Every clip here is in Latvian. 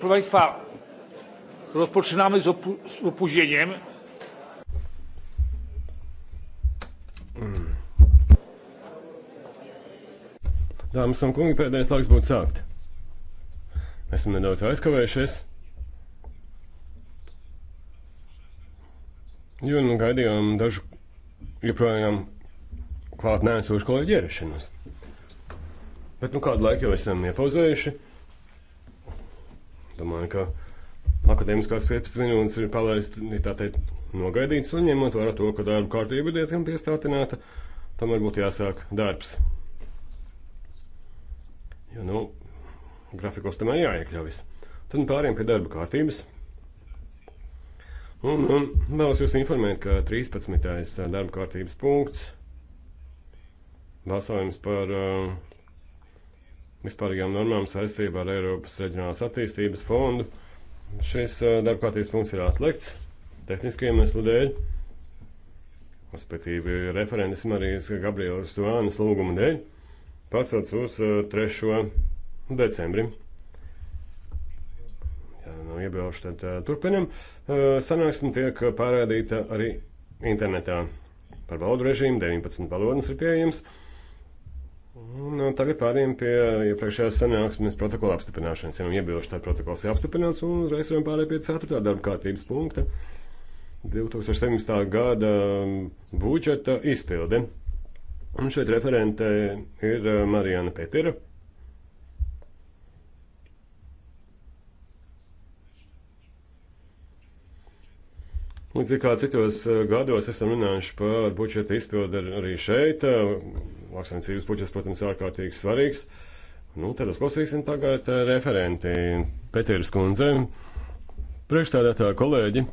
Proszę Państwa, rozpoczynamy z, opu z opóźnieniem. Dāmas un kungi, pēdējais laiks būtu sākt. Mēs esam nedaudz aizkavējušies. Jo nu gaidījām dažu joprojām klāt nēsošu kolēģi ierašanos. Bet nu kādu laiku jau esam iepauzējuši. Domāju, ka akadēmiskās 15 minūtes ir palaist, ir tā teikt, nogaidīts un ņemot vērā to, ka darba kārtība ir diezgan piestātināta, tam varbūt jāsāk darbs. Jo, nu, grafikos tomēr jāiekļaujas. Tad nu pāriem pie darba kārtības. Un, un vēlos jūs informēt, ka 13. darba kārtības punkts balsojums par uh, vispārīgām normām saistībā ar Eiropas reģionālās attīstības fondu. Šis darba kārtības punkts ir atlikts tehnisku iemeslu dēļ. Respektīvi, referents Marijas Gabrielas Zvānas lūguma dēļ pacelts uz 3. decembrim. Jā, nav iebilšu, tad tā, turpinam. Sanāksme tiek pārādīta arī internetā. Par valodu režīmu 19 valodas ir pieejams. Un uh, tagad pārējiem pie iepriekšējās sanāksmes protokola apstiprināšanas. Ja nu iebilšu, tad protokols ir apstiprināts un uzreiz varam pārējiem pie 4. darba kārtības punkta. 2017. gada um, budžeta izpildi. Un šeit referente ir uh, Marijana Petira. Līdzīgi kā citos uh, gados esam runājuši par budžeta izpildi arī šeit Lauksaimniecības budžets, protams, ir ārkārtīgi svarīgs. Nu, tad uzklausīsim tagad eh, referenti Petēras kundze, priekšstādātāja kolēģi.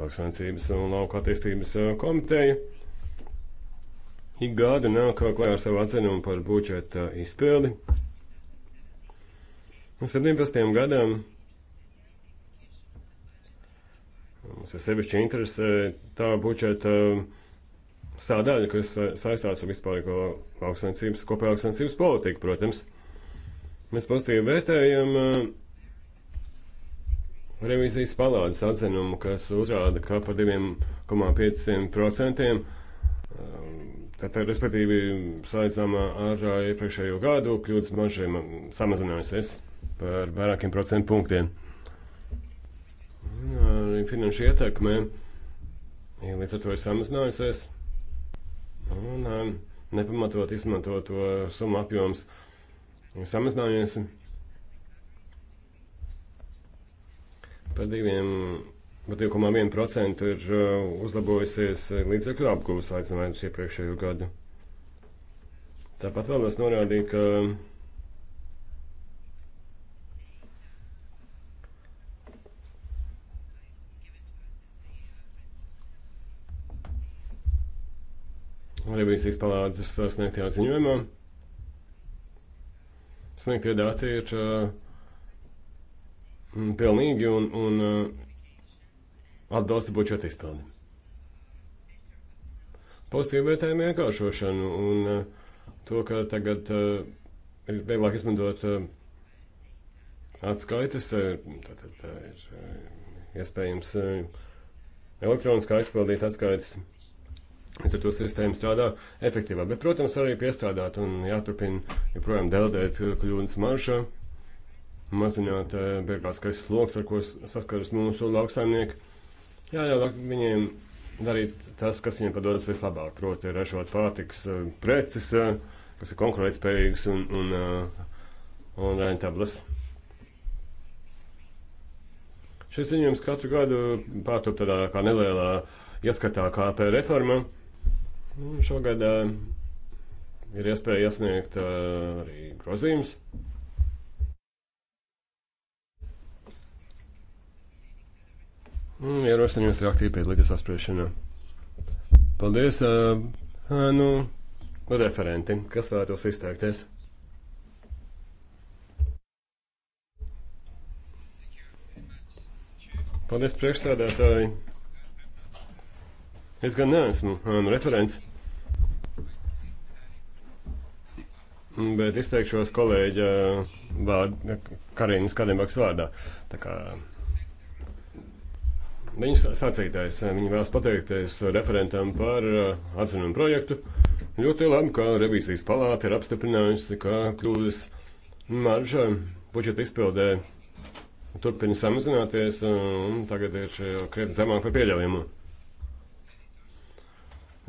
Lauksaimniecības un lauka attīstības eh, komiteja. Ik gadi nāk klajā ar savu atzinumu par budžeta eh, izpildi. Un 17. gadam mums ir sevišķi interesē tā budžeta. Uh, sādaļa, kas saistās ar vispārīgo augstsvērtības, kopējā augstsvērtības politiku, protams. Mēs pozitīvi vērtējam eh, revizijas palādes atzinumu, kas uzrāda, ka par 2,5% eh, Tātad, respektīvi, salīdzināmā ar eh, iepriekšējo gadu kļūdas mažiem samazinājusies par vairākiem procentu punktiem. Arī finanšu ietekme līdz ar to ir samazinājusies. Un um, nepamatot izmantot to summu apjoms samazinājies par diviem. Bet 2,1% ir uh, uzlabojusies līdzekļu apgūves aicinājums iepriekšējo gadu. Tāpat vēlos norādīt, ka revīzijas palādes uh, sniegtajā ziņojumā. Sniegtie dati ir uh, pilnīgi un, un uh, atbalsta budžeta izpildi. Pozitīvi vērtējumi vienkāršošanu un uh, to, ka tagad uh, ir vieglāk izmantot uh, atskaites, uh, tātad tā uh, ir uh, iespējams uh, elektroniskā izpildīt atskaites. Uh, Līdz ar to sistēma strādā efektīvāk, bet, protams, arī piestrādāt un jāturpina joprojām deldēt kļūdas maršā, mazināt eh, birokrātiskais sloks, ar ko saskaras mūsu lauksaimnieki. Jā, jau viņiem darīt tas, kas viņiem padodas vislabāk, proti ražot pārtiks eh, preces, eh, kas ir konkurētspējīgas un, un, un rentablas. Šis ziņojums katru gadu pārtop tādā kā nelielā ieskatā KP reforma. Nu, šogad uh, ir iespēja iesniegt uh, arī grozījumus. Mm, Ierosinu jūs aktīvi piedalīties apspriešanā. Paldies, uh, uh, nu, referenti, kas vēlētos izteikties. Paldies, priekšsēdētāji! Es gan neesmu nu, referents. Bet izteikšos kolēģa vārdu, Karīnas Kadenbaks vārdā. Tā kā Viņas sacītais, viņa vēlas pateikties referentam par atzinumu projektu. Ļoti labi, ka revīzijas palāta ir apstiprinājusi, ka kļūdas marža budžeta izpildē turpina samazināties un tagad ir krietni zemāk par pieļaujumu.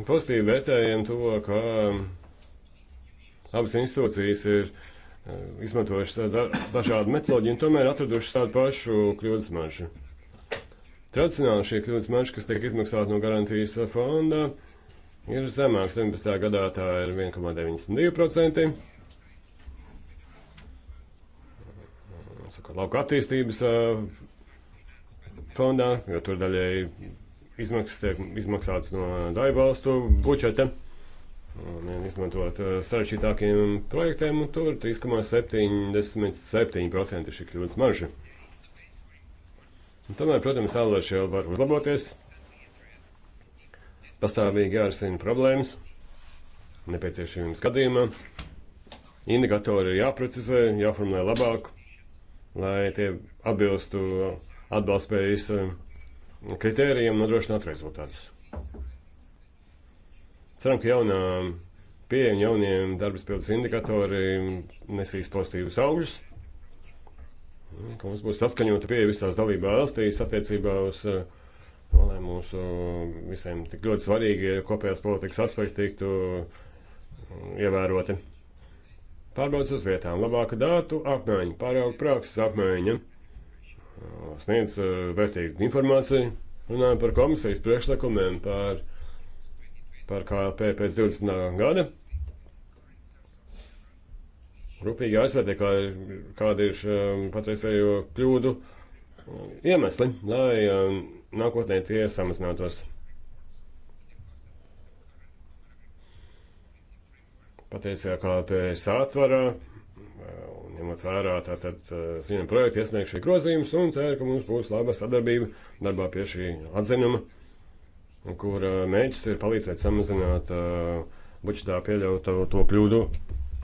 Pozitīvi vērtējam to, ka abas institūcijas ir e, izmantojušas dažādu metoloģiju un tomēr atradušas tādu pašu kļūdas maržu. Tradicionāli šie kļūdas marža, kas tiek izmaksāta no garantijas fonda, ir zemāks. 17. gadā tā ir 1,92%. Saka, lauka attīstības e, fondā, jo tur daļēji Izmaksas tiek izmaksātas no daļvalstu budžeta. Un izmantot uh, sarežģītākiem projektiem, un tur 3,77% ir šī kļūdas marža. Un tomēr, protams, ālēši jau var uzlaboties. Pastāvīgi jārisina problēmas. Nepieciešamības gadījumā indikatori ir jāprecizē, jāformulē labāk, lai tie atbilstu atbalstspējas uh, kritērijiem nodrošināt rezultātus. Ceram, ka jaunā pieejam jauniem darbas pildes indikatori nesīs pozitīvus augļus. Ka mums būs saskaņota pieeja visās dalībā valstīs attiecībā uz to, eh, nu, lai mūsu visiem tik ļoti svarīgi kopējās politikas aspekti tiktu mm, ievēroti. Pārbaudas uz vietām, labāka dātu apmaiņa, pārauga prakses apmaiņa sniedz eh, vērtīgu informāciju. Runājam par komisijas priekšlikumiem par, par KLP pēc 20. gada. Rūpīgi aizvērtē, kā, kāda ir eh, patreizējo kļūdu eh, iemesli, lai nākotnē tie samazinātos. Patreizējā KLP ir sātvarā, ņemot vērā tātad ziņu projektu iesniegšu grozījumus un ceru, ka mums būs laba sadarbība darbā pie šī atzinuma, kur mēģis ir palīdzēt samazināt uh, bučetā pieļautu to kļūdu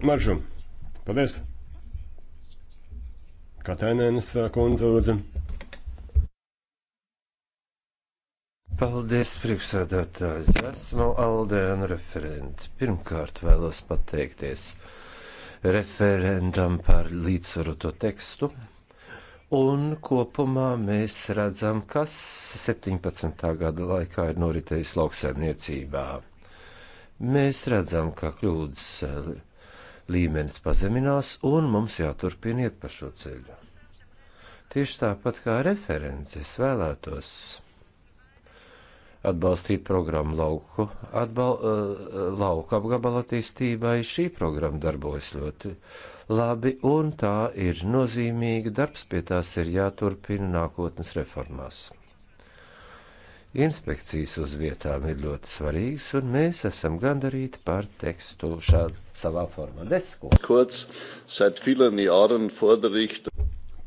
maržu. Paldies! Katēnēnas kundze lūdzu. Paldies, priekšsēdētāji. Esmu Aldēna referenti. Pirmkārt vēlos pateikties referendam par līdzsvaroto tekstu. Un kopumā mēs redzam, kas 17. gada laikā ir noritējis lauksaimniecībā. Mēs redzam, ka kļūdas eh, līmenis pazeminās, un mums jāturpina iet pa šo ceļu. Tieši tāpat kā references vēlētos atbalstīt programmu lauku, atbal, eh, eh, lauku apgabala attīstībai. Šī programma darbojas ļoti labi, un tā ir nozīmīga. Darbs pie tās ir jāturpina nākotnes reformās. Inspekcijas uz vietām ir ļoti svarīgas, un mēs esam gandarīti par tekstu šādu savā formā. Desko.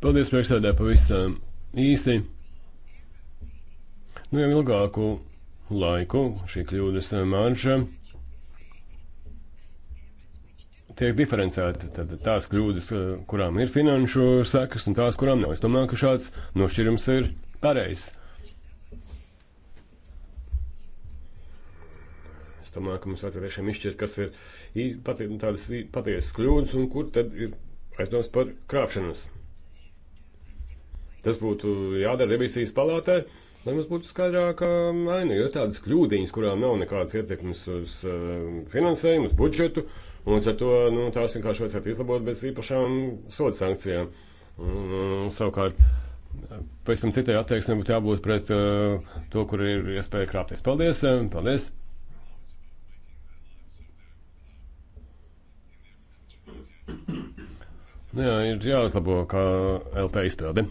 Paldies, priekšsēdē, pavisam īsi. Nu, jau ilgāku laiku šī kļūdas eh, marža tiek diferencēta. Tad tās kļūdas, eh, kurām ir finanšu sekas, un tās, kurām nav. Es domāju, ka šāds nošķirums ir pareizs. Es domāju, ka mums vajadzētu tiešām izšķirt, kas ir pati, tādas patiesas kļūdas un kur tad ir aizdoms par krāpšanos. Tas būtu jādara revizijas palātē lai mums būtu skaidrāka aina, jo tādas kļūdiņas, kurām nav nekādas ietekmes uz eh, finansējumu, uz budžetu, un ar to nu, tās vienkārši vajadzētu izlabot bez īpašām sodu sankcijām. Un, savukārt, pēc tam citai attieksmei būtu jābūt pret uh, to, kur ir iespēja krāpties. Paldies! Eh, paldies. Nu jā, ir jāuzlabo, kā LP izpildi.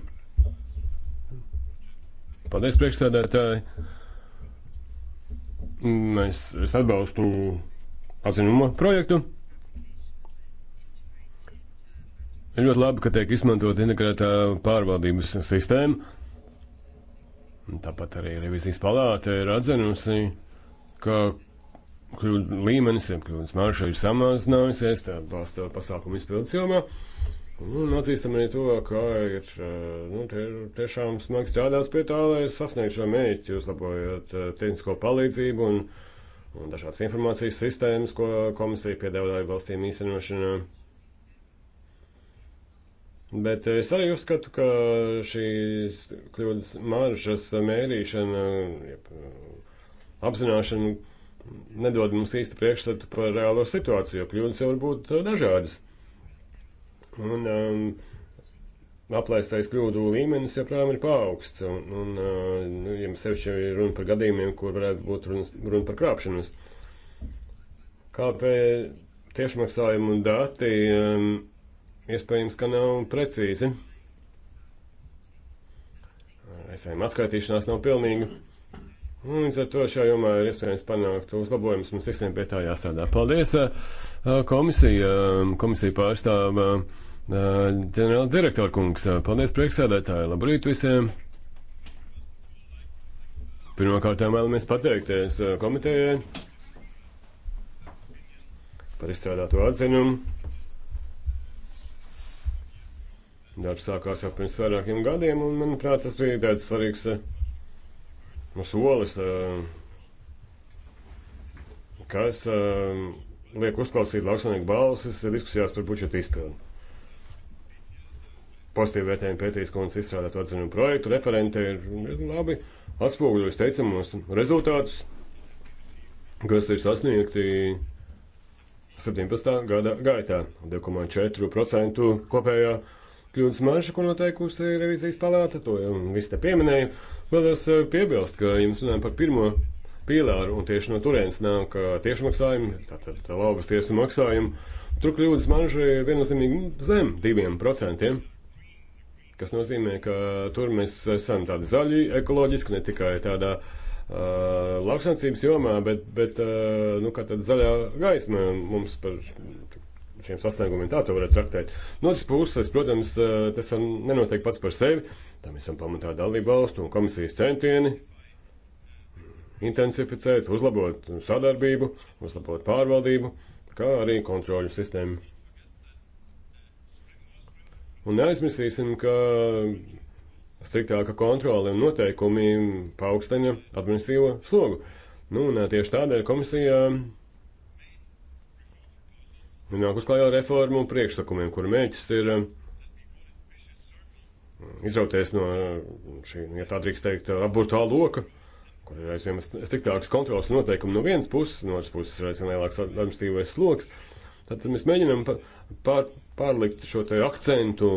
Paldies, priekšsēdētāji. Mēs, es atbalstu atzinumu projektu. Ir ļoti labi, ka tiek izmantot integrētā pārvaldības sistēma. Tāpat arī revizijas palāta ir atzinusi, ka kļūdu līmenis, ja kļūdas marža ir samazinājusies, tā atbalsta pasākumu izpildes jomā. Un nu, atzīstam arī to, ka ir eh, nu, tie, tiešām smagi strādāts pie tā, lai sasniegtu šo mērķi, uzlabojot eh, tehnisko palīdzību un, un dažādas informācijas sistēmas, ko komisija piedāvāja valstīm īstenošanā. Bet es arī uzskatu, ka šīs kļūdas maržas mērīšana, apzināšana nedod mums īsti priekšstatu par reālo situāciju, jo kļūdas jau var būt dažādas. Un um, aplaistais kļūdu līmenis joprojām ir paaugsts. Un, un uh, nu, ja sevišķi ir runa par gadījumiem, kur varētu būt runa, runa par krāpšanas. Kāpēc tiešmaksājumu dati um, iespējams, ka nav precīzi? Reizēm atskaitīšanās nav pilnīga. Un, līdz ar to šajā jomā ir iespējams panākt uzlabojumus. Mums visiem pie tā jāstrādā. Paldies! Uh, komisija, um, komisija pārstāv. Uh, ģenerāla direktora kungs. Paldies, priekšsēdētāji. Labrīt visiem! Pirmkārt, vēlamies pateikties uh, komitejai par izstrādāto atzinumu. Darbs sākās jau pirms vairākiem gadiem, un, manuprāt, tas bija tāds svarīgs nu, solis, uh, kas liek uzklausīt lauksaimnieku balsis diskusijās par budžeta izpildi pozitīvi vērtējam pētīs kundzes izstrādāto atzinumu projektu. Referente ir, ir labi atspoguļojusi teicamos rezultātus, kas ir sasniegti 17. gada gaitā. 2,4% kopējā kļūdas marža, ko noteikusi revizijas palāta, to jau viss te pieminēja. Vēlos eh, piebilst, ka, ja mēs runājam par pirmo pīlāru, un tieši no turienes nāk eh, tiešmaksājumi, tātad tā, tā, laugas tiesu maksājumi, tur kļūdas marža ir viennozīmīgi zem 2% kas nozīmē, ka tur mēs esam tādi zaļi, ekoloģiski, ne tikai tādā uh, lauksaimniecības jomā, bet, bet uh, nu, kā tāda zaļā gaisma mums par šiem sasniegumiem tā to varētu traktēt. No otras puses, protams, uh, tas vēl nenotiek pats par sevi, tam esam pamatā dalību valstu un komisijas centieni intensificēt, uzlabot sadarbību, uzlabot pārvaldību, kā arī kontroļu sistēmu. Un neaizmirsīsim, ka striktāka kontrole un noteikumi paaugstina administrīvo slogu. Nu, un tieši tādēļ komisija nāk uz klājā reformu priekšlikumiem, kuru mēģis ir izrauties no šī, nu, ja tā drīkst teikt, aburtā loka, kur ir aizvien striktākas kontrolas noteikumi no vienas puses, no otras puses ir aizvien lielāks administrīvais sloks. Uh, Tātad mēs mēģinām pār, pārlikt šo te akcentu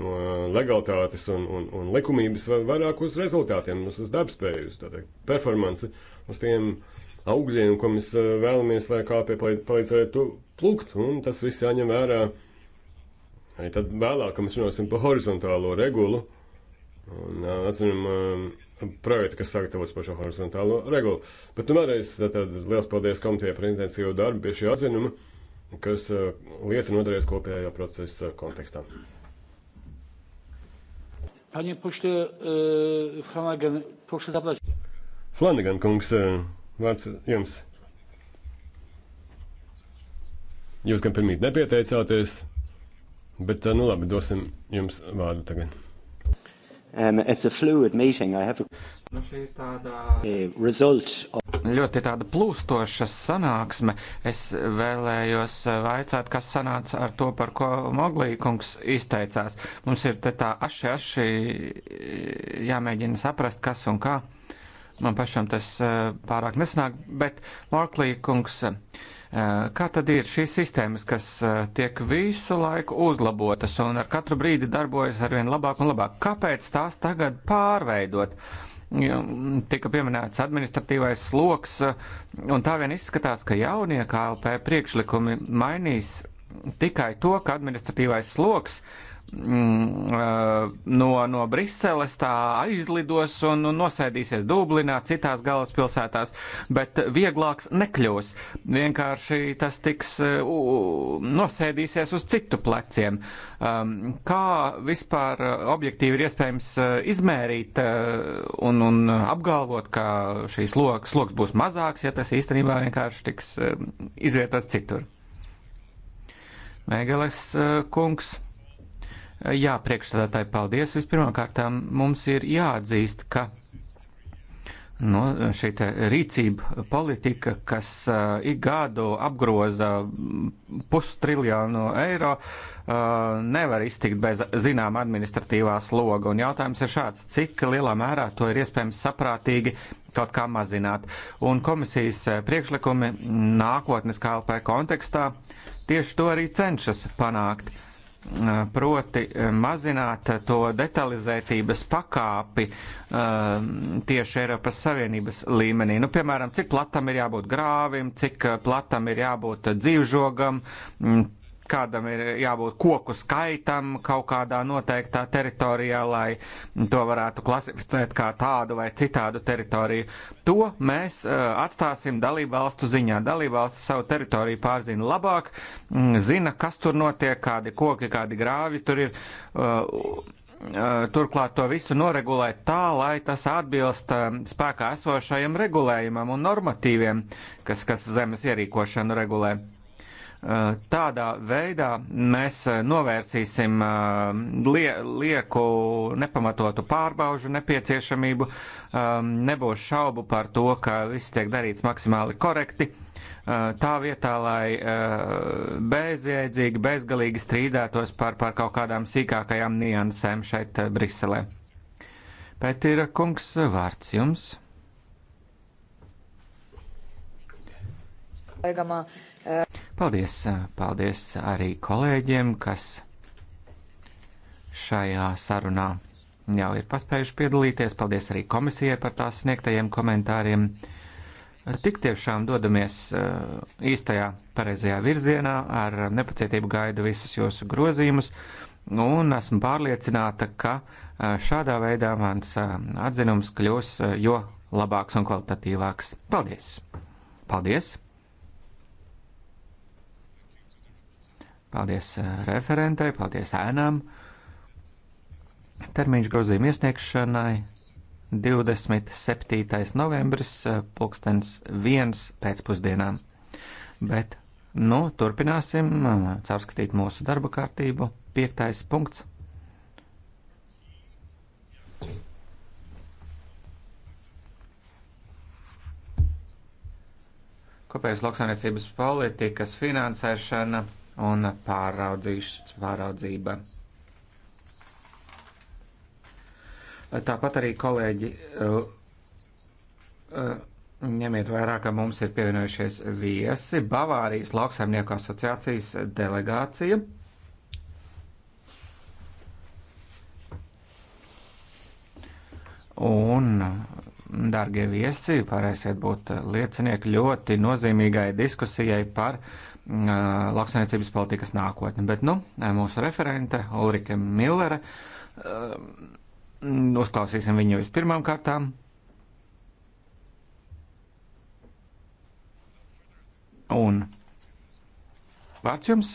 no legalitātes un, un, un likumības vairāk uz rezultātiem, uz, uz darbspēju, uz tātad performanci, uz tiem augļiem, ko mēs eh, vēlamies, lai kāpie palīdzētu plūkt, un tas viss jāņem vērā. Arī tad vēlāk, kad mēs runāsim par horizontālo regulu, un eh, atceram eh, projektu, kas sagatavots par šo horizontālo regulu. Bet nu vēlreiz, tātad liels paldies komitē par intensīvu darbu pie šī atzinuma kas eh, lieta nodarēs kopējā procesa kontekstā. Panie pośle e, Flanagan, proszę zabrać. Flanagan, kungs, e, vārds jums. Jūs gan pirmīt nepieteicāties, bet e, nu labi, dosim jums vārdu tagad. Um, it's a fluid meeting. I have a... Nu, šī ir tāda ļoti tāda plūstoša sanāksme. Es vēlējos vaicāt, kas sanāca ar to, par ko Moglīkungs izteicās. Mums ir te tā aši, aši jāmēģina saprast, kas un kā. Man pašam tas pārāk nesanāk, bet Moglīkungs. Kā tad ir šīs sistēmas, kas tiek visu laiku uzlabotas un ar katru brīdi darbojas arvien labāk un labāk? Kāpēc tās tagad pārveidot? Uh, tika pieminēts administratīvais sloks, un tā vien izskatās, ka jaunie KLP priekšlikumi mainīs tikai to, ka administratīvais sloks uh, Mm, eh, no, no Briseles tā aizlidos un nosēdīsies Dublinā, citās galvaspilsētās, bet vieglāks nekļūs. Vienkārši tas tiks eh, nosēdīsies uz citu pleciem. Um, kā vispār objektīvi ir iespējams eh, izmērīt un, un apgalvot, ka šīs loks, sloks būs mazāks, ja tas īstenībā vienkārši tiks izvietots citur? Mēgeles kungs. Jā, priekšstādātāji, paldies. Vispirmkārt, mums ir jāatzīst, ka nu, šī rīcība, politika, kas uh, ik gadu apgroza pustriljonu eiro, uh, nevar iztikt bez zinām administratīvā sloga. Un jautājums ir šāds, cik lielā mērā to ir iespējams saprātīgi kaut kā mazināt. Un komisijas priekšlikumi nākotnes KLP kontekstā tieši to arī cenšas panākt proti eh, mazināt to detalizētības pakāpi eh, tieši Eiropas Savienības līmenī. Nu, piemēram, cik platam ir jābūt grāvim, cik eh, platam ir jābūt dzīvžogam, mm, kādam ir jābūt koku skaitam kaut kādā noteiktā teritorijā, lai to varētu klasificēt kā tādu vai citādu teritoriju. To mēs eh, atstāsim dalību valstu ziņā. Dalību valsts savu teritoriju pārzina labāk, mm, zina, kas tur notiek, kādi koki, kādi grāvi tur ir. Eh, eh, turklāt to visu noregulēt tā, lai tas atbilst spēkā esošajam regulējumam un normatīviem, kas, kas zemes ierīkošanu regulē. Eh, tādā veidā mēs eh, novērsīsim eh, lie, lieku nepamatotu pārbaužu nepieciešamību, nebūs šaubu par to, ka viss tiek darīts maksimāli korekti. Tā vietā, lai bezjēdzīgi, bezgalīgi strīdētos par, par kaut kādām sīkākajām niansēm šeit Briselē. Pētīra kungs, vārds jums. Aigamā. Uh, Paldies, eh, paldies arī kolēģiem, kas šajā sarunā jau ir paspējuši piedalīties. Paldies arī komisijai par tās sniegtajiem komentāriem. Tik tiešām dodamies eh, īstajā pareizajā virzienā, ar nepacietību gaidu visus jūsu grozījumus, un esmu pārliecināta, ka eh, šādā veidā mans atzinums kļūs jo labāks un kvalitatīvāks. Paldies! Paldies! Paldies eh, referentai, paldies ēnām. Termiņš grozījuma iesniegšanai 27. novembris, eh, pulkstens 1 pēcpusdienā. Bet, nu, turpināsim eh, caurskatīt mūsu darba kārtību. Piektais punkts. kopējas lauksaimniecības politikas finansēšana un pāraudzība. Tāpat arī kolēģi eh, eh, ņemiet vērā, ka mums ir pievienojušies viesi Bavārijas lauksaimnieku asociācijas delegācija. Un, darbie viesi, varēsiet būt liecinieki ļoti nozīmīgai diskusijai par uh, lauksainiecības politikas nākotni. Bet, nu, mūsu referente Ulrike Millere, uzklausīsim viņu vispirmām kārtām. Un vārds jums!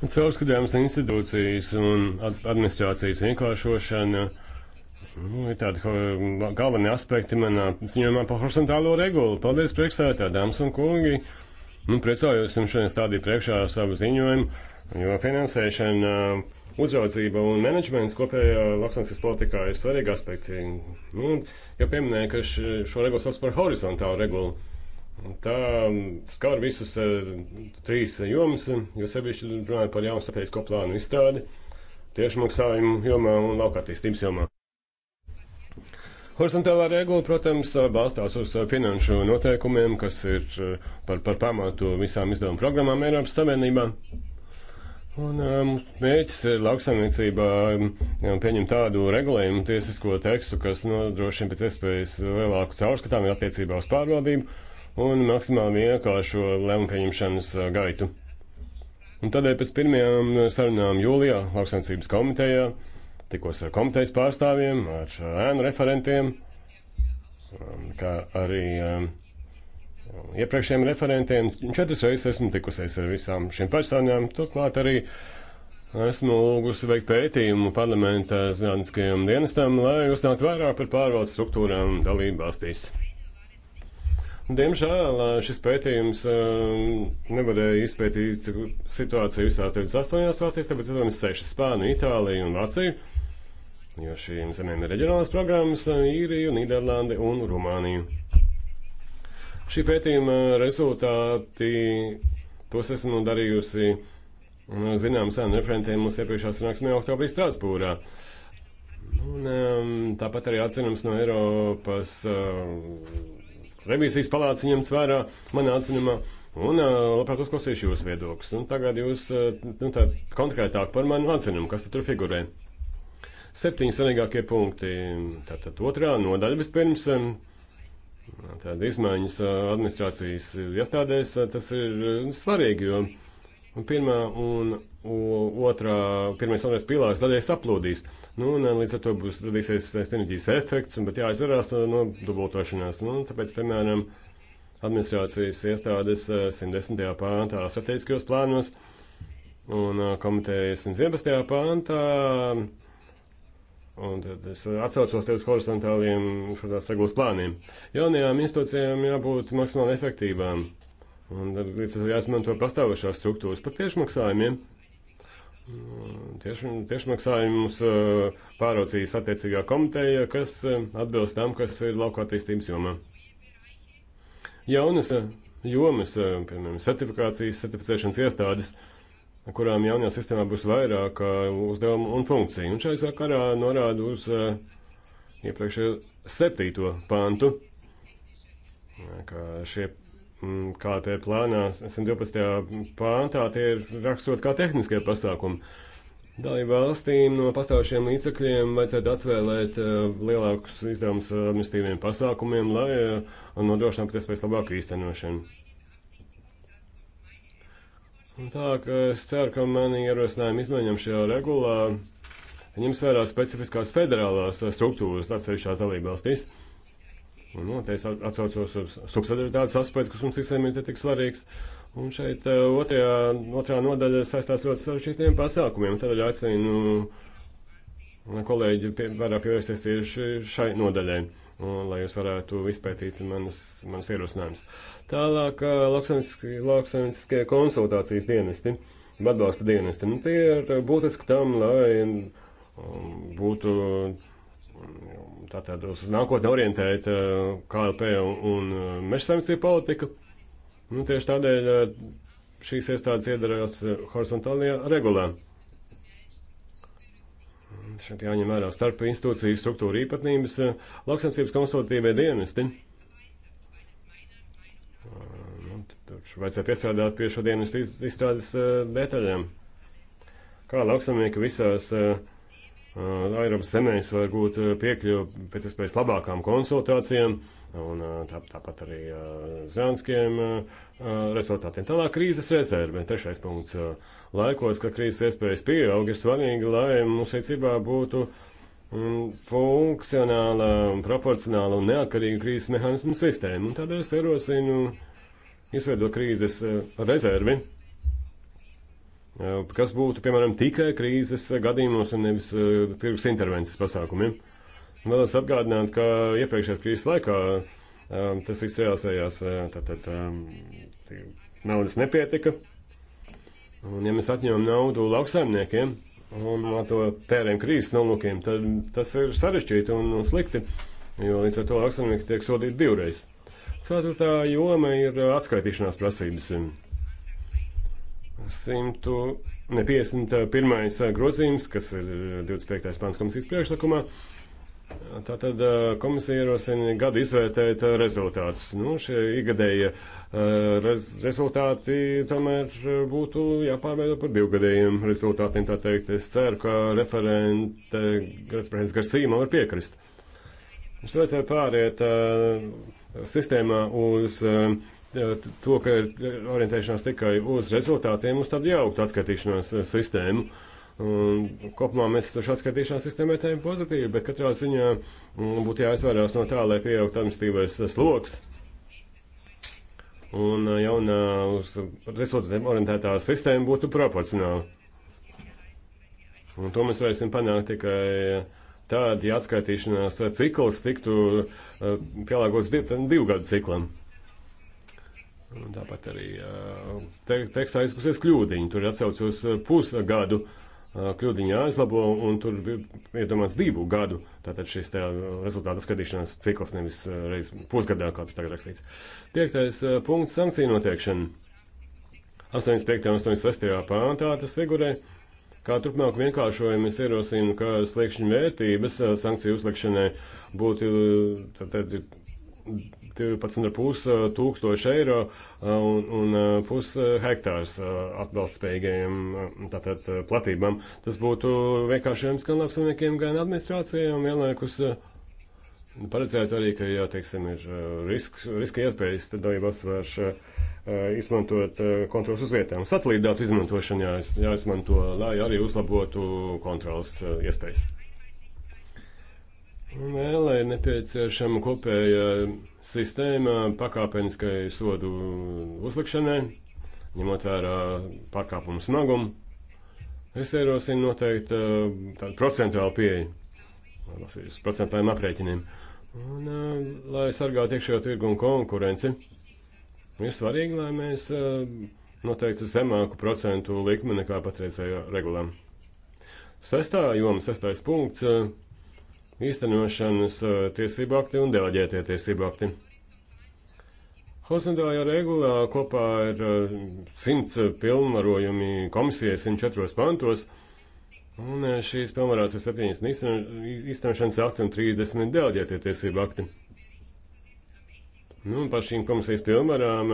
Caurskatāmas institūcijas un administrācijas vienkāršošana Nu, ir tādi galvenie aspekti manā ziņojumā par horizontālo regulu. Paldies, priekšsētā, dāmas un kungi. Nu, priecājos jums šodien stādīt priekšā savu ziņojumu, jo finansēšana, uzraudzība un menedžments kopējā lauksainskas politikā ir svarīgi aspekti. Nu, jau pieminēju, ka šo regulu sauc par horizontālu regulu. Tā skar visus eh, trīs jomas, jo sevišķi runājot par jaunu strateģisko plānu izstrādi, tieši maksājumu jomā un lauka attīstības jomā. Horizontālā regula, protams, balstās uz eh, finanšu noteikumiem, kas ir eh, par, par pamatu visām izdevuma programmām Eiropas Savienībā. Un eh, mūsu mērķis ir lauksaimniecībā pieņemt tādu regulējumu tiesisko tekstu, kas nodrošina pēc iespējas lielāku caurskatāmību attiecībā uz pārvaldību un maksimāli vienkāršo lēmumu pieņemšanas gaitu. Un tādēļ pēc pirmajām sarunām jūlijā lauksaimniecības komitejā tikos ar komitejas pārstāvjiem, ar ēnu referentiem, um, kā arī um, iepriekšējiem referentiem. Četras reizes esmu tikusies ar visām šīm personām, turklāt arī esmu lūgusi veikt pētījumu parlamenta zinātniskajam dienestam, lai uznāktu vairāk par pārvaldes struktūrām dalību valstīs. Diemžēl uh, šis pētījums um, nevarēja izpētīt situāciju visās 28 valstīs, tāpēc atzīmēs 6 - Spāniju, Itāliju un Vāciju jo šīm zemēm ir reģionālas programmas - Īriju, Nīderlandi un Rumāniju. Šī pētījuma rezultāti, tos esmu darījusi zināms ar referentiem mūsu iepriekšā sanāksmē oktobrī Strasbūrā. Un, um, tāpat arī atzinums no Eiropas uh, revīzijas palāca ņemts vērā manā atzinumā. Un uh, labprāt uzklausīšu jūsu viedokļus. Tagad jūs uh, nu, konkrētāk par manu atzinumu, kas tur figurē. Uh, Septiņi svarīgākie punkti. Tātad otrā nodaļa vispirms. Tāda izmaiņas administrācijas iestādēs tas ir svarīgi, jo pirmā un otrā, pirmais un otrais pīlārs daļai saplūdīs. Nu, un, līdz ar to būs radīsies sinerģijas efekts, un, bet jāizvarās no, no dubultošanās. Nu, tāpēc, piemēram, administrācijas iestādes 110. pāntā strateģiskajos plānos un komitejas 111. pāntā Un tad es atcaucos tev uz horizontāliem regulas plāniem. Jaunajām institūcijām jābūt maksimāli efektīvām. Un tad līdz ar to jāizmanto pastāvošās struktūras par tiešmaksājumiem. Tieši, tiešmaksājumus uh, pāraucīs attiecīgā komiteja, kas uh, atbilst tam, kas ir lauka attīstības jomā. Jaunas uh, jomas, piemēram, certifikācijas, certificēšanas iestādes kurām jaunajā sistēmā būs vairāk uzdevumu un funkciju. Un šai sakarā norāda uz iepriekšējo septīto pantu, ka šie KP plānā 112. pāntā tie ir rakstot kā tehniskie pasākumi. Dalību valstīm no pastāvošiem līdzekļiem vajadzētu atvēlēt uh, lielākus izdevumus administratīviem pasākumiem, lai uh, nodrošinātu pēc iespējas labāku īstenošanu. Un tā, ka es ceru, ka mani ierosinājumi izmaiņam šajā regulā ņems vērā specifiskās federālās eh, struktūras atsevišķās dalībvalstīs. Un, nu, te es atsaucos uz subsidiaritātes aspektu, kas mums visiem ir tik svarīgs. Un šeit eh, otrajā, otrā nodaļa saistās ļoti sarežģītiem pasākumiem. Tādēļ aicinu eh, kolēģi pie, vairāk pievērsties tieši šai nodaļai, un, lai jūs varētu izpētīt manas, manas ierosinājumus. Tālāk lauksaimnieciskie konsultācijas dienesti, atbalsta dienesti. Nu, tie ir būtiski tam, lai um, būtu um, tātad uz nākotni orientēta KLP un, un mežsaimniecība politika. Nu, tieši tādēļ šīs iestādes iedarās horizontālajā regulā. Šeit jāņem vērā starp institūciju struktūra īpatnības, lauksaimniecības konsultatīvie dienesti. Tur vajadzēja piesādāt pie šodienas iz, izstrādes eh, detaļām. Kā lauksamnieki visās eh, eh, Eiropas zemēs var būt piekļuvi pēc iespējas labākām konsultācijām, un tā, tāpat arī zānskiem rezultātiem. Tālāk krīzes rezerve, trešais punkts. Laikos, kad krīzes iespējas pieaug, ir svarīgi, lai mūsu rīcībā būtu mm, funkcionāla, proporcionāla un neatkarīga krīzes mehānismu sistēma, un tādēļ es ierosinu. Nu, izveido krīzes eh, rezervi, eh, kas būtu, piemēram, tikai krīzes gadījumos un nevis eh, tirgus intervences pasākumiem. Vēlos atgādināt, ka iepriekšējās krīzes laikā tas viss realizējās, tātad naudas nepietika. Un, ja mēs atņemam naudu lauksaimniekiem un to tērējam krīzes nolūkiem, tad tas ir sarežģīti un slikti, jo līdz ar to lauksaimnieki tiek sodīti divreiz. Ceturtā joma ir atskaitīšanās prasības. 151. grozījums, kas ir 25. pāns komisijas priekšlikumā. Tātad eh, komisija ierosina gadu izvērtēt eh, rezultātus. Nu, šie ikgadēja eh, rez rezultāti tomēr būtu jāpārveido par divgadējiem rezultātiem, tā teikt. Es ceru, ka referente, referents Garsīma var piekrist. Mums vajadzēja pāriet uh, sistēmā uz eh, to, ka ir orientēšanās tikai uz rezultātiem, uz tādu jauktu atskaitīšanās eh, sistēmu. Un kopumā mēs šo atskaitīšanās sistēmu vērtējam pozitīvi, bet katrā ziņā mm, būtu jāizvairās no tā, lai pieaugtu administratīvais eh, sloks. Un jaunā uz rezultātiem orientētā sistēma būtu proporcionāla. Un to mēs varēsim panākt tikai uh, tad, ja atskaitīšanās cikls tiktu eh, pielāgots div, divu gadu ciklam. Un tāpat arī eh, te, tekstā izkusies kļūdiņi. Tur ir atsaucos eh, pusgadu kļūdiņu jāizlabo, un tur ir domāts divu gadu. Tātad šis tā rezultāta skatīšanās cikls nevis reiz pusgadā, kā tur tagad rakstīts. Piektais punkts - sankcija noteikšana. 85. un 86. pāntā tas figurē. Kā turpmāk vienkāršojumi es ierosinu, ka sliekšņu vērtības sankciju uzlikšanai būtu tātad, 12,5 tūkstoši eiro un, un pus hektārs atbalstspējīgajiem tātad platībām. Tas būtu vienkārši gan lauksaimniekiem, gan administrācijām vienlaikus Nu, paredzētu arī, ka, ja, teiksim, ir uh, risks, riska iespējas, tad dalībās var uh, uh, izmantot uh, kontrols uz vietām. Satelīta datu izmantošana jā, jāizmanto, lai arī uzlabotu kontrols uh, iespējas. Vēl ir nepieciešama kopēja sistēma pakāpeniskai sodu uzlikšanai, ņemot vērā pārkāpumu smagumu. Es ierosinu noteikti uh, tādu procentuālu pieeju, tas ir uz procentuāliem aprēķiniem. Uh, Un, lai sargātu iekšējo tirgu un konkurenci, ir svarīgi, lai mēs noteiktu zemāku procentu likmi nekā patreizējā regulā. Sestā joma, sestais punkts - īstenošanas tiesību akti un deleģētie tiesību akti. Horizontārajā regulā kopā ir simts pilnvarojumi komisijai 104 pantos. Un eh, šīs pilnvarās ir septiņas īstenošanas akti un 30 delģētie tiesību akti. Nu, un par šīm komisijas pilnvarām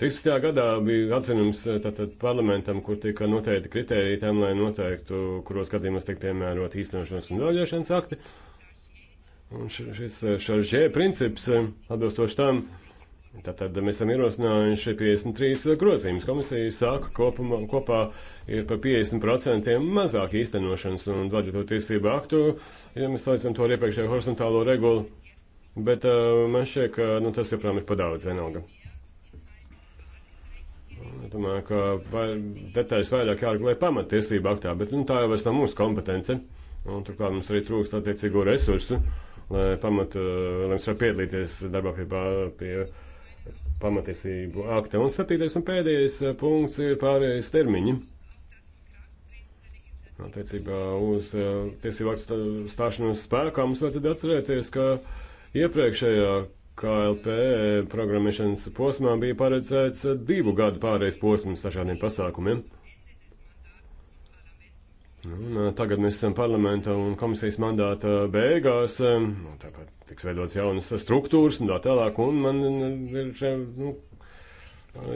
13. Eh, gadā bija atzinums eh, tātad parlamentam, kur tika noteikti kriteriji tam, lai noteiktu, kuros gadījumos tiek piemērot īstenošanas un delģēšanas akti. Un šis šaržē princips atbilstoši tam, uh, Tātad mēs esam ierosinājuši 53 grozījumus. Komisija saka, kopumā, kopā ir par 50% mazāk īstenošanas un vadīto tiesību aktu, ja mēs salīdzinām to ar iepriekšējo horizontālo regulu. Bet uh, man šķiet, ka nu, tas joprojām ir padaudz vienalga. Domāju, ka vai, detaļas vairāk jāregulē pamatiesību aktā, bet nu, tā jau vairs nav mūsu kompetence. Un turklāt mums arī trūkst attiecīgo resursu, lai pamatu, eh, lai mēs varētu piedalīties darbā pie. pie pamatiesību akta. Un septītais un pēdējais eh, punkts ir pārējais termiņi. Attiecībā uz eh, tiesību aktu stāšanos spēkā mums vajadzētu atcerēties, ka iepriekšējā KLP programmēšanas posmā bija paredzēts divu gadu pārējais posms ar šādiem pasākumiem. Un, nu, tagad mēs esam parlamenta un komisijas mandāta beigās, um, nu, tāpat tiks veidots jaunas struktūras un tā tālāk, un man nu, ir nu,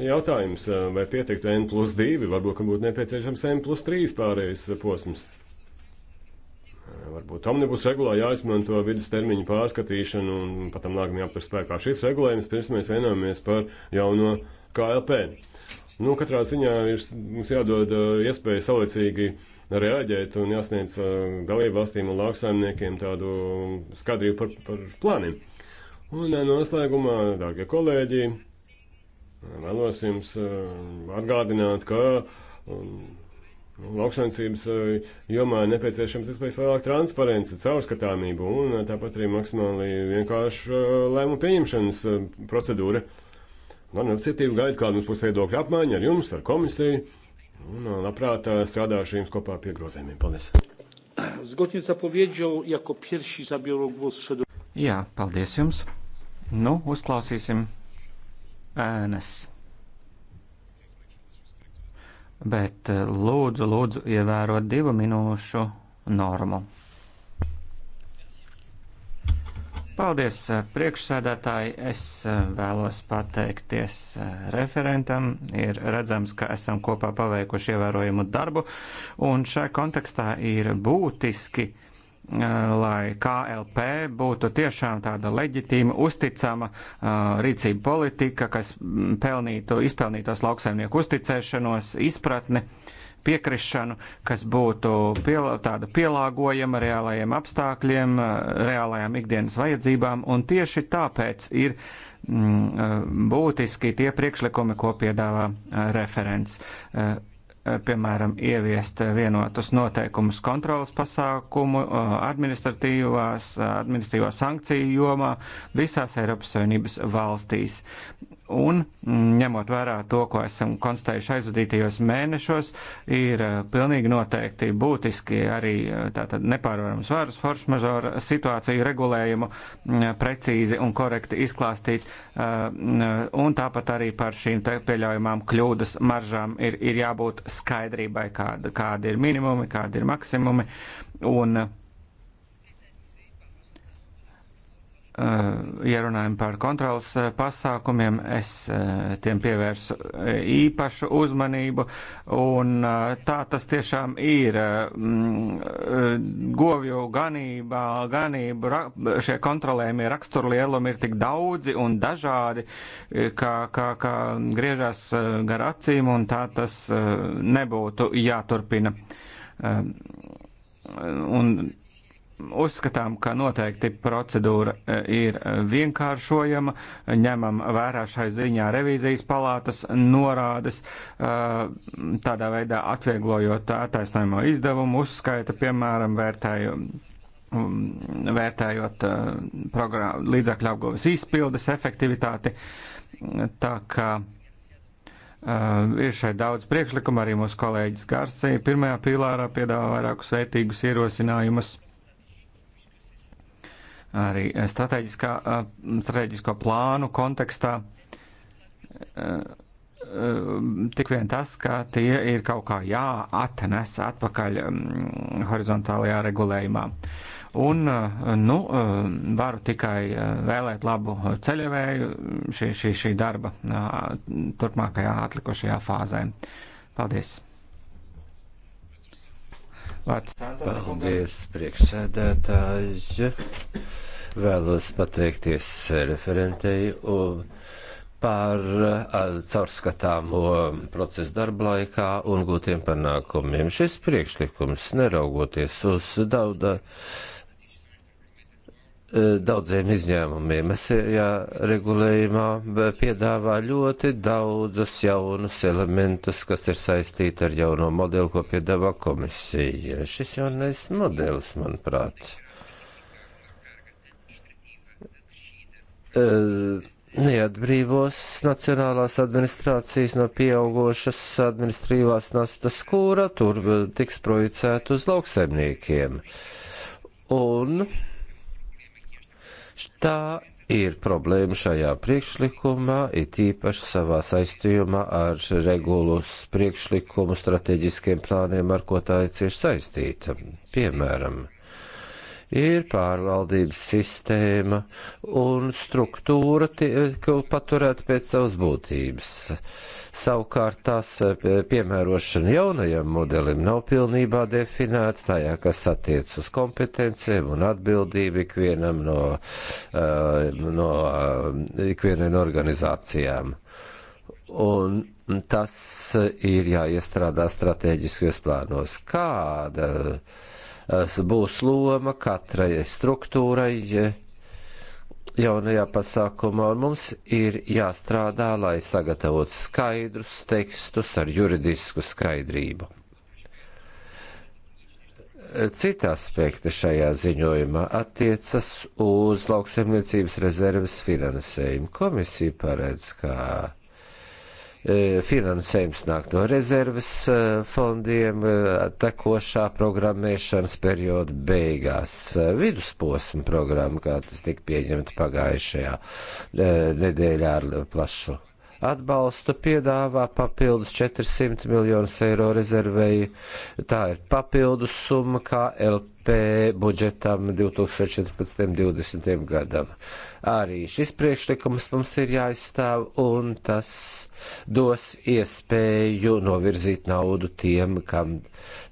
jautājums, uh, vai pietiktu N plus 2, varbūt, ka būtu nepieciešams N plus 3 pārējais posms. Uh, varbūt omnibus regulā jāizmanto vidus termiņu pārskatīšanu un pat tam nākamajā jāaptur spēkā šis regulējums, pirms mēs vienojamies par jauno KLP. Nu, katrā ziņā ir, mums jādod uh, iespēja saulēcīgi uh, reaģēt un jāsniedz uh, dalību valstīm un lauksaimniekiem tādu skatījumu par, par plāniem. Un uh, noslēgumā, dārgie kolēģi, vēlos jums uh, atgādināt, ka um, lauksaimniecības jomā ir nepieciešams vispēc lielāka transparence, caurskatāmība un tāpat arī maksimāli vienkārša lēmu pieņemšanas procedūra. Man ar cietību gaidu, kāda mums būs viedokļa apmaiņa ar jums, ar komisiju. Un labprāt strādāšu jums kopā pie grozējumiem. Paldies! Zgodnie z zapowiedzią, jako pierwsi zabiorą głos szedł. Jā, paldies jums. Nu, uzklausīsim ēnes. Bet lūdzu, lūdzu, ievērot divu minūšu normu. Paldies, eh, priekšsēdētāji. Es eh, vēlos pateikties eh, referentam. Ir redzams, ka esam kopā paveikuši ievērojumu darbu, un šai kontekstā ir būtiski, lai KLP būtu tiešām tāda leģitīma, uzticama rīcība politika, kas mm, pelnītu, izpelnītos lauksaimnieku uzticēšanos, izpratni. Uh, piekrišanu, kas būtu piel, tāda pielāgojama reālajiem apstākļiem, reālajām ikdienas vajadzībām, un tieši tāpēc ir mm, būtiski tie priekšlikumi, ko piedāvā eh, referents eh, piemēram, ieviest vienotus noteikumus kontrolas pasākumu, eh, administratīvās, administratīvā sankciju jomā visās Eiropas Savienības valstīs. Un ņemot vērā to, ko esam konstatējuši aizvadītajos mēnešos, ir eh, pilnīgi noteikti būtiski arī eh, tātad nepārvarams vārus foršu mažoru situāciju regulējumu mm, precīzi un korekti izklāstīt. Eh, mm, un tāpat arī par šīm pieļaujamām kļūdas maržām ir, ir jābūt skaidrībai, kāda, kāda ir minimumi, kāda ir maksimumi. Un, uh, Eh, ja runājam par kontrolas eh, pasākumiem, es eh, tiem pievērsu īpašu uzmanību, un tā tas tiešām ir. Mm, govju ganībā, ganību, šie kontrolējumie raksturlielumi ir tik daudzi un dažādi, kā, kā, kā griežās gar acīm, un tā tas nebūtu jāturpina. Un Uzskatām, ka noteikti procedūra e, ir vienkāršojama, ņemam vērā šai ziņā revīzijas palātas norādes, e, tādā veidā atvieglojot attaisnojumu izdevumu uzskaita, piemēram, vērtējumu vērtējot e, līdzakļu apgūves izpildes efektivitāti. Tā kā uh, ir šeit daudz priekšlikumu, arī mūsu kolēģis Garsī pirmajā pīlārā piedāvā vairākus vērtīgus ierosinājumus. Uh, arī eh, strateģisko plānu kontekstā. Eh, eh, tik vien tas, ka tie ir kaut kā jāatnes atpakaļ mm, horizontālajā regulējumā. Un, nu, varu tikai vēlēt labu ceļavēju šī, šī, šī darba turpmākajā atlikušajā fāzē. Paldies! Vārds Santos. Paldies, priekšsēdētāji. Vēlos pateikties referentei par caurskatāmo procesu darba laikā un gūtiem panākumiem. Šis priekšlikums, neraugoties uz daudz Eh, daudziem izņēmumiem. Esējā regulējumā eh, piedāvā ļoti daudzus jaunus elementus, kas ir saistīti ar jauno modeli, ko piedāvā komisija. Šis jaunais modelis, manuprāt, eh, neatbrīvos nacionālās administrācijas no pieaugošas administrīvās nastas, kura tur tiks projicēta uz lauksaimniekiem. Un Tā ir problēma šajā priekšlikumā, it īpaši savā saistījumā ar regulas priekšlikumu strateģiskiem plāniem, ar ko tā ir cieši saistīta. Piemēram, ir pārvaldības sistēma un struktūra tiek paturēta pēc savas būtības. Savukārt tās eh, piemērošana jaunajam modelim nav pilnībā definēta tajā, kas attiec uz kompetencijiem un atbildību ikvienam no, eh, no eh, ikvienai no organizācijām. Un tas ir jāiestrādā strateģiskajos plānos. Kāda uh, būs loma katrai struktūrai eh, jaunajā pasākumā, un mums ir jāstrādā, lai sagatavotu skaidrus tekstus ar juridisku skaidrību. Cita aspekta šajā ziņojumā attiecas uz lauksaimniecības rezerves finansējumu. Komisija paredz, ka E, finansējums nāk no rezerves e, fondiem e, tekošā programmēšanas perioda beigās. Vidusposma programma, kā tas tika pieņemta pagājušajā nedēļā ar plašu atbalstu piedāvā papildus 400 miljonus eiro rezervēju. Tā ir papildus summa kā LP budžetam 2014. un 2020. gadam. Arī šis priekšlikums mums ir jāizstāv, un tas dos iespēju novirzīt naudu tiem, kam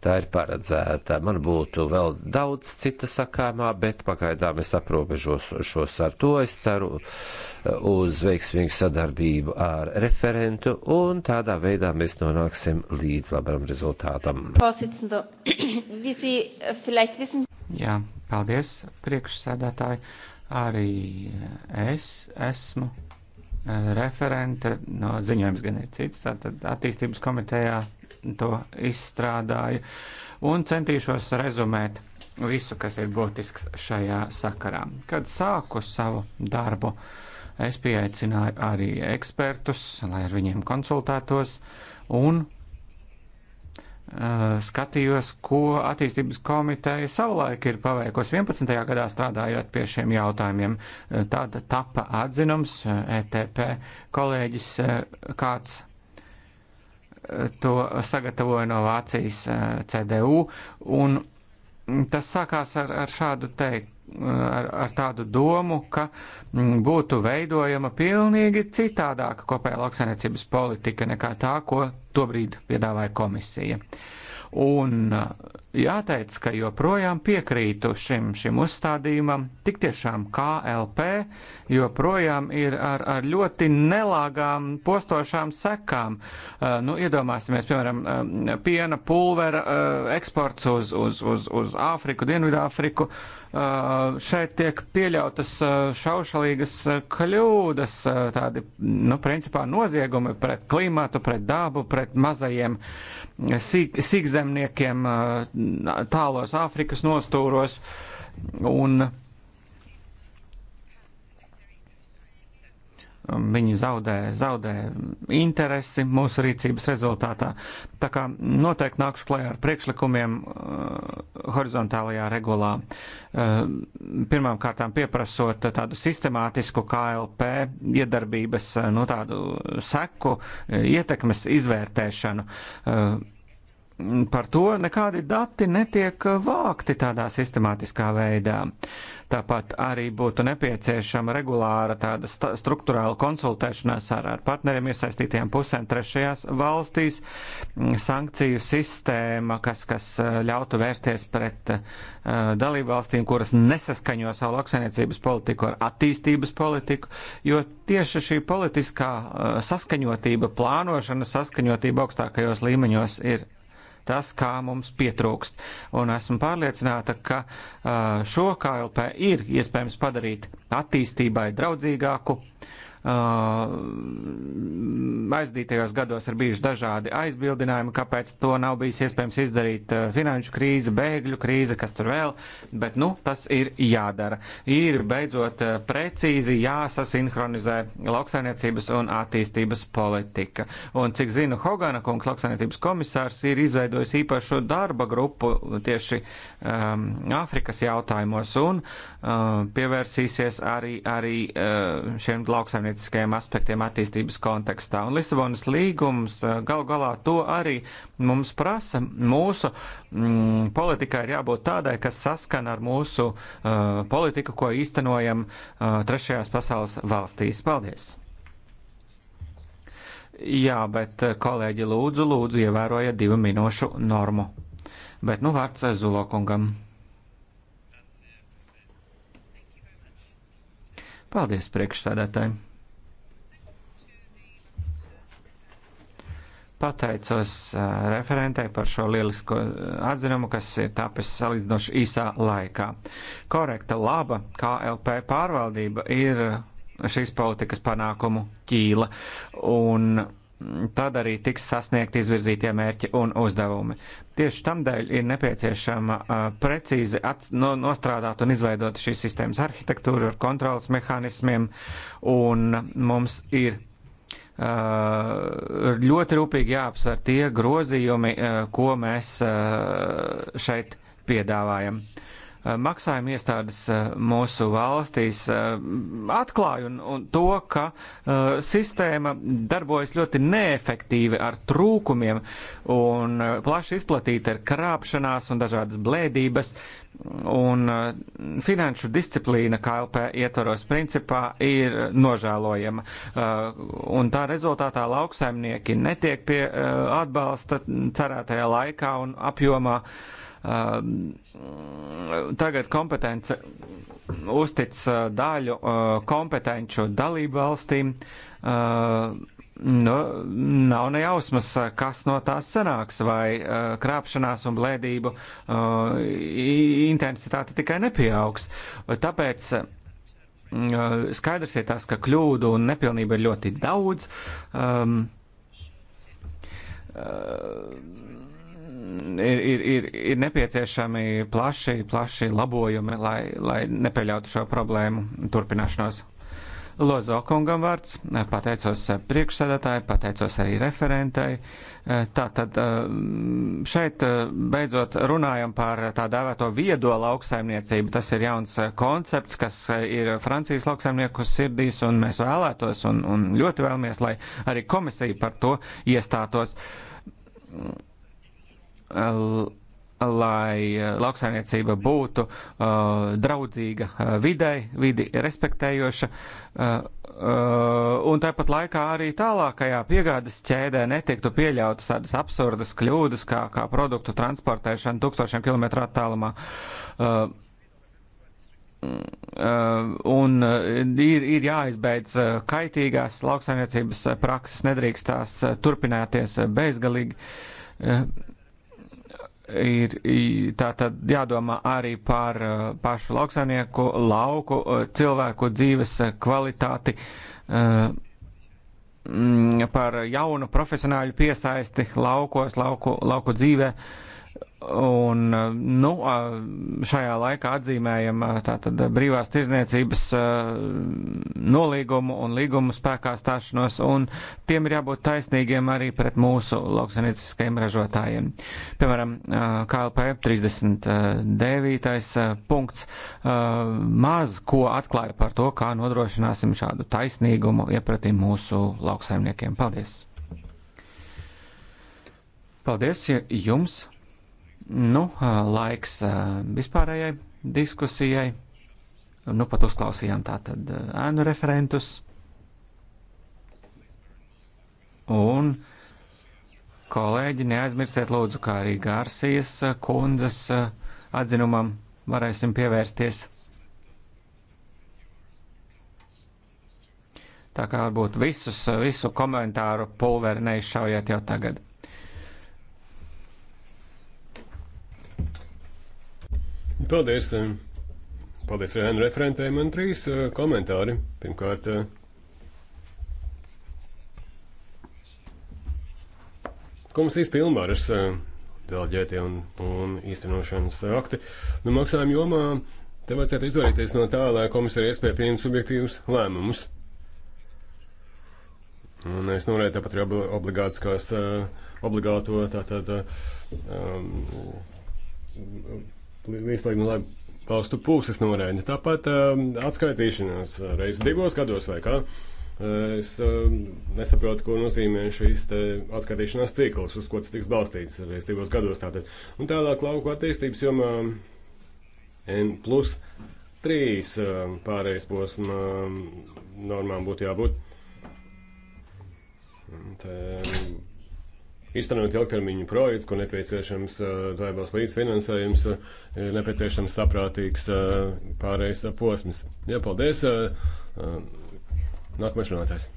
tā ir paredzēta. Man būtu vēl daudz cita sakāmā, bet pagaidām es aprobežošos ar to. Es ceru uh, uz veiksmīgu sadarbību ar referentu, un tādā veidā mēs nonāksim līdz labam rezultātam. Jā, paldies, priekšsēdētāji. Arī es esmu e, referente, no ziņojums gan ir cits, tātad attīstības komitejā to izstrādāju un centīšos rezumēt visu, kas ir būtisks šajā sakarā. Kad sāku savu darbu, es pieaicināju arī ekspertus, lai ar viņiem konsultētos, un Eh, skatījos, ko attīstības komiteja savulaik ir paveikusi 11. gadā strādājot pie šiem jautājumiem. Eh, tāda tapa atzinums ETP eh, e kolēģis kāds to sagatavoja no Vācijas CDU, un tas sākās ar, ar šādu teikumu ar, ar tādu domu, ka mm, būtu veidojama pilnīgi citādāka kopējā lauksainiecības politika nekā tā, ko tobrīd piedāvāja komisija. Un uh, jāteic, ka joprojām piekrītu šim, šim uzstādījumam, tik tiešām KLP joprojām ir ar, ar ļoti nelāgām postošām sekām. Uh, nu, iedomāsimies, piemēram, uh, piena pulvera uh, eksports uz, uz, uz, uz Āfriku, Dienvidāfriku. Uh, šeit tiek pieļautas šaušalīgas kļūdas, tādi, nu, principā noziegumi pret klimatu, pret dabu, pret mazajiem sīk, sīkzemniekiem tālos Āfrikas nostūros. Un, uh, Viņi zaudē, zaudē interesi mūsu rīcības rezultātā. Tā kā noteikti nākšu klajā ar priekšlikumiem uh, horizontālajā regulā. Uh, pirmām kārtām pieprasot tādu sistemātisku KLP iedarbības, uh, nu tādu seku, ietekmes izvērtēšanu par to nekādi dati netiek vākti tādā sistemātiskā veidā. Tāpat arī būtu nepieciešama regulāra tāda st struktūrāla konsultēšanās ar, ar partneriem iesaistītajām pusēm trešajās valstīs, mm, sankciju sistēma, kas, kas eh, ļautu vērsties pret uh, dalību valstīm, kuras nesaskaņo savu lauksainiecības politiku ar attīstības politiku, jo tieši šī politiskā uh, saskaņotība, plānošana, saskaņotība augstākajos līmeņos ir tas, kā mums pietrūkst. Un esmu pārliecināta, ka šo KLP ir iespējams padarīt attīstībai draudzīgāku, uh, Uh, aizdītajos gados ir bijuši dažādi aizbildinājumi, kāpēc to nav bijis iespējams izdarīt uh, finanšu krīze, bēgļu krīze, kas tur vēl, bet nu tas ir jādara. Ir beidzot uh, precīzi jāsasinhronizē lauksainiecības un attīstības politika. Un cik zinu, Hogana kungs, lauksainiecības komisārs, ir izveidojis īpašu darba grupu tieši um, Āfrikas jautājumos un uh, Uh, pievērsīsies arī, arī uh, šiem lauksaimnieciskajiem aspektiem attīstības kontekstā. Un Lisabonas līgums uh, gal galā to arī mums prasa. Mūsu mm, politikā ir jābūt tādai, kas saskana ar mūsu uh, politiku, ko īstenojam uh, trešajās pasaules valstīs. Paldies! Jā, bet kolēģi lūdzu, lūdzu ievērojiet divu minūšu normu. Bet nu vārds Zulokungam. Paldies priekšsādātājiem! pateicos uh, referentei par šo lielisko atzinumu, kas ir tapis salīdzinoši īsā laikā. Korekta, laba KLP pārvaldība ir šīs politikas panākumu ķīla, un tad arī tiks sasniegt izvirzītie mērķi un uzdevumi. Tieši tamdēļ ir nepieciešama uh, precīzi at, no, nostrādāt un izveidot šīs sistēmas arhitektūru ar kontrolas mehānismiem, un mums ir uh, ļoti rūpīgi jāapsver tie grozījumi, uh, ko mēs uh, šeit piedāvājam. Uh, Eh, maksājuma iestādes eh, mūsu valstīs eh, atklāja un, un to, ka sistēma darbojas ļoti neefektīvi ar trūkumiem un plaši izplatīta ir krāpšanās un dažādas blēdības. Un finanšu disciplīna KLP ietvaros principā ir nožēlojama. Un tā rezultātā lauksaimnieki netiek pie atbalsta cerētajā laikā un apjomā. Uh, Ehm, tagad kompetence uztic eh, daļu eh, kompetenču dalību valstīm. Ehm, nu, nav nejausmas, eh, kas no tās sanāks, vai uh, krāpšanās un blēdību uh, intensitāte tikai nepieaugs. Tāpēc uh, skaidrs ir tas, ka kļūdu un nepilnību ir ļoti daudz. Um, uh, ir, ir, ir, ir nepieciešami plaši, plaši labojumi, lai, lai nepieļautu šo problēmu turpināšanos. Lozo kungam vārds, pateicos priekšsēdētāji, pateicos arī referentai. Tātad šeit beidzot runājam par tā dēvēto viedo lauksaimniecību. Tas ir jauns koncepts, kas ir Francijas lauksaimnieku sirdīs, un mēs vēlētos un, un ļoti vēlamies, lai arī komisija par to iestātos lai eh, lauksainiecība būtu eh, draudzīga eh, videi, vidi respektējoša, un tāpat laikā arī tālākajā piegādes ķēdē netiktu pieļautas tādas absurdas kļūdas, kā, kā produktu transportēšana tūkstošiem kilometru attālumā. Uh, un ir, ir jāizbeidz kaitīgās lauksainiecības prakses, nedrīkst tās turpināties bezgalīgi. Uh, ir tātad jādomā arī par uh, pašu lauksaimnieku, lauku, uh, cilvēku dzīves uh, kvalitāti, mm, par jaunu profesionāļu piesaisti laukos, lauku, lauku dzīvē. Un, nu, šajā laikā atzīmējam tātad brīvās tirzniecības nolīgumu un līgumu spēkā stāšanos, un tiem ir jābūt taisnīgiem arī pret mūsu lauksaniciskajiem ražotājiem. Piemēram, KLP 39. punkts maz ko atklāja par to, kā nodrošināsim šādu taisnīgumu iepratīm mūsu lauksaimniekiem. Paldies! Paldies jums! Nu, laiks vispārējai diskusijai. Nu, pat uzklausījām tātad ēnu referentus. Un kolēģi, neaizmirstiet lūdzu, kā arī Gārsijas kundzes atzinumam varēsim pievērsties. Tā kā varbūt visus, visu komentāru pulveri neizšaujiet jau tagad. Paldies! Eh, paldies Rēnu referentēm. Man trīs eh, komentāri. Pirmkārt, eh, komisijas pilnvaras dēļģētie un, un īstenošanas akti. Nu, maksājuma jomā te vajadzētu izvairīties no tā, lai komisija ir iespēja pieņemt subjektīvus lēmumus. Un es norēju tāpat arī obligāts, kas obligāto tātad. Um, vienlaicīgi, lai valstu puses norēģina. Tāpat um, atskaitīšanās reizes divos gados vai kā. Uh, es um, nesaprotu, ko nozīmē šīs atskaitīšanās cikls, uz ko tas tiks balstīts reizes divos gados. Tātad. Un tālāk lauku attīstības jomā N plus 3 um, pārējais posma um, normām būtu jābūt. Tā, Īstenot ilgtermiņu projekts, kur nepieciešams darbos eh, līdzfinansējums, ir eh, nepieciešams saprātīgs eh, pārējais posms. Jā, paldies! Nākamais runātājs.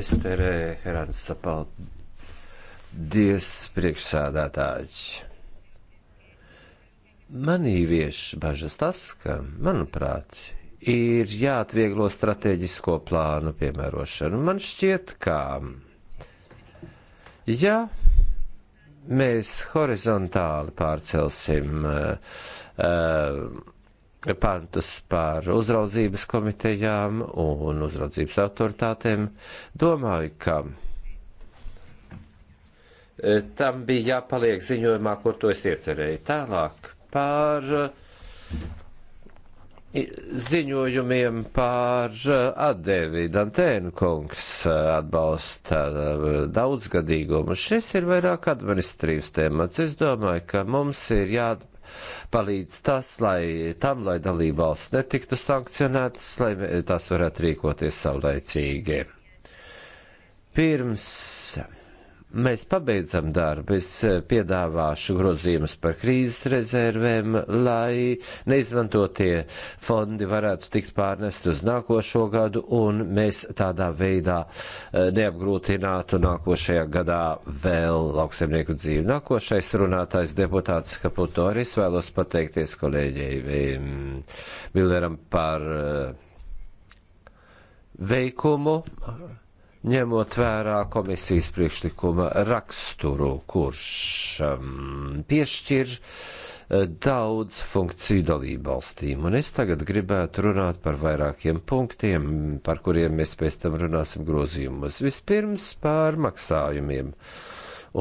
Estere Herāns, paldies priekšsādātāji! Manī vieš bažas tas, ka, manuprāt, ir jāatvieglo strateģisko plānu piemērošanu. Man šķiet, ka Ja mēs horizontāli pārcelsim uh, uh, pantus par uzraudzības komitejām un uzraudzības autoritātēm, domāju, ka eh, tam bija jāpaliek ziņojumā, kur to es iecerēju. Tālāk par ziņojumiem par eh, atdevi. Dantēnu kungs eh, atbalsta eh, daudzgadīgumu. Šis ir vairāk administrīvs temats. Es domāju, ka mums ir jāpalīdz tas, lai tam, lai dalībvalsts netiktu sankcionētas, lai tās varētu rīkoties savlaicīgi. Pirms mēs pabeidzam darbu. Es eh, piedāvāšu grozījumus par krīzes rezervēm, lai neizmantotie fondi varētu tikt pārnest uz nākošo gadu, un mēs tādā veidā eh, neapgrūtinātu nākošajā gadā vēl lauksemnieku dzīvi. Nākošais runātājs deputāts Kaputo arī vēlos pateikties kolēģei Milleram par eh, veikumu ņemot vērā komisijas priekšlikuma raksturu, kurš um, piešķir eh, daudz funkciju dalību valstīm. Un es tagad gribētu runāt par vairākiem punktiem, par kuriem mēs pēc tam runāsim grozījumus. Vispirms par maksājumiem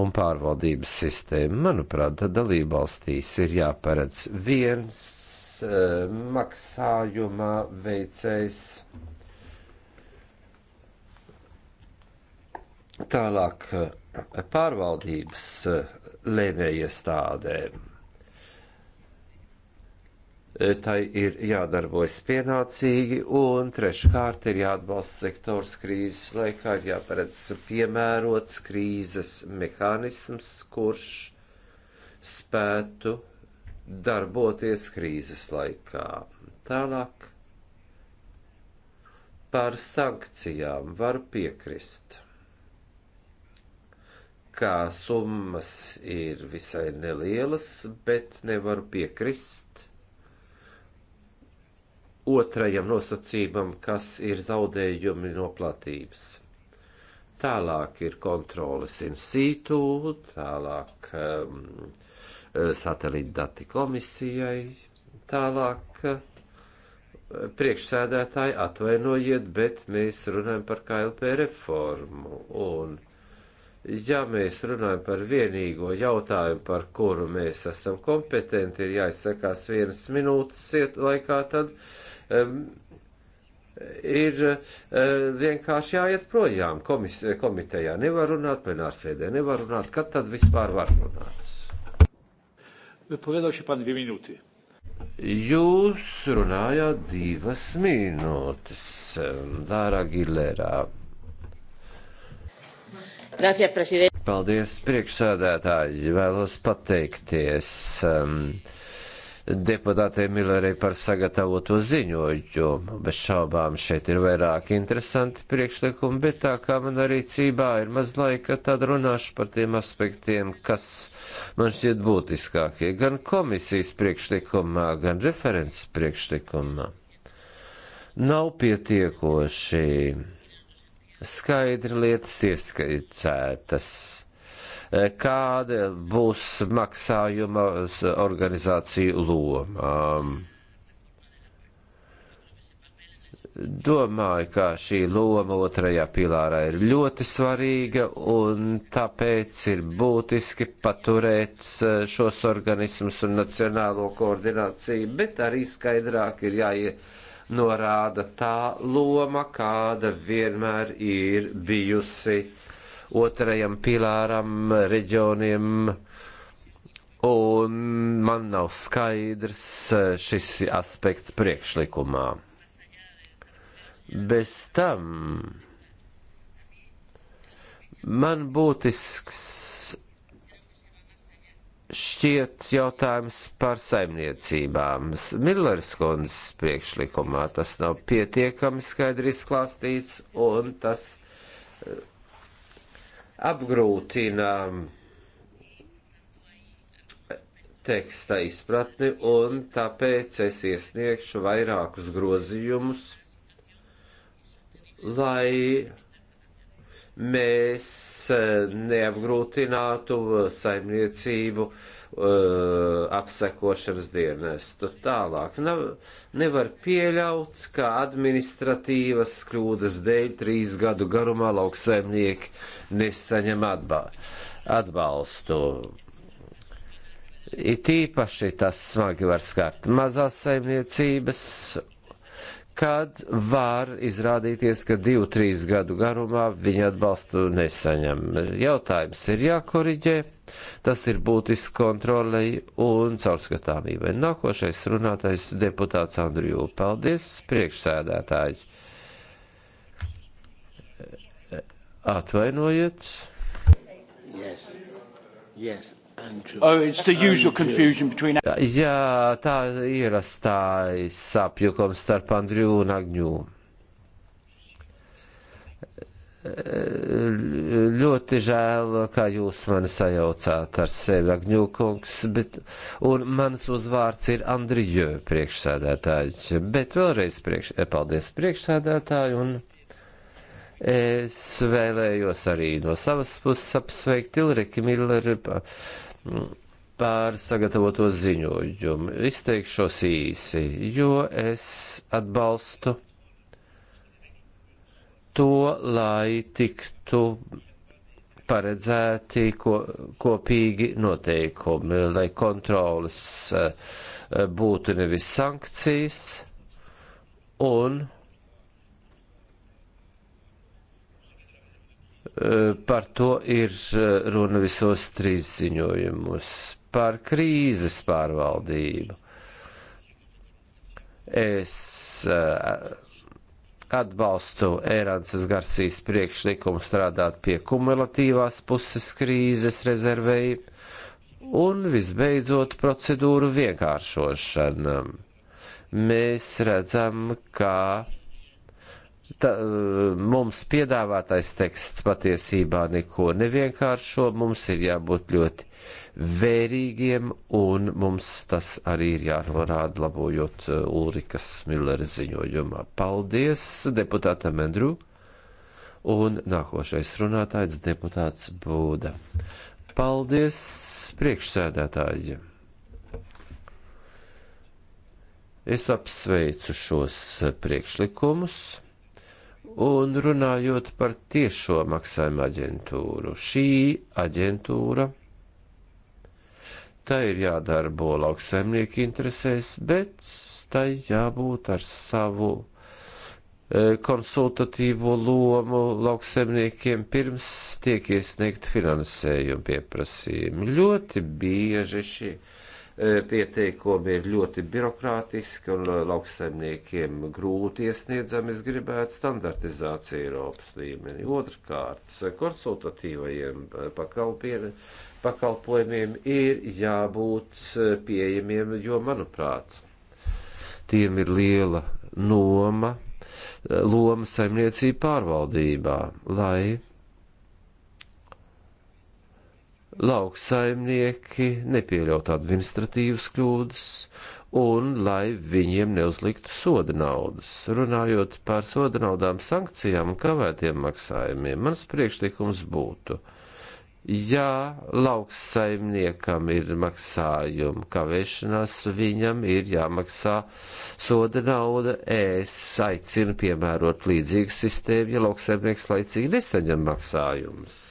un pārvaldības sistēmu. Manuprāt, dalību valstīs ir jāparedz viens uh, maksājuma veicējs Tālāk eh, pārvaldības eh, lēmējiestādēm. Eh, tai ir jādarbojas pienācīgi, un treškārt ir jāatbalsta sektors krīzes laikā, ir jāparedz piemērots krīzes mehānisms, kurš spētu darboties krīzes laikā. Tālāk par sankcijām var piekrist ka summas ir visai nelielas, bet nevaru piekrist otrajam nosacījumam, kas ir zaudējumi no platības. Tālāk ir kontroles in situ, tālāk um, satelīta dati komisijai, tālāk uh, priekšsēdētāji atvainojiet, bet mēs runājam par KLP reformu, un ja mēs runājam par vienīgo jautājumu, par kuru mēs esam kompetenti, ir jāizsakās vienas minūtes laikā, tad um, ir uh, vienkārši jāiet projām komis, komitejā. Nevar runāt plenārsēdē, nevar runāt, kad tad vispār var runāt. Vypovedāšu pan divi minūti. Jūs runājāt divas minūtes, Dārā Gilērā. Gracias, prezident. Paldies, priekšsēdētāji. Vēlos pateikties. Um, deputātei Millerei par sagatavoto ziņojumu. Bez šaubām šeit ir vairāk interesanti priekšlikumi, bet tā kā man arī cībā ir maz laika, tad runāšu par tiem aspektiem, kas man šķiet būtiskākie gan komisijas priekšlikumā, gan referents priekšlikumā. Nav pietiekoši skaidri lietas ieskaicētas e, kāda būs maksājuma organizāciju loma. Domāju, ka šī loma otrajā pilārā ir ļoti svarīga, un tāpēc ir būtiski paturēt šos organismus un nacionālo koordināciju, bet arī skaidrāk ir jāie. Ja norāda tā loma, kāda vienmēr ir bijusi otrajam pilāram, reģioniem. Un man nav skaidrs eh, šis aspekts priekšlikumā. Bez tam man būtisks šķiet jautājums par saimniecībām. Millers kundzes priekšlikumā tas nav pietiekami skaidri izklāstīts, un tas eh, apgrūtina eh, teksta izpratni, un tāpēc es iesniegšu vairākus grozījumus, lai mēs e, neapgrūtinātu saimniecību uh, apsekošanas dienestu. Tālāk nav, nevar pieļaut, ka administratīvas kļūdas dēļ trīs gadu garumā lauksaimnieki nesaņem atba atbalstu. It īpaši tas smagi var skart mazās saimniecības kad var izrādīties, ka divu, trīs gadu garumā viņi atbalstu nesaņem. Jautājums ir jākoriģē, tas ir būtiski kontrolei un caurskatāmībai. Nākošais runātais deputāts Andriju. Paldies, priekšsēdētāji. Atvainojiet. Yes. Yes. Oh, it's the usual confusion between... Jā, tā ierastājas sapjukums starp Andriju un Agņū. Ļoti žēl, kā jūs mani sajaucāt ar sevi, Agņūkungs, bet, un mans uzvārds ir Andriju priekšsēdētājs, bet vēlreiz priekš, paldies priekšsēdētāju un. Es vēlējos arī no savas puses apsveikt Ilriku Milleru par sagatavoto ziņojumu. Izteikšos īsi, jo es atbalstu to, lai tiktu paredzēti ko, kopīgi noteikumi, lai kontrolas eh, būtu nevis sankcijas un Eh, par to ir eh, runa visos trīs ziņojumus - par krīzes pārvaldību. Es eh, atbalstu Ērānces Garcijas priekšlikumu strādāt pie kumulatīvās puses krīzes rezervēji un visbeidzot procedūru vienkāršošana. Mēs redzam, ka ta, eh, mums piedāvātais teksts patiesībā neko nevienkāršo, mums ir jābūt ļoti vērīgiem, un mums tas arī ir jānorāda, labojot eh, Ulrikas Milleres ziņojumā. Paldies deputātam Endru, un nākošais runātājs deputāts Būda. Paldies priekšsēdētājiem! Es apsveicu šos eh, priekšlikumus. Un runājot par tiešo maksājumu aģentūru, šī aģentūra tā ir jādarbo lauksaimnieku interesēs, bet tai jābūt ar savu e, konsultatīvo lomu lauksaimniekiem pirms tiek iesniegt finansējumu pieprasījumi. Ļoti bieži šie. Šī E, pieteikumi ir ļoti birokrātiski un e, lauksaimniekiem grūti iesniedzami. Es gribētu standartizāciju Eiropas līmenī. Otrkārt, e, konsultatīvajiem pakalpojumiem ir jābūt pieejamiem, jo, manuprāt, tiem ir liela noma, loma saimniecība pārvaldībā, lai lauksaimnieki nepieļaut administratīvas kļūdas un lai viņiem neuzliktu soda naudas. Runājot par soda naudām, sankcijām un kavētiem maksājumiem, mans priekšlikums būtu, ja lauksaimniekam ir maksājumi kavēšanās, viņam ir jāmaksā soda nauda. Es aicinu piemērot līdzīgu sistēmu, ja lauksaimnieks laicīgi nesaņem maksājumus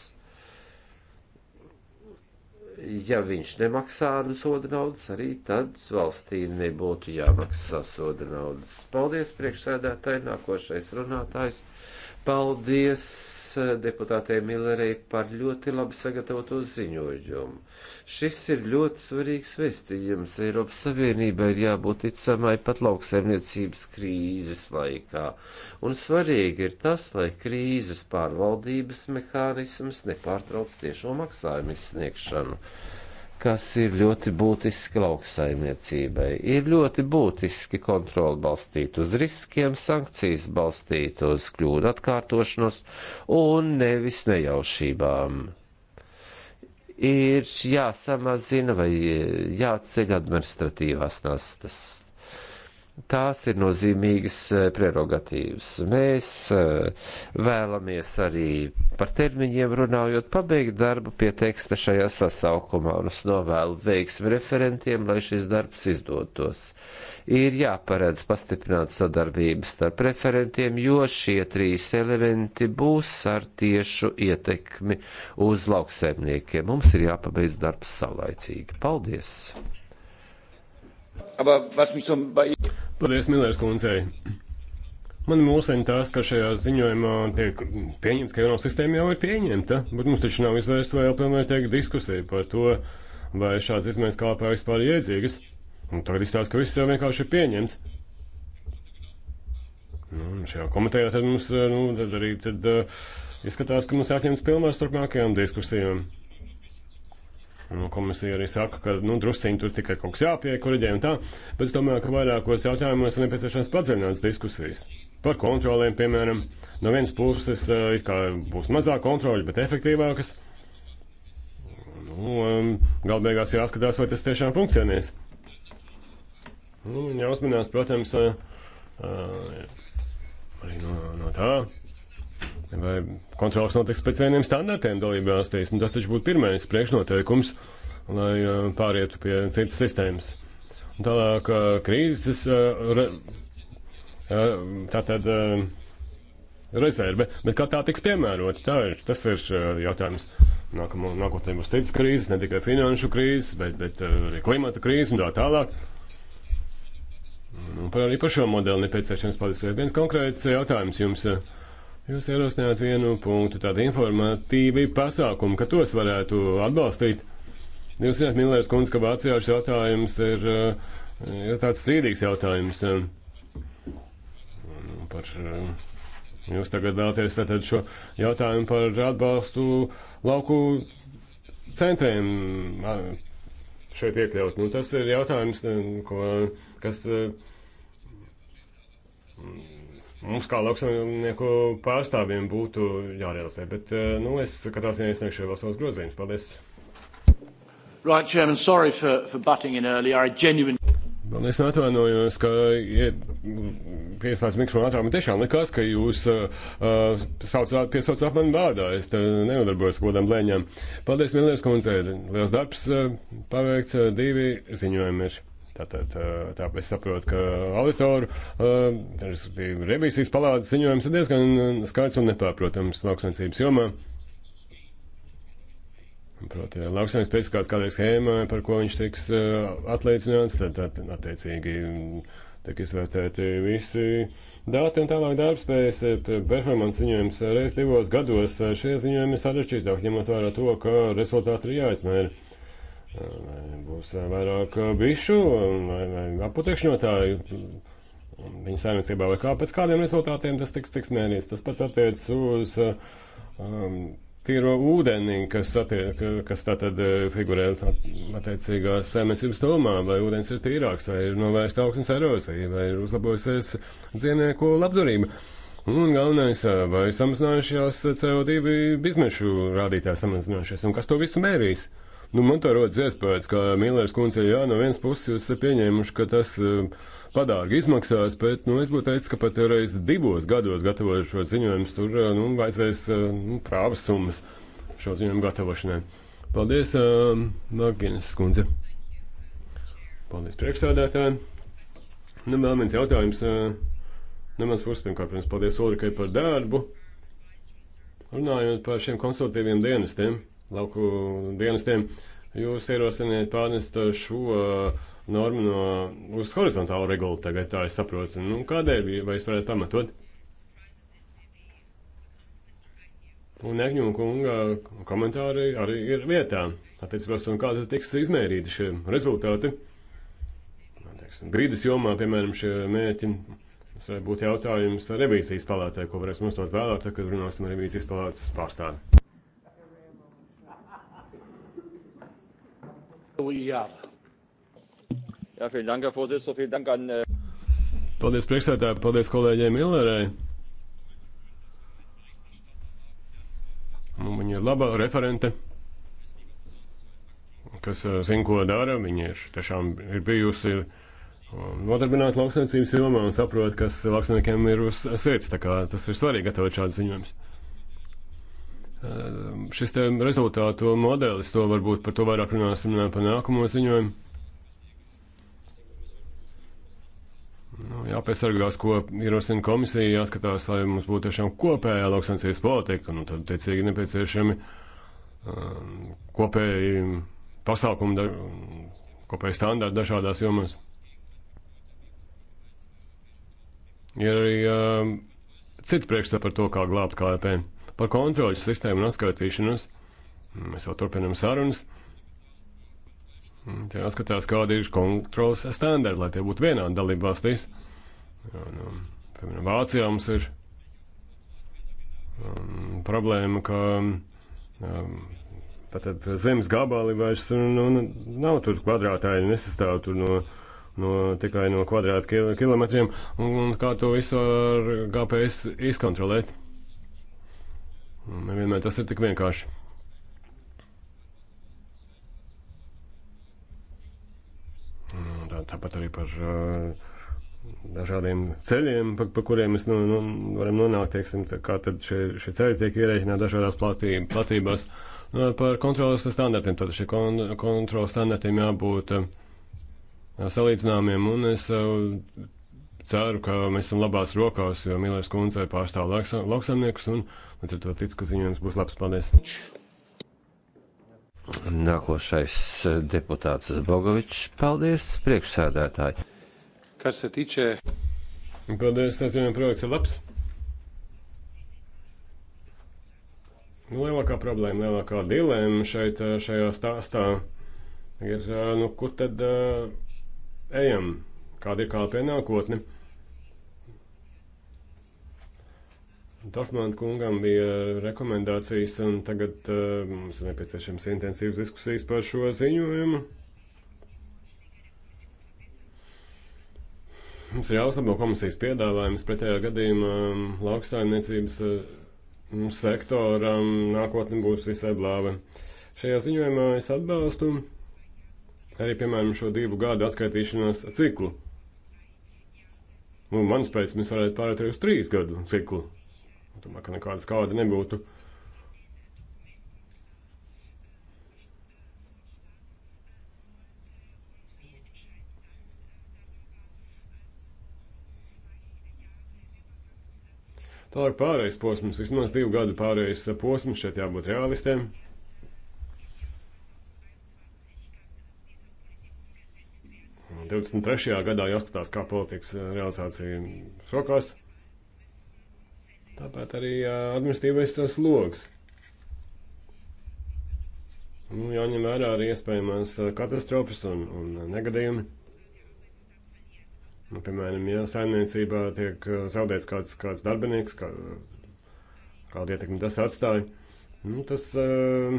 ja viņš nemaksā nu soda naudas, arī tad valstī nebūtu jāmaksā soda naudas. Paldies, priekšsēdētāji, nākošais runātājs Paldies eh, deputātei Millerei par ļoti labi sagatavoto ziņojumu. Šis ir ļoti svarīgs vēstījums. Eiropas Savienībai ir jābūt ticamai pat lauksaimniecības krīzes laikā. Un svarīgi ir tas, lai krīzes pārvaldības mehānisms nepārtrauc tiešo maksājumu izsniegšanu kas ir ļoti būtiski lauksaimniecībai. Ir ļoti būtiski kontroli balstīt uz riskiem, sankcijas balstīt uz kļūdu atkārtošanos un nevis nejaušībām. Ir jāsamazina vai jāatceļ administratīvās nastas Tās ir nozīmīgas eh, prerogatīvas. Mēs eh, vēlamies arī par termiņiem runājot, pabeigt darbu pie teksta šajā sasaukumā un es novēlu veiksmi referentiem, lai šis darbs izdotos. Ir jāparedz pastiprināt sadarbības starp referentiem, jo šie trīs elementi būs ar tiešu ietekmi uz lauksaimniekiem. Mums ir jāpabeidz darbs saulaicīgi. Paldies! Paldies, Milērs kundzei. Man mūsēņ tās, ka šajā ziņojumā tiek pieņemts, ka jaunā sistēma jau ir pieņemta, bet mums taču nav izvērsta vēl pilnvērtīga diskusija par to, vai šāds izmaiņas kāpē vispār iedzīgas. Un tagad izstāsta, ka viss jau vienkārši ir pieņemts. Nu, šajā komitejā tad mums nu, tad arī tad, uh, izskatās, ka mums jāatņemas pilnvars turpmākajām diskusijām. Nu, komisija arī saka, ka nu, drusciņi tur tikai kaut kas jāpieeja, kuriģē un tā, bet es domāju, ka vairākos jautājumos ir nepieciešams padziļināts diskusijas. Par kontroliem, piemēram, no vienas puses eh, ir kā būs mazāk kontroļu, bet efektīvākas. Nu, um, Galu beigās jāskatās, vai tas tiešām funkcionēs. Nu, jāuzmanās, protams, eh, eh, arī no, no tā, vai kontrols notiks pēc vieniem standartiem dalību valstīs. Nu, tas taču būtu pirmais priekšnoteikums, lai eh, pārietu pie citas sistēmas. Un tālāk eh, krīzes, eh, tātad rezerve, bet kā tā tiks piemērota, tā ir, tas ir jautājums. Nākotnē būs citas krīzes, ne tikai finanšu krīzes, bet, bet arī klimata krīzes un tā tālāk. Un par arī par šo modeli nepieciešams padiskutēt. Viens konkrēts jautājums jums. Uh, Jūs ierosināt vienu punktu, tādu informatīvu pasākumu, ka tos varētu atbalstīt. Jūs zināt, Millers kundze, ka Vācijā šis jautājums ir, eh, ir tāds strīdīgs jautājums. Par, eh, jūs tagad vēlaties tātad šo jautājumu par atbalstu lauku centriem šeit iekļaut. Nu, tas ir jautājums, eh, ko, kas mums kā lauksaimnieku pārstāvjiem būtu jārealizē. Bet, eh, nu, es katrā ziņā iesniegšu vēl savus grozījumus. Paldies! Right, Chairman, sorry for, for butting in early. I genuinely... Man es atvainojos, ka ja pieslēdz mikrofonu ātrāk. Man tiešām likās, ka jūs uh, saucāt, piesaucāt mani vārdā. Es te nenodarbojos ar kodām blēņām. Paldies, Milērs kundze. Liels darbs uh, paveikts. Uh, divi ziņojumi ir. Tātad tā, es saprotu, ka auditoru, respektīvi revīzijas palādes ziņojums ir diezgan skaidrs un nepārprotams lauksaimniecības jomā. Proti, lauksaimnieks pēc kāds kādai schēmai, par ko viņš tiks atliecināts, tad, tad attiecīgi tiek izvērtēti visi dati un tālāk darbspējas performance ziņojums reiz divos gados. Šie ziņojumi ir sarežģītāk, ņemot vērā to, ka rezultāti ir jāizmēra vai būs eh, vairāk eh, bišu um, vai, vai aputekšņotāju um, viņa saimniecībā, vai kā pēc kādiem rezultātiem tas tiks, tiks mērīts. Tas pats attiecas uz eh, um, tīro ūdeni, kas, attiek, kas tātad figurē attiecīgā saimniecības tomā, vai ūdens ir tīrāks, vai ir novērsta augsnes erozija, vai ir uzlabojusies dzīvnieku labdarība. Un galvenais, vai samazinājušās CO2 izmešu rādītāji samazinājušies, un kas to visu mērīs? Uh, Nu, man tā rodas iespējas, ka Mīlērs kundze, jā, no vienas puses jūs esat pieņēmuši, ka tas e, padārgi izmaksās, bet, nu, es būtu teicis, ka pat reiz divos gados gatavojot šo ziņojumu, tur, e, nu, vajadzēs e, nu, prāvas summas šo ziņojumu gatavošanai. Paldies, Maginas kundze. Paldies priekšsādātājiem. Nu, vēl viens jautājums. Nu, mans puses, pirmkārt, protams, paldies Ulrikai par darbu. Runājot par šiem konsultīviem dienestiem. Ja? lauku dienestiem. Jūs ierosiniet pārnest šo normu no, uz horizontālu regulu tagad, tā es saprotu. Nu, kādēļ, vai jūs varētu pamatot? Un Egņu kunga komentāri arī ir vietā. Attiecībā uz to, kāda tiks izmērīta šie rezultāti. Nu, teiksim, grīdas jomā, piemēram, šie mērķi. Tas var būt jautājums revīzijas palātē, ko varēsim uzdot vēlāk, kad runāsim ar revīzijas palātas pārstāvi. Äh, paldies priekšsētāji, paldies kolēģiem Millerai. Un nu, viņa ir laba referente, kas zina, ko dara. Viņa ir tiešām ir bijusi nodarbināta lauksaimniecības jomā un saprot, kas lauksaimniekiem ir uz sirds. Tā kā tas ir svarīgi gatavot šādus ziņojumus. Ehm, šis te rezultātu modelis, to varbūt par to vairāk runāsim pa nākamo ziņojumu. Nu, jāpiesargās, ko ierosina komisija, jāskatās, lai mums būtu tiešām kopējā lauksansības politika, nu tad tiecīgi nepieciešami um, kopēji pasākumi, da, kopēji standarti dažādās jomās. Ir arī um, citi priekšstati par to, kā glābt KLP. Kā Par kontroļu sistēmu un atskaitīšanos mēs jau turpinam sarunas. Te jāskatās, kāda ir kontrols standarta, lai tie būtu vienādi dalību valstīs. Nu, piemēram, Vācijā mums ir um, problēma, ka um, tātad zemes gabali vairs nu, nu, nu nav tur kvadrātāji, nesastāv tur no, no tikai no kvadrāta kilometriem, un, un kā to visu ar GPS izkontrolēt. Nevienmēr tas ir tik vienkārši. Tā, tāpat arī par uh, dažādiem ceļiem, pa, pa kuriem mēs nu, nu, varam nonākt, teiksim, kā tad šie, šie ceļi tiek ierēķināti dažādās platī, platībās. Nu, par kontrolas standartiem, tad šie kon, kontrolas standartiem jābūt uh, salīdzināmiem, un es uh, ceru, ka mēs esam labās rokās, jo Milērs kundze pārstāv lauksamniekus, un Līdz ar to ticu, ka ziņojums būs labs. Paldies! Nākošais deputāts Bogovičs. Paldies, priekšsēdētāji! Kas se tiče? Paldies, tas vienam projekts ir labs. Nu, lielākā problēma, lielākā dilemma šeit, eh, šajā stāstā ir, eh, nu, kur tad uh, ejam, kāda ir kāda pienākotne. Dorfmāna kungam bija rekomendācijas, un tagad uh, mums ir nepieciešams intensīvas diskusijas par šo ziņojumu. Mums ir jāuzlabo komisijas piedāvājums, pretējā gadījumā mm, lauksaimniecības uh, sektoram nākotne būs visai blāva. Šajā ziņojumā es atbalstu arī, piemēram, šo divu gadu atskaitīšanās ciklu. Un, nu, manuprāt, mēs varētu pārēt arī uz trīs gadu ciklu. Domāju, nu, ka nekāda skāda nebūtu. Tālāk pārējais posms, vismaz divu gadu pārējais posms, šeit jābūt realistiem. Un 23. gadā jāskatās, kā politikas realizācija sokās tāpat arī administratīvais sloks. Nu, jāņem vērā arī iespējamās katastrofas un, un negadījumi. Nu, piemēram, ja saimniecībā tiek zaudēts kāds, kāds darbinieks, kā, kādu ietekmi tas atstāja, nu, tas uh,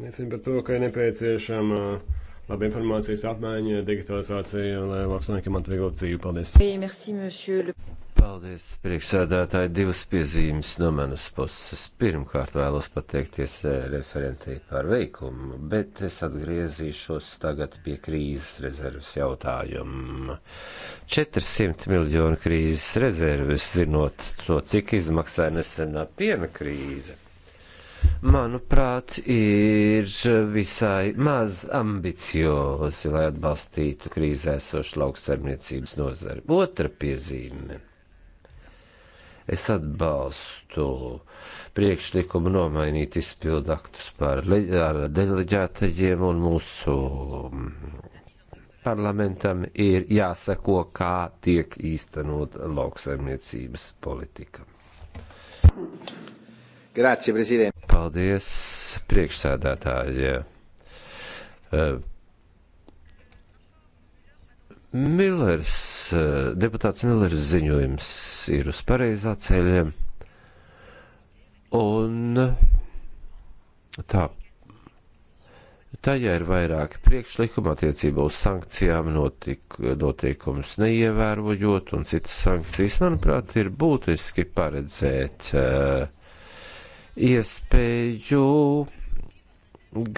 liecina par to, ka ir nepieciešama uh, laba informācijas apmaiņa, digitalizācija, lai lauksainiekiem atvieglotu dzīvi. Paldies! Hey, merci, monsieur. Paldies, priekšsēdētāji, divas piezīmes no manas puses. Pirmkārt vēlos pateikties eh, referentei par veikumu, bet es atgriezīšos tagad pie krīzes rezerves jautājuma. 400 miljonu krīzes rezerves, zinot to, cik izmaksāja nesenā piena krīze. Manuprāt, ir visai maz ambiciozi, lai atbalstītu krīzē esošu lauksaimniecības nozari. Otra piezīme Es atbalstu priekšlikumu nomainīt izpildu aktus par deleģētajiem un mūsu mm, parlamentam ir jāsako, kā tiek īstenot lauksaimniecības politika. Grācija, prezident. Paldies, priekšsēdētāji. Eh, Millers, eh, deputāts Millers ziņojums ir uz pareizā ceļa. Un tā, tajā ir vairāki priekšlikumi attiecībā uz sankcijām, notik, noteikumus neievērojot un citas sankcijas. Manuprāt, ir būtiski paredzēt uh, iespēju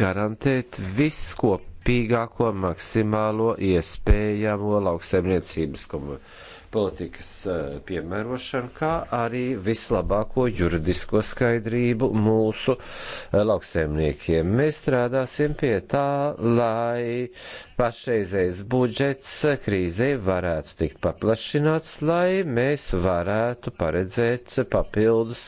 garantēt visu, ko vispārīgāko maksimālo iespējamo lauksaimniecības komunikāciju politikas eh, piemērošanu, kā arī vislabāko juridisko skaidrību mūsu eh, lauksaimniekiem. Mēs strādāsim pie tā, lai pašreizējais budžets krīzē varētu tikt paplašināts, lai mēs varētu paredzēt papildus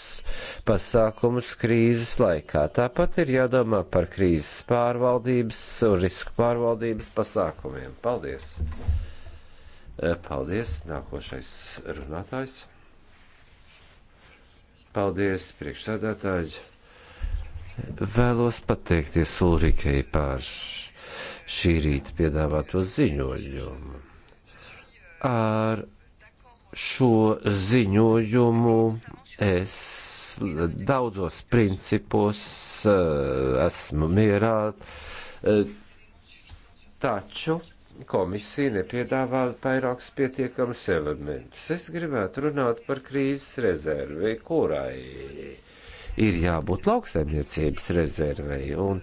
pasākumus krīzes laikā. Tāpat ir jādomā par krīzes pārvaldības un risku pārvaldības pasākumiem. Paldies! Eh, paldies, nākošais runātājs. Paldies, priekšsēdētāji. Vēlos pateikties Ulrikai par šī rīta piedāvāto ziņojumu. Ar šo ziņojumu es daudzos principos eh, esmu mierā, eh, taču komisija nepiedāvā vairākus pietiekamus elementus. Es gribētu runāt par krīzes rezervi, kurai ir jābūt lauksaimniecības rezervei, un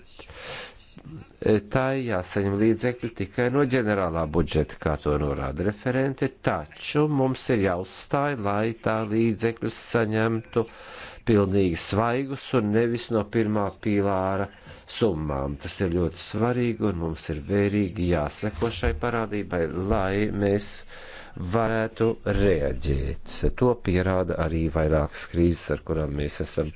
tā jāsaņem līdzekļi tikai no ģenerālā budžeta, kā to norāda referenti, taču mums ir jāuzstāj, lai tā līdzekļus saņemtu pilnīgi svaigus un nevis no pirmā pīlāra summām. Tas ir ļoti svarīgi un mums ir vērīgi jāseko šai parādībai, lai mēs varētu reaģēt. To pierāda arī vairākas krīzes, ar kurām mēs esam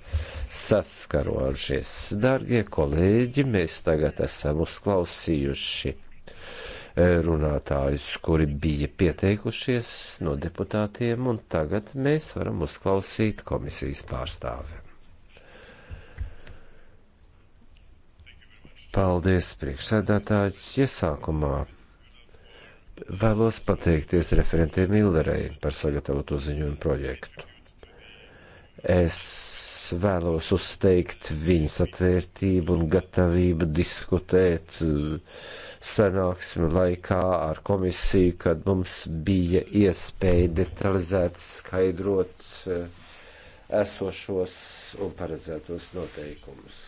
saskarojušies. Dargie kolēģi, mēs tagad esam uzklausījuši e, runātājus, kuri bija pieteikušies no deputātiem, un tagad mēs varam uzklausīt komisijas pārstāvi. Paldies, priekšsēdētāji, iesākumā. Vēlos pateikties referentiem Millerei par sagatavoto ziņojumu projektu. Es vēlos uzteikt viņas atvērtību un gatavību diskutēt eh, sanāksmi laikā ar komisiju, kad mums bija iespēja detalizēt skaidrot eh, esošos un paredzētos noteikumus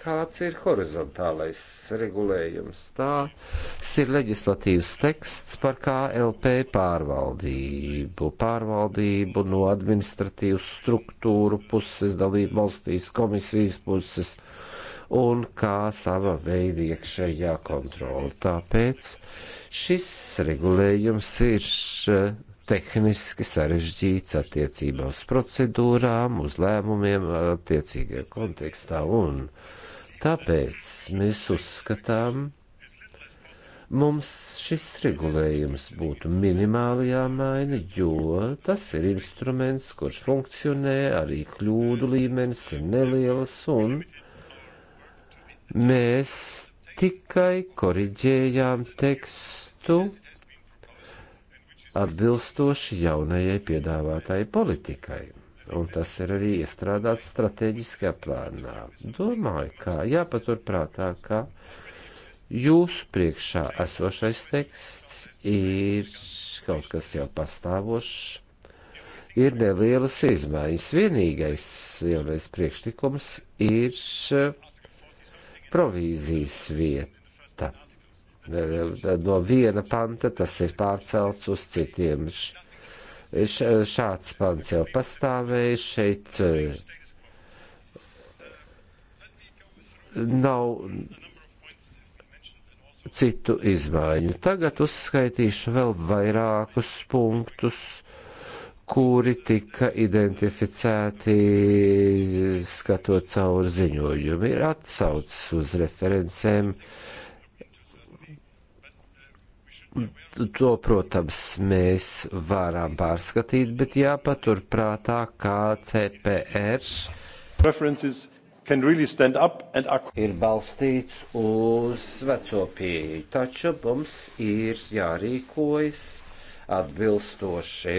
kāds ir horizontālais regulējums. Tās ir leģislatīvs teksts par KLP pārvaldību, pārvaldību no administratīvu struktūru puses, dalību valstīs komisijas puses un kā sava veida iekšējā kontrola. Tāpēc šis regulējums ir tehniski sarežģīts attiecībā uz procedūrām, uz lēmumiem attiecīgajā kontekstā un tāpēc mēs uzskatām, mums šis regulējums būtu minimāli jāmaina, jo tas ir instruments, kurš funkcionē, arī kļūdu līmenis ir neliels un mēs tikai koriģējām tekstu atbilstoši jaunajai piedāvātāji politikai. Un tas ir arī iestrādāts strateģiskajā plānā. Domāju, ka jāpaturprātā, ka jūsu priekšā esošais teksts ir kaut kas jau pastāvošs, ir nelielas izmaiņas. Vienīgais jaunais priekšlikums ir provīzijas vieta no viena panta tas ir pārcelts uz citiem. Šāds pants jau pastāvēja šeit. Eh, nav citu izmaiņu. Tagad uzskaitīšu vēl vairākus punktus, kuri tika identificēti skatot cauri ziņojumu. Ir atsaucis uz referencēm uh, To, protams, mēs varam pārskatīt, bet jāpatur prātā, kā CPR really ir balstīts uz veco pieeju. Taču mums ir jārīkojas atbilstoši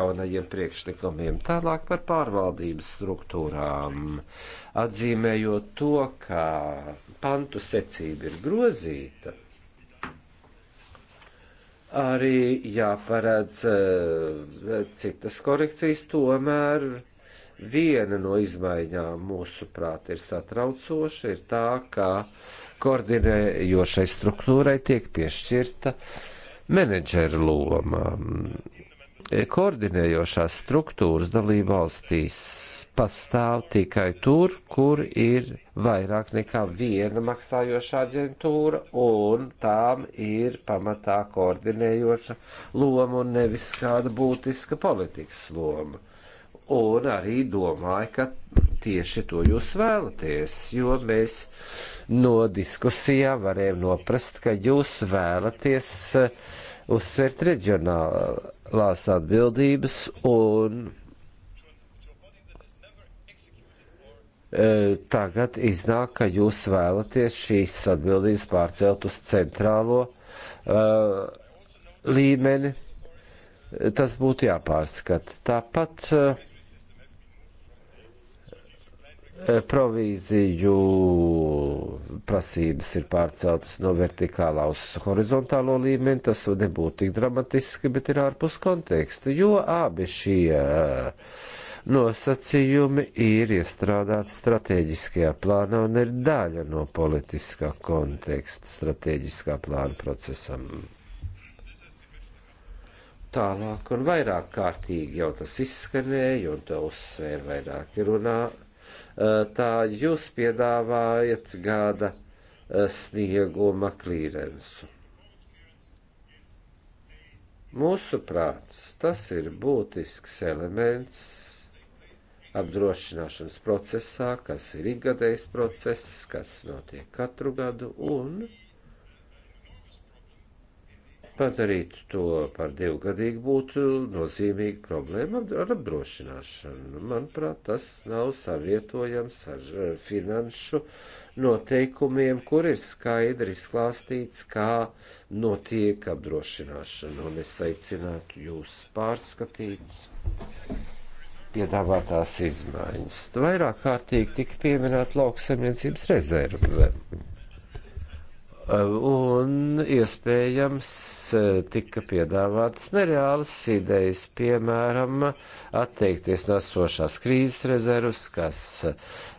jaunajiem priekšlikumiem. Tālāk par pārvaldības struktūrām, atzīmējot to, ka pantu secība ir grozīta arī jāparedz eh, citas korekcijas, tomēr viena no izmaiņām mūsu prāt ir satraucoša, ir tā, ka koordinējošai struktūrai tiek piešķirta menedžera loma koordinējošās struktūras dalību valstīs pastāv tikai tur, kur ir vairāk nekā viena maksājoša aģentūra, un tām ir pamatā koordinējoša loma un nevis kāda būtiska politikas loma. Un arī domāju, ka tieši to jūs vēlaties, jo mēs no diskusijām varējām noprast, ka jūs vēlaties uh, uzsvērt reģionālās atbildības un e, tagad iznāk, ka jūs vēlaties šīs atbildības pārcelt uz centrālo uh, līmeni. Tas būtu jāpārskata. Tāpat uh, provīziju prasības ir pārceltas no vertikālā uz horizontālo līmeni, tas nebūtu tik dramatiski, bet ir ārpus konteksta, jo abi šie eh, nosacījumi ir iestrādāti strateģiskajā plānā un ir daļa no politiskā konteksta strateģiskā plāna procesam. Tālāk un vairāk kārtīgi jau tas izskanēja, un to uzsvēra vairāki runātāji Eh, tā jūs piedāvājat gada eh, snieguma klīrensu. Mūsu prāts tas ir būtisks elements apdrošināšanas procesā, kas ir ikgadējs process, kas notiek katru gadu un. Padarīt to par divgadīgu būtu nozīmīga problēma ar apdrošināšanu. Manuprāt, tas nav savietojams ar eh, finanšu noteikumiem, kur ir skaidri izklāstīts, kā notiek apdrošināšana. Un es aicinātu jūs pārskatīt piedāvātās izmaiņas. Vairāk kārtīgi tika pieminēta lauksaimniecības rezerve un iespējams e, tika piedāvātas nereālas idejas, piemēram, atteikties no esošās krīzes rezervas, kas e,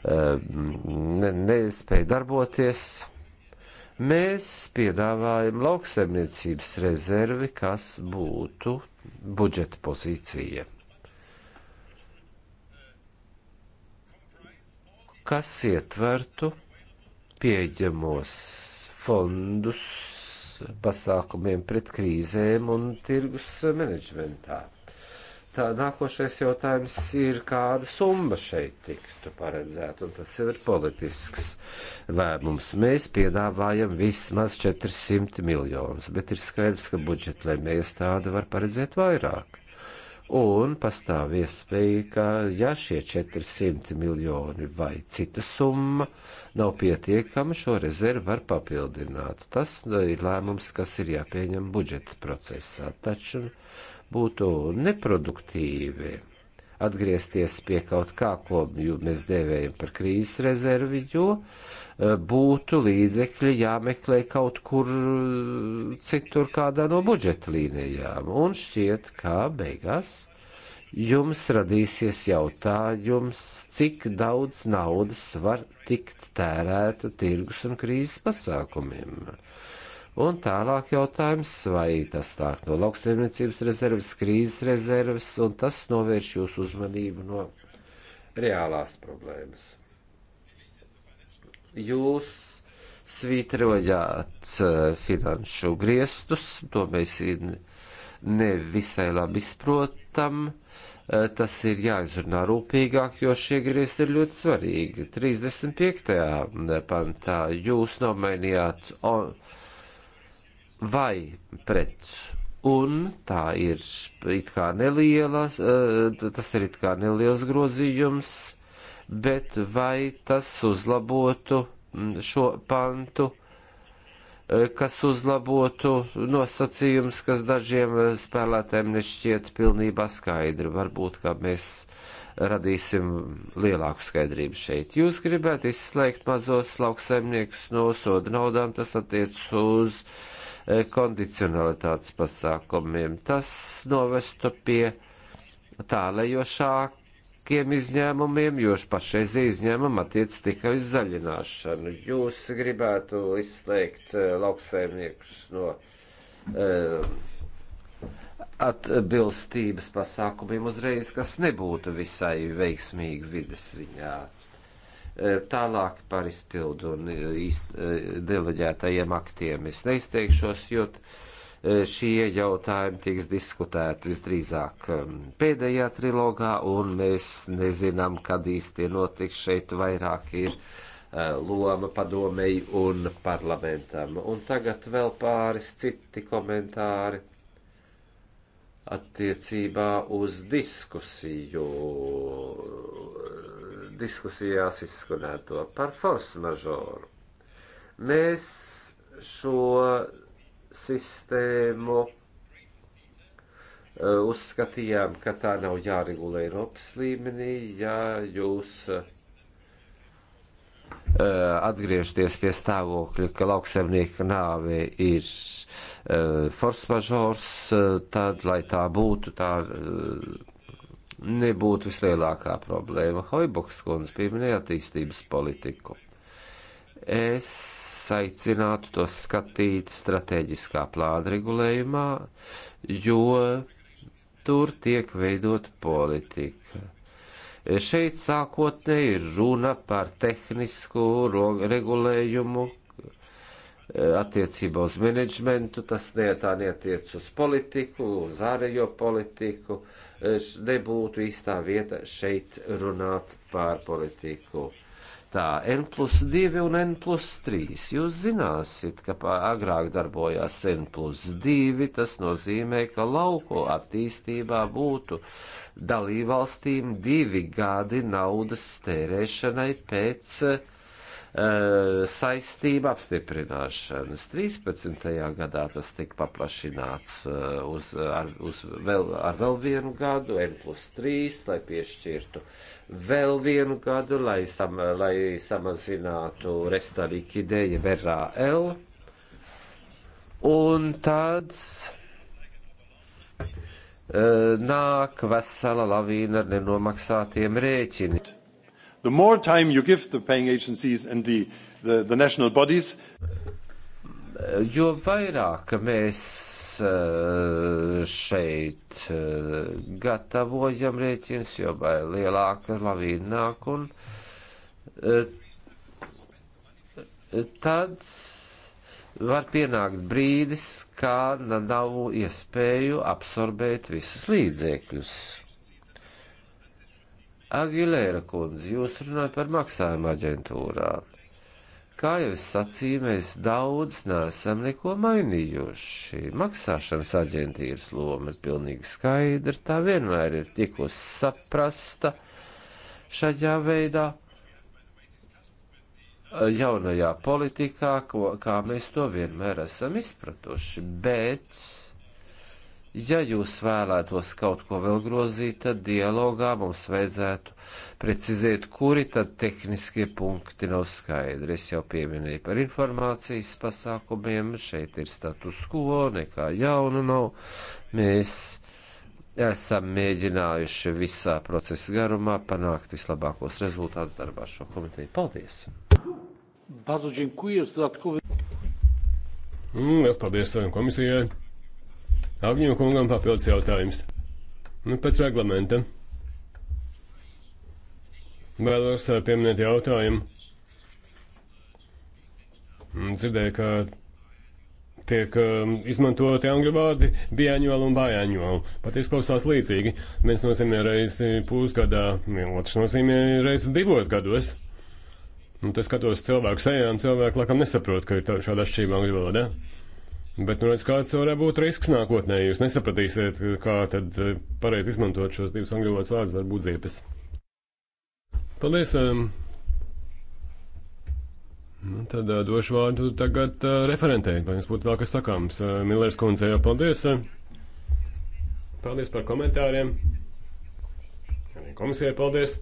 ne, nespēja darboties. Mēs piedāvājam lauksaimniecības rezervi, kas būtu budžeta pozīcija. Kas ietvertu pieejamos fondus pasākumiem pret krīzēm un tirgus menedžmentā. Tā nākošais jautājums ir, kāda summa šeit tiktu paredzēta, un tas jau ir politisks lēmums. Mēs piedāvājam vismaz 400 miljonus, bet ir skaidrs, ka budžetlēmējas tāda var paredzēt vairāk. Un pastāv iespēja, ka ja šie 400 miljoni vai cita summa nav pietiekama, šo rezervu var papildināt. Tas ir lēmums, kas ir jāpieņem budžeta procesā, taču būtu neproduktīvi atgriezties pie kaut kā, ko mēs dēvējam par krīzes rezervi, jo būtu līdzekļi jāmeklē kaut kur citur kādā no budžeta līnijām. Un šķiet, kā beigās jums radīsies jautājums, cik daudz naudas var tikt tērēta tirgus un krīzes pasākumiem. Un tālāk jautājums, vai tas nāk no lauksaimniecības rezerves, krīzes rezerves, un tas novērš jūsu uzmanību no reālās problēmas jūs svītrojāt eh, finanšu griestus, to mēs nevisai labi izprotam. Eh, tas ir jāizrunā rūpīgāk, jo šie griezti ir ļoti svarīgi. 35. Eh, pantā jūs nomainījāt on, vai pret Un tā ir it kā neliela, tas ir it kā neliels grozījums, bet vai tas uzlabotu šo pantu, e, kas uzlabotu nosacījums, kas dažiem e, spēlētēm nešķiet pilnībā skaidri. Varbūt, ka mēs radīsim lielāku skaidrību šeit. Jūs gribētu izslēgt mazos lauksaimniekus no soda naudām, tas attiec uz e, kondicionalitātes pasākumiem. Tas novestu pie tālējošāk lieliskiem izņēmumiem, jo pašreizie izņēmumi attiec tikai uz zaļināšanu. Jūs gribētu izslēgt eh, lauksaimniekus no eh, atbilstības pasākumiem uzreiz, kas nebūtu visai veiksmīgi vides ziņā. Eh, tālāk par izpildu un deleģētajiem aktiem es neizteikšos, jo. Uh, E, šie jautājumi tiks diskutēti visdrīzāk um, pēdējā trilogā, un mēs nezinām, kad īsti notiks šeit vairāk ir e, loma padomēji un parlamentam. Un tagad vēl pāris citi komentāri attiecībā uz diskusiju, diskusijās izskanēto par force mažoru. Mēs šo sistēmu uzskatījām, ka tā nav jāregulē Eiropas līmenī, ja jūs atgriežties pie stāvokļa, ka lauksemnieka nāve ir force majeures, tad, lai tā būtu, tā nebūtu vislielākā problēma. Hoiboks kundze pieminēja attīstības politiku es aicinātu to skatīt strateģiskā plāna regulējumā, jo tur tiek veidot politika. Šeit sākotnēji ir runa par tehnisku regulējumu e, attiecībā uz menedžmentu, tas ne, tā netiec uz politiku, uz ārējo politiku. E, nebūtu īstā vieta šeit runāt par politiku. Uh, martā N plus 2 un N plus 3. Jūs zināsiet, ka agrāk darbojās N plus 2, tas nozīmē, ka lauko attīstībā būtu dalībvalstīm divi gadi naudas tērēšanai pēc uh, Eh, saistību apstiprināšanas. 13. gadā tas tika paplašināts eh, uz, ar, uz vēl, ar vēl vienu gadu, N plus 3, lai piešķirtu vēl vienu gadu, lai, sam, lai samazinātu restarīki dēļa verā L. Un tāds eh, nāk vesela lavīna ar nenomaksātiem rēķiniem. The more time you give the paying agencies and the, the, the national bodies, eh, jo vairāk mēs eh, šeit eh, gatavojam rēķins, jo lielāka lavīna nāk un tad var pienākt brīdis, kā nav iespēju absorbēt visus līdzekļus. Agilēra kundze, jūs runājat par maksājuma aģentūrām. Kā jau es sacīju, mēs daudz nesam neko mainījuši. Maksāšanas aģentīras loma ir pilnīgi skaidra, tā vienmēr ir tikus saprasta šajā veidā jaunajā politikā, ko, kā mēs to vienmēr esam izpratuši, bet ja jūs vēlētos kaut ko vēl grozīt, tad dialogā mums vajadzētu precizēt, kuri tad tehniskie punkti nav skaidri. Es jau pieminēju par informācijas pasākumiem, šeit ir status quo, nekā jaunu nav. Mēs esam mēģinājuši visā procesa garumā panākt vislabākos rezultātus darbā šo komiteju. Paldies! Bardzo dziękuję, dodatkowy. Mm, paldies saviem komisijai. Agņo kungam papildus jautājums. Nu, pēc reglamenta. Vēlos uh, pieminēt jautājumu. Mm, dzirdēju, ka tiek um, izmantoti angļu vārdi bijaņola un bājaņola. Pat izklausās līdzīgi. Viens nozīmē reizi pusgadā, otrs nozīmē reizi divos gados. Un nu, tas skatos cilvēku sejām, cilvēku laikam nesaprot, ka ir šāda atšķirība angļu valodā. Ja? Bet, nu, redz, kāds varētu būt risks nākotnē. Jūs nesapratīsiet, kā tad eh, pareizi izmantot šos divus angļu valodas vārdus, varbūt ziepes. Paldies! Um, nu, tad eh, došu vārdu tagad eh, referentei, lai jums būtu vēl kas sakāms. Millers kundze jau paldies! Paldies par komentāriem! Arī komisijai paldies!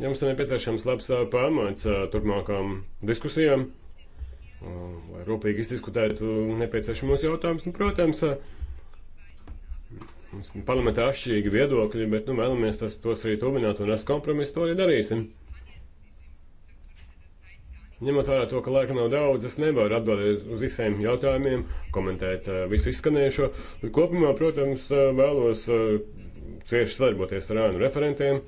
Jums ir nepieciešams labs pamats turpmākām diskusijām lai rūpīgi izdiskutētu nepieciešamos jautājumus. Nu, protams, mums parlamentā atšķirīgi viedokļi, bet nu, vēlamies tas, tos arī tuvināt un rast kompromisu, to arī darīsim. Ņemot vērā to, ka laika nav daudz, es nevaru atbildēt uz visiem jautājumiem, komentēt visu izskanējušo, bet kopumā, protams, vēlos cieši sadarboties ar ēnu referentiem.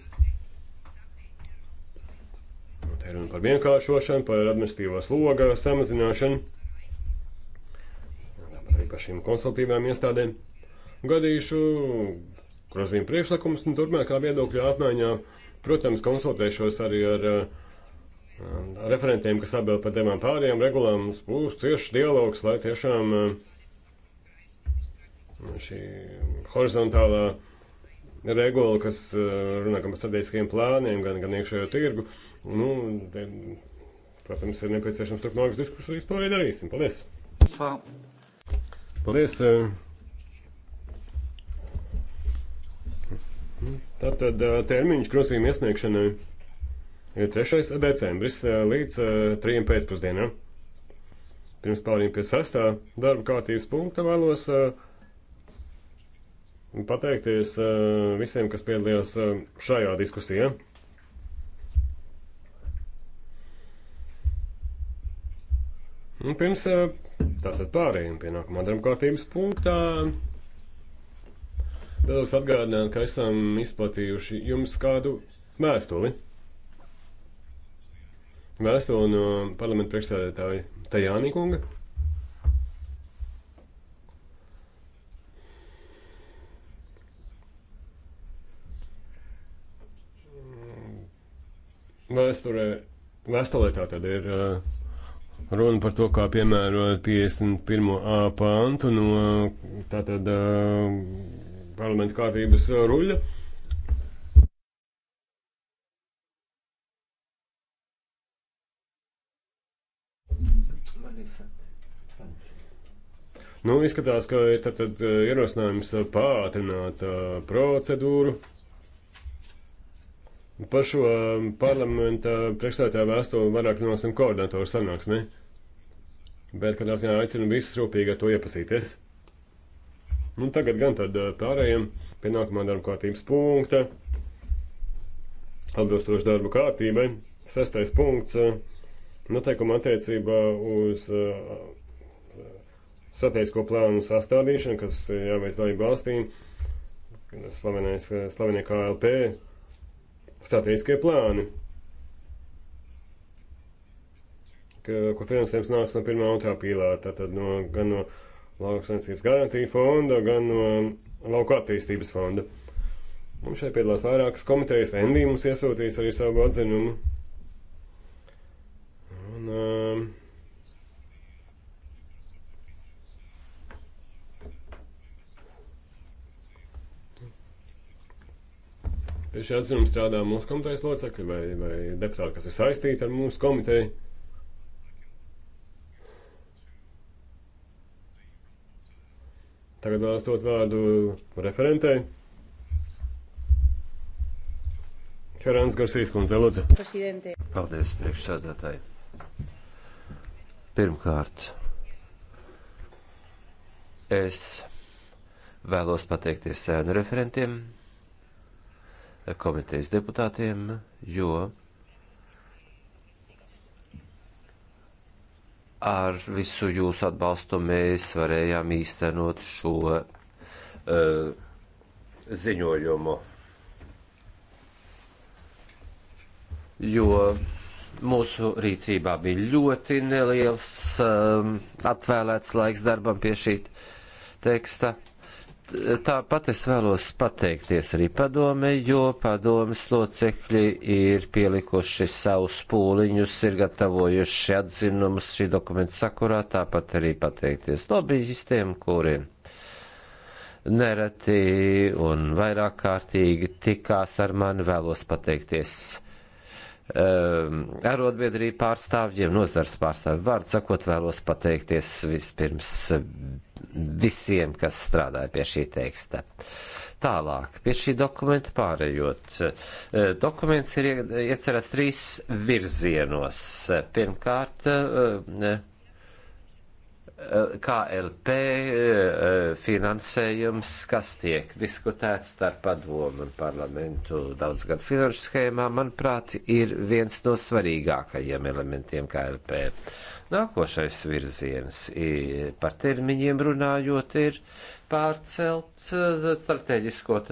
Ir runa par vienkāršošanu, par administratīvā sloga samazināšanu, tāpat arī par šīm konsultatīvām iestādēm. Gadīšu grozījumu priekšlikumus un turpmākā viedokļa apmaiņā, protams, konsultēšos arī ar, ar eh, referentiem, kas atbild par demām pārējām regulām. Mums būs cieši dialogs, lai tiešām eh, šī horizontālā regula, kas eh, runā gan par strateģiskiem plāniem, gan, gan iekšējo tirgu, uh, Nu, te, protams, ir nepieciešams turpmākas diskusijas, to arī darīsim. Paldies! Paldies! Eh. Tātad eh, termiņš grozījuma iesniegšanai ir 3. decembris eh, līdz 3. pēcpusdienam. Pirms pārējiem pie 6. darba kārtības punkta vēlos pateikties visiem, kas piedalījās šajā diskusijā. Un nu, pirms tātad pārējiem pie nākamā darba kārtības punktā. Vēlos atgādināt, ka esam izplatījuši jums kādu vēstuli. Vēstuli no parlamenta priekšsēdētāja Tajānī kunga. Vēsturē, vēstulē tātad ir uh, runa par to, kā piemērot 51. A pantu no tātad eh, parlamenta kārtības eh, ruļa. Nu, izskatās, ka ir tad, tad eh, ierosinājums pātrināt uh, procedūru. Par šo parlamenta priekšstādā vēstuli vairāk runāsim koordinatoru sanāksmē. Ne? Bet, kādā ziņā aicinu visus rūpīgi ar to iepazīties. Un tagad gan tad pārējiem pie nākamā darba kārtības punkta. Atbilstoši darba kārtībai, sestais punkts noteikuma attiecībā uz satiesko plānu sastādīšanu, kas jāveic dalību valstīm, slavenie KLP, statistiskie plāni. ka, kur finansējums nāks no pirmā un otrā pīlāra. Tātad no, gan no lauksaimniecības garantija fonda, gan no lauka attīstības fonda. Mums šeit piedalās vairākas komitejas. NV mums iesūtīs arī savu atzinumu. Un, um, Pie šī atzinuma strādā mūsu komitejas locekļi vai, vai deputāti, kas ir saistīti ar mūsu komiteju. Tagad vēlos dot vārdu referentei. Herāns Garsīs, kundze, lūdzu. Paldies, priekšsēdētāji. Pirmkārt, es vēlos pateikties sēnu referentiem, komitejas deputātiem, jo ar visu jūsu atbalstu mēs varējām īstenot šo uh, ziņojumu. Jo mūsu rīcībā bija ļoti neliels um, atvēlēts laiks darbam pie šī teksta. Tāpat es vēlos pateikties arī padome, jo padomes locekļi ir pielikuši savus pūliņus, ir gatavojuši atzinumus šī dokumenta sakurā, tāpat arī pateikties lobbyistiem, kuri nereti un vairāk kārtīgi tikās ar mani, vēlos pateikties Ehm, arotbiedrību pārstāvjiem, nozars pārstāvjiem. Vārdu sakot, vēlos pateikties vispirms visiem, kas strādāja pie šī teksta. Tālāk, pie šī dokumenta pārējot. Ehm, dokuments ir iecerēts trīs virzienos. Pirmkārt, ehm, KLP e, e, finansējums, kas tiek diskutēts starp padomu un parlamentu daudzgadu finanšu schēmā, manuprāt, ir viens no svarīgākajiem elementiem KLP. Nākošais virziens ir, par termiņiem runājot, ir pārcelt e, strateģisko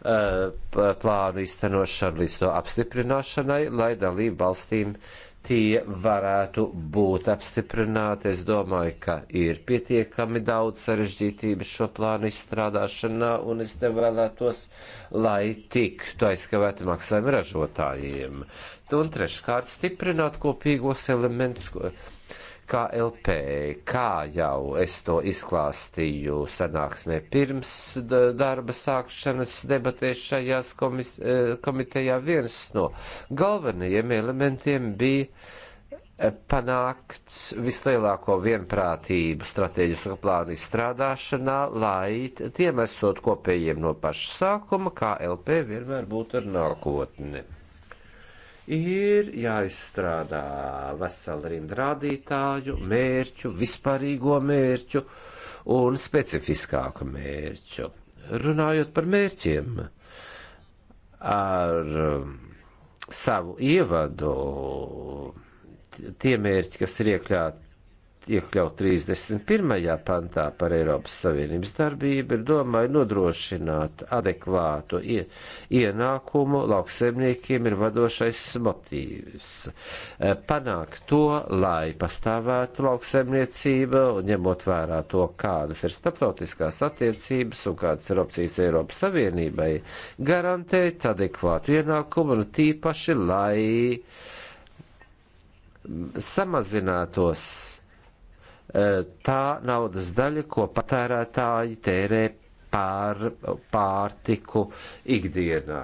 plānu īstenošanu līdz to apstiprināšanai, lai dalību valstīm uh, tie varētu būt apstiprināti. Es domāju, ka ir pietiekami daudz sarežģītības šo plānu izstrādāšanā, un es nevēlētos, lai tiktu aizskavēti maksājumi ražotājiem. Un treškārt, stiprināt kopīgos elementus. Ko KLP, kā jau es to izklāstīju sanāksmē pirms darba sākšanas debatēs šajās komis, e, komitejā, viens no galvenajiem elementiem bija e, panākt vislielāko vienprātību strateģisko plānu izstrādāšanā, lai tiem esot kopējiem no paša sākuma, KLP vienmēr būtu ar nākotni ir jāizstrādā vesela rinda rādītāju, mērķu, vispārīgo mērķu un specifiskāku mērķu. Runājot par mērķiem, ar um, savu ievadu, tie mērķi, kas ir iekļauti iekļaut 31. pantā par Eiropas Savienības darbību, ir domāju nodrošināt adekvātu ienākumu lauksaimniekiem ir vadošais motīvs. E, panākt to, lai pastāvētu lauksaimniecība, ņemot vērā to, kādas ir starptautiskās attiecības un kādas ir opcijas Eiropas Savienībai, garantēt adekvātu ienākumu un tīpaši, lai samazinātos Eh, tā naudas daļa, ko patērētāji tērē pār pārtiku ikdienā.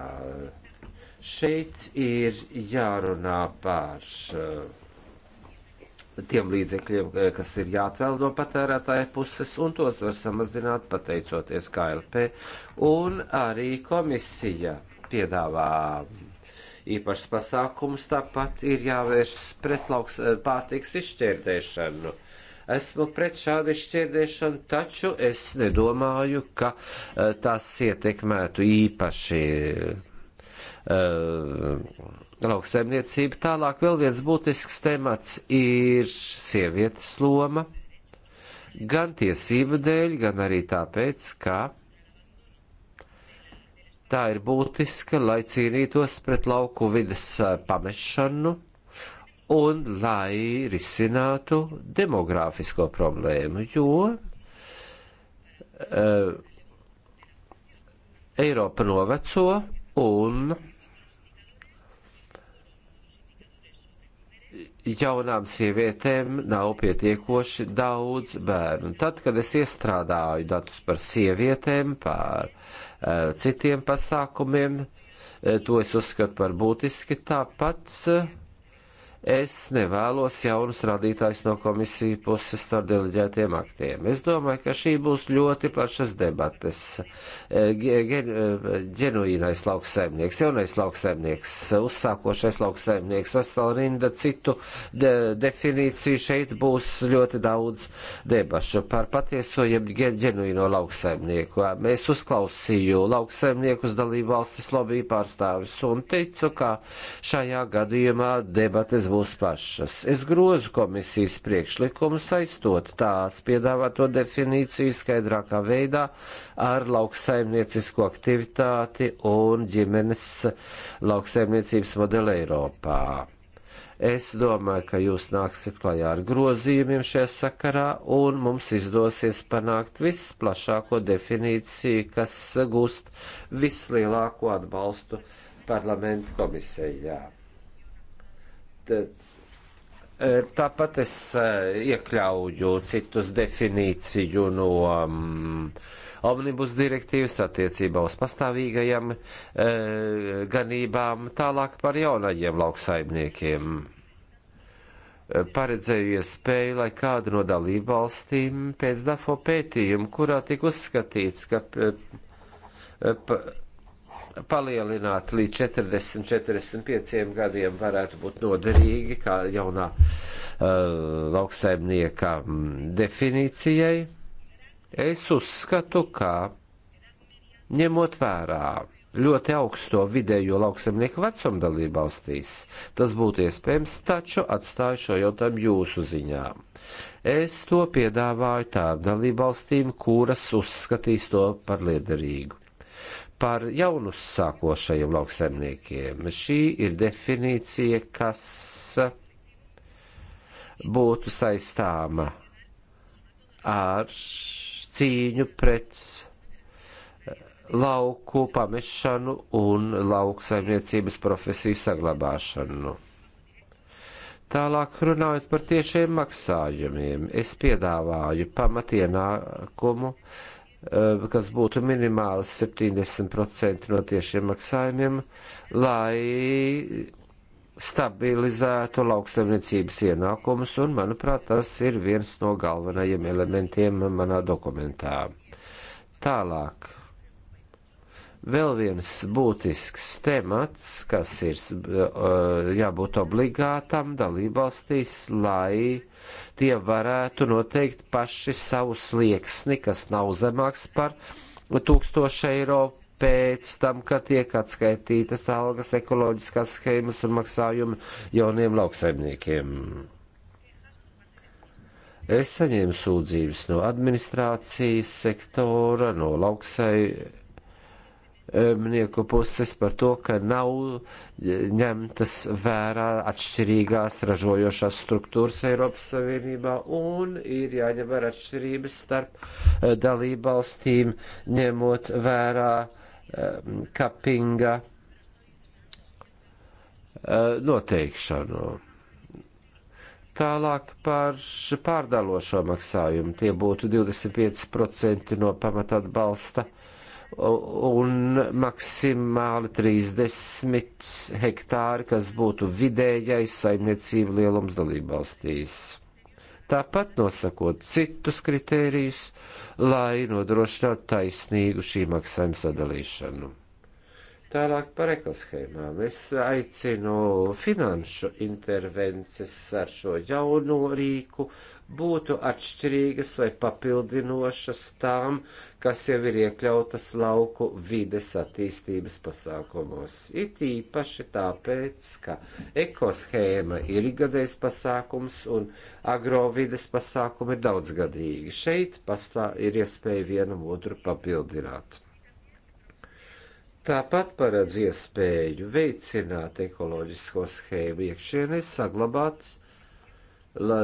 Šeit ir jārunā par eh, tiem līdzekļiem, eh, kas ir jāatvēl no patērētāja puses, un tos var samazināt pateicoties KLP. Un arī komisija piedāvā īpašs pasākums, tāpat ir jāvēršas pret lauks pārtiks izšķērdēšanu esmu pret šādu šķirdēšanu, taču es nedomāju, ka eh, tas ietekmētu īpaši uh, lauksaimniecību. Tālāk vēl viens būtisks temats ir sievietes loma. Gan tiesību dēļ, gan arī tāpēc, ka tā ir būtiska, lai cīnītos pret lauku vidas eh, pamešanu un lai risinātu demogrāfisko problēmu, jo uh, Eiropa noveco un jaunām sievietēm nav pietiekoši daudz bērnu. Tad, kad es iestrādāju datus par sievietēm, par uh, citiem pasākumiem, uh, to es uzskatu par būtiski tāpat. Uh, Es nevēlos jaunus radītājus no komisijas puses ar deleģētiem aktiem. Es domāju, ka šī būs ļoti plašas debates. E, Gen, ģenuīnais e, lauksaimnieks, jaunais lauksaimnieks, uzsākošais lauksaimnieks, vesela rinda citu de, definīciju. Šeit būs ļoti daudz debašu par patieso jeb ģenuīno lauksaimnieku. Mēs uzklausīju lauksaimniekus dalību valstis lobby pārstāvis un teicu, ka šajā gadījumā debates būs regulas pašas. Es grozu komisijas priekšlikumu saistot tās piedāvāto definīciju skaidrākā veidā ar lauksaimniecisko aktivitāti un ģimenes lauksaimniecības modeli Eiropā. Es domāju, ka jūs nāksiet klajā ar grozījumiem šajā sakarā, un mums izdosies panākt visplašāko definīciju, kas gūst vislielāko atbalstu parlamentu komisijā. Eh, tāpat es eh, iekļauju citus definīciju no um, omnibus direktīvas attiecībā uz pastāvīgajām e, eh, ganībām, tālāk par jaunajiem lauksaimniekiem. Paredzēju iespēju, lai kāda no dalību valstīm pēc DAFO pētījuma, kurā tika uzskatīts, ka. P, p, palielināt līdz 40, 45 gadiem varētu būt noderīgi, kā jaunā uh, lauksaimnieka definīcijai. Es uzskatu, ka ņemot vērā ļoti augsto vidējo lauksaimnieku vecumu dalību valstīs, tas būtu iespējams, taču atstāju šo jautājumu jūsu ziņā. Es to piedāvāju tām dalību valstīm, kuras uzskatīs to par liederīgu par jaunus sākošajiem lauksaimniekiem. Šī ir definīcija, kas būtu saistāma ar cīņu pret lauku pamešanu un lauksaimniecības profesiju saglabāšanu. Tālāk runājot par tiešiem maksājumiem, es piedāvāju pamatienākumu uh, Eh, kas būtu minimāls 70% no tiešiem maksājumiem, lai stabilizētu lauksaimniecības ienākumus, un, manuprāt, tas ir viens no galvenajiem elementiem manā dokumentā. Tālāk Vēl viens būtisks temats, kas ir eh, jābūt obligātam dalībvalstīs, lai tie varētu noteikt paši savu slieksni, kas nav zemāks par 1000 eiro pēc tam, kad tiek atskaitītas algas, ekoloģiskās schēmas un maksājumi jauniem lauksaimniekiem. Es saņēmu sūdzības no administrācijas sektora, no lauksaimniekiem Mnieku puses par to, ka nav ņemtas vērā atšķirīgās ražojošās struktūras Eiropas Savienībā un ir jāņem vērā atšķirības starp dalībvalstīm, ņemot vērā kapinga noteikšanu. Tālāk par pārdalošo maksājumu. Tie būtu 25% no pamata atbalsta uh, un maksimāli 30 hektāri, kas būtu vidējais saimniecību lielums dalībvalstīs. Tāpat nosakot citus kritērijus, lai nodrošinātu taisnīgu šī maksājuma sadalīšanu. Tālāk par ekoshēmām. Es aicinu finanšu intervences ar šo jauno rīku būtu atšķirīgas vai papildinošas tām, kas jau ir iekļautas lauku vides attīstības pasākumos. It īpaši tāpēc, ka ekoshēma ir gadējs pasākums un agrovides pasākumi ir daudzgadīgi. Šeit pastā ir iespēja vienam otru papildināt. Tāpat paredz iespēju veicināt ekoloģisko schēmu iekšienē, saglabāt la,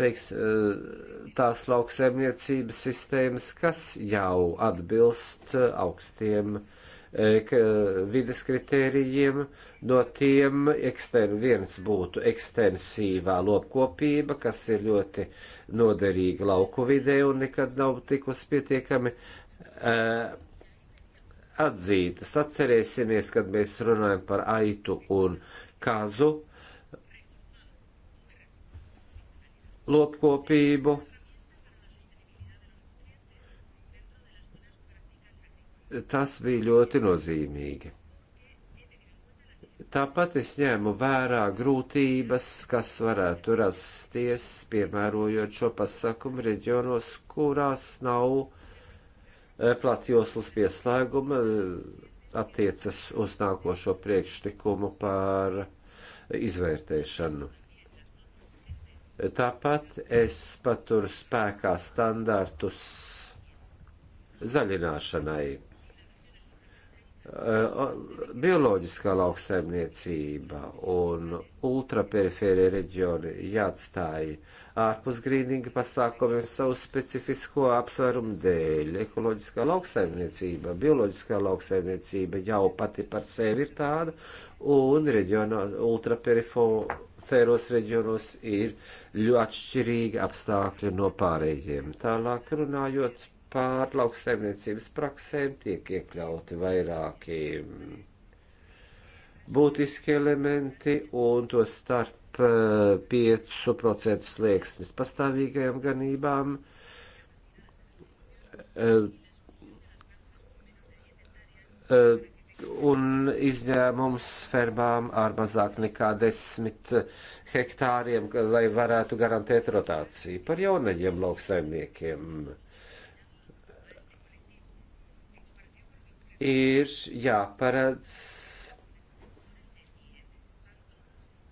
veiks, eh, tās lauksaimniecības sistēmas, kas jau atbilst eh, augstiem eh, vides kritērijiem, no tiem ekstern, viens būtu ekstensīvā lopkopība, kas ir ļoti noderīga lauku vidē un nekad nav tikusi pietiekami uh, atzītas. Atcerēsimies, kad mēs runājam par aitu un kazu lopkopību. Tas bija ļoti nozīmīgi. Tāpat es ņēmu vērā grūtības, kas varētu rasties, piemērojot šo pasākumu reģionos, kurās nav Eh, platjoslas pieslēguma eh, attiecas uz nākošo priekšlikumu par eh, izvērtēšanu. Tāpat es paturu spēkā standartus zaļināšanai. Bioloģiskā lauksaimniecība un ultraperifērie reģioni jāatstāja ārpus grīdinga pasākumiem savu specifisko apsvērumu dēļ. Ekoloģiskā lauksaimniecība, bioloģiskā lauksaimniecība jau pati par sevi ir tāda, un reģionā ultraperifēros reģionos ir ļoti atšķirīgi apstākļi no pārējiem. Tālāk runājot pār lauksaimniecības praksēm, tiek iekļauti vairāki būtiski elementi un to starp 5% eh, slieksnis pastāvīgajām ganībām. Eh, eh, un izņēmums fermām ar mazāk nekā 10 hektāriem, lai varētu garantēt rotāciju par jaunajiem lauksaimniekiem. Ir jāparedz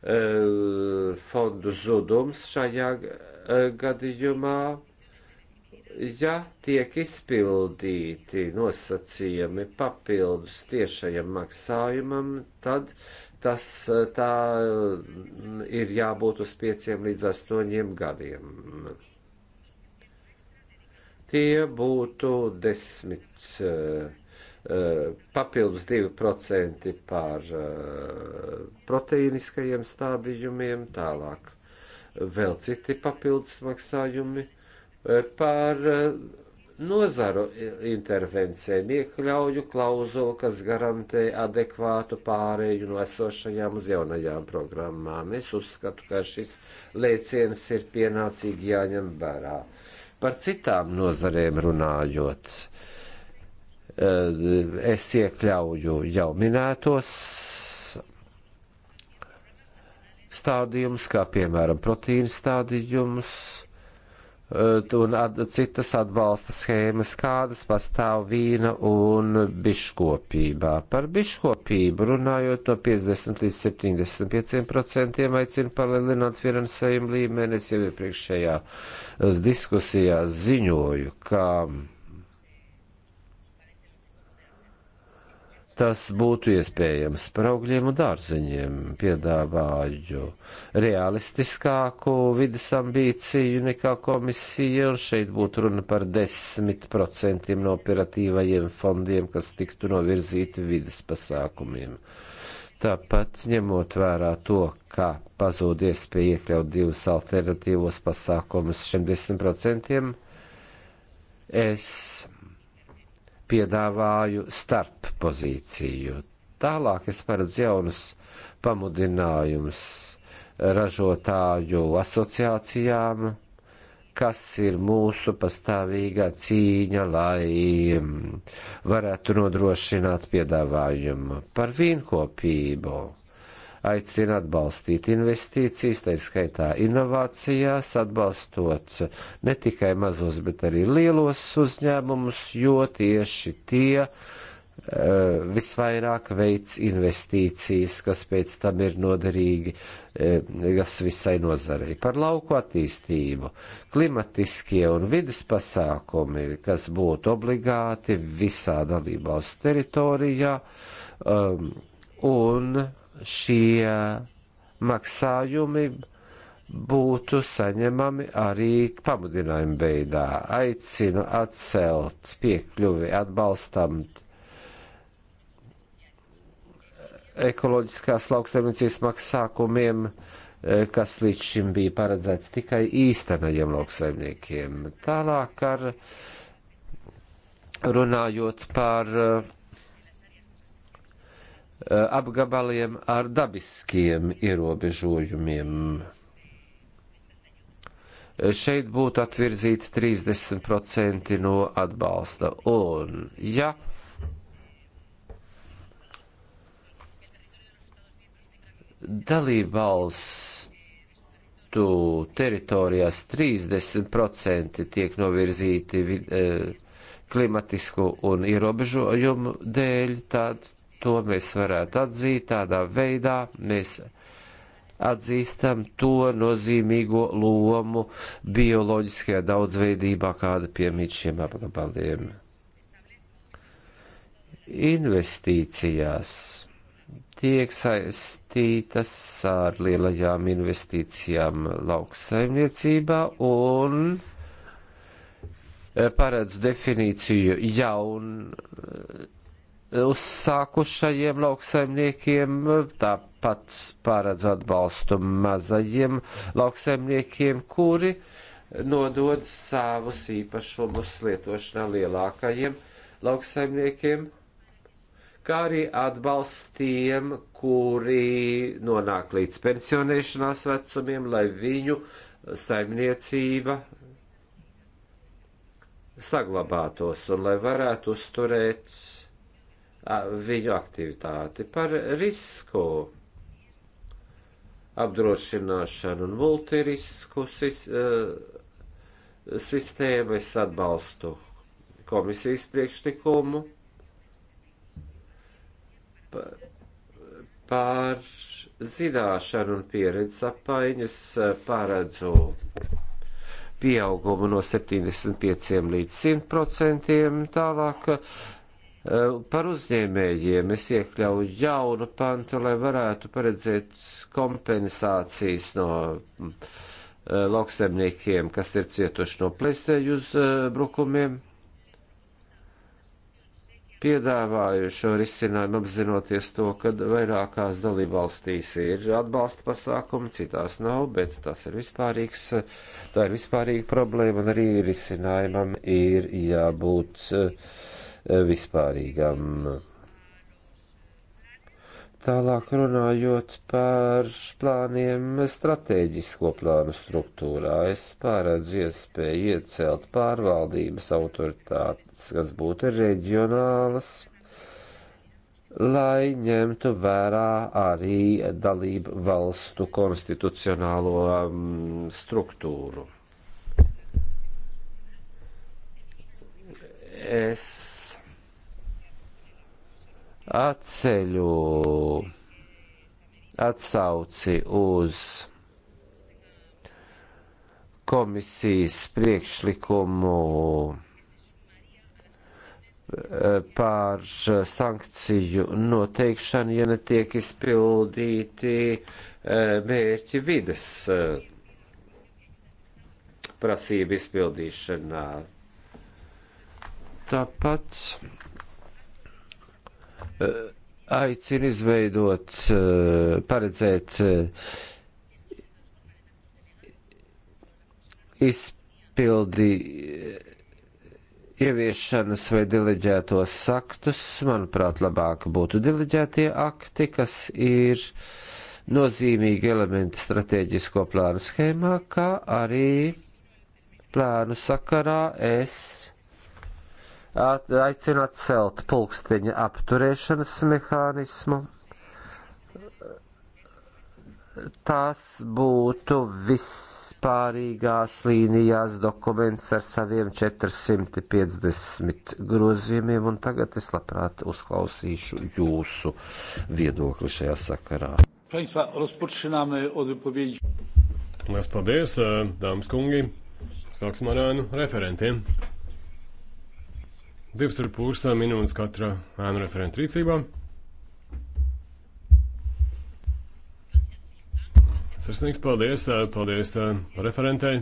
Eh, fondu zudums šajā eh, gadījumā, ja tiek izpildīti nosacījumi papildus tiešajam maksājumam, tad tas eh, tā mm, ir jābūt uz pieciem līdz astoņiem gadiem. Tie būtu desmit uh, Eh, papildus 2% par eh, proteīniskajiem stādījumiem, tālāk vēl citi papildus maksājumi eh, par nozaru intervencēm iekļauju klauzulu, kas garantē adekvātu pārēju no esošajām uz jaunajām programmām. Es uzskatu, ka šis lēciens ir pienācīgi jāņem vērā. Par citām nozarēm runājot. Uh, es iekļauju jau minētos stādījumus, kā piemēram proteīna stādījumus eh, un at citas atbalsta schēmas, kādas pastāv vīna un biškopībā. Par biškopību runājot no 50 līdz 75% aicina palielināt finansējumu līmeni. Es jau iepriekšējās diskusijās ziņoju, ka tas būtu iespējams par augļiem un dārzeņiem. Piedāvāju realistiskāku vidas ambīciju nekā komisija, un šeit būtu runa par 10% no operatīvajiem fondiem, kas tiktu novirzīti vidas pasākumiem. Tāpat ņemot vērā to, ka pazūd iespēja iekļaut divus alternatīvos pasākumus šiem 10%, es piedāvāju starp pozīciju. Tālāk es paredzu jaunus pamudinājumus ražotāju asociācijām, kas ir mūsu pastāvīgā cīņa, lai mm, varētu nodrošināt piedāvājumu par vīnkopību aicina atbalstīt investīcijas, tā skaitā inovācijās, atbalstot ne tikai mazos, bet arī lielos uzņēmumus, jo tieši tie eh, visvairāk veids investīcijas, kas pēc tam ir noderīgi eh, kas visai nozarei. Par lauku attīstību, klimatiskie un vidas pasākumi, kas būtu obligāti visā dalībvalsts teritorijā, um, un šie maksājumi būtu saņemami arī pamudinājuma veidā. Aicinu atcelt piekļuvi atbalstam ekoloģiskās lauksaimniecības maksākumiem, kas līdz šim bija paredzēts tikai īstenajiem lauksaimniekiem. Tālāk ar runājot par uh, Eh, apgabaliem ar dabiskiem ierobežojumiem. Eh, šeit būtu atvirzīts 30% no atbalsta. Un, ja dalībvalstu teritorijās 30% tiek novirzīti vid, eh, klimatisku un ierobežojumu dēļ, tad to mēs varētu atzīt tādā veidā, mēs atzīstam to nozīmīgo lomu bioloģiskajā daudzveidībā, kāda piemīt šiem apgabaliem. Investīcijās tiek saistītas ar lielajām investīcijām lauksaimniecībā un eh, paredz definīciju jaunu uzsākušajiem lauksaimniekiem, tāpat paredz atbalstu mazajiem lauksaimniekiem, kuri nodod savus īpašumus lietošanā lielākajiem lauksaimniekiem, kā arī atbalstiem, kuri nonāk līdz pensionēšanās vecumiem, lai viņu saimniecība saglabātos un lai varētu uzturēt viņu aktivitāti, par risku apdrošināšanu un multirisku sis, e, sistēmu. Es atbalstu komisijas priekšlikumu par zināšanu un pieredzes apmaiņas e, paredzu pieaugumu no 75 līdz 100 procentiem. Tālāk Eh, par uzņēmējiem es iekļauju jaunu pantu, lai varētu paredzēt kompensācijas no mm, eh, lauksemniekiem, kas ir cietuši no plesēju uzbrukumiem. Eh, Piedāvāju šo risinājumu apzinoties to, ka vairākās dalībvalstīs ir atbalsta pasākumi, citās nav, bet tas ir vispārīgs, tā ir vispārīga problēma un arī risinājumam ir jābūt. Uh, Eh, vispārīgam. Tālāk runājot par plāniem strateģisko plānu struktūrā, es pārēdzu iespēju iecelt pārvaldības autoritātes, kas būtu reģionālas, lai ņemtu vērā arī dalību valstu konstitucionālo um, struktūru. Es atceļu atsauci uz komisijas priekšlikumu eh, pār sankciju noteikšanu, ja netiek izpildīti eh, mērķi vides eh, prasību izpildīšanā. Tāpat Eh, aicina izveidot, eh, paredzēt eh, izpildi ieviešanas vai deleģētos aktus. Manuprāt, labāk būtu deleģētie akti, kas ir nozīmīgi elementi strateģisko plānu schēmā, kā arī plānu sakarā es aicina atcelt pulksteņa apturēšanas mehānismu. Tās būtu vispārīgās līnijās dokuments ar saviem 450 grozījumiem, un tagad es labprāt uzklausīšu jūsu viedokli šajā sakarā. Mēs paldies, eh, dāmas kungi! Sāksim ar referentiem. Divas tur pūstā minūtes katra ēnu referenta rīcībā. Sirsnīgs paldies, paldies referentei.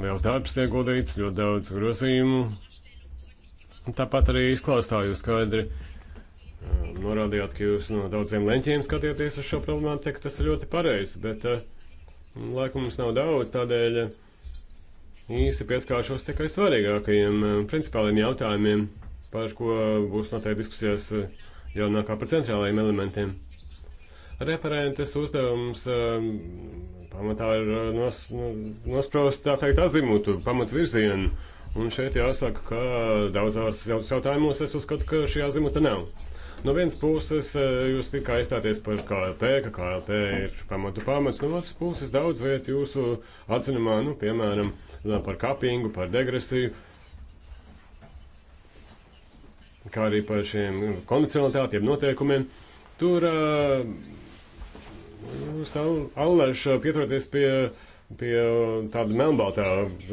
Liels darbs ieguldīts, ļoti daudz grozījumu. Tāpat arī izklāstā jūs skaidri norādījāt, ka jūs no daudziem leņķiem skatieties uz šo problemātiku. Tas ir ļoti pareizi, bet laika mums nav daudz, tādēļ īsti pieskāršos tikai svarīgākajiem eh, principāliem jautājumiem, par ko būs noteikti diskusijās eh, jaunākā par centrālajiem elementiem. Referentes uzdevums eh, pamatā ir nos, nospraust, tā teikt, azimutu, pamatvirzienu. Un šeit jāsaka, ka daudzās jautājumos es uzskatu, ka šī azimuta nav. No vienas puses, eh, jūs tikā iestāties par KLP, ka KLP ir pamatu pamats, no otras puses, daudz vietu jūsu atzinumā, nu, piemēram, par kapingu, par degresiju, kā arī par šiem kondicionalitātiem, noteikumiem. Tur uh, eh, savu allēšu eh, pieturēties pie uh, pie uh, tāda melnbaltā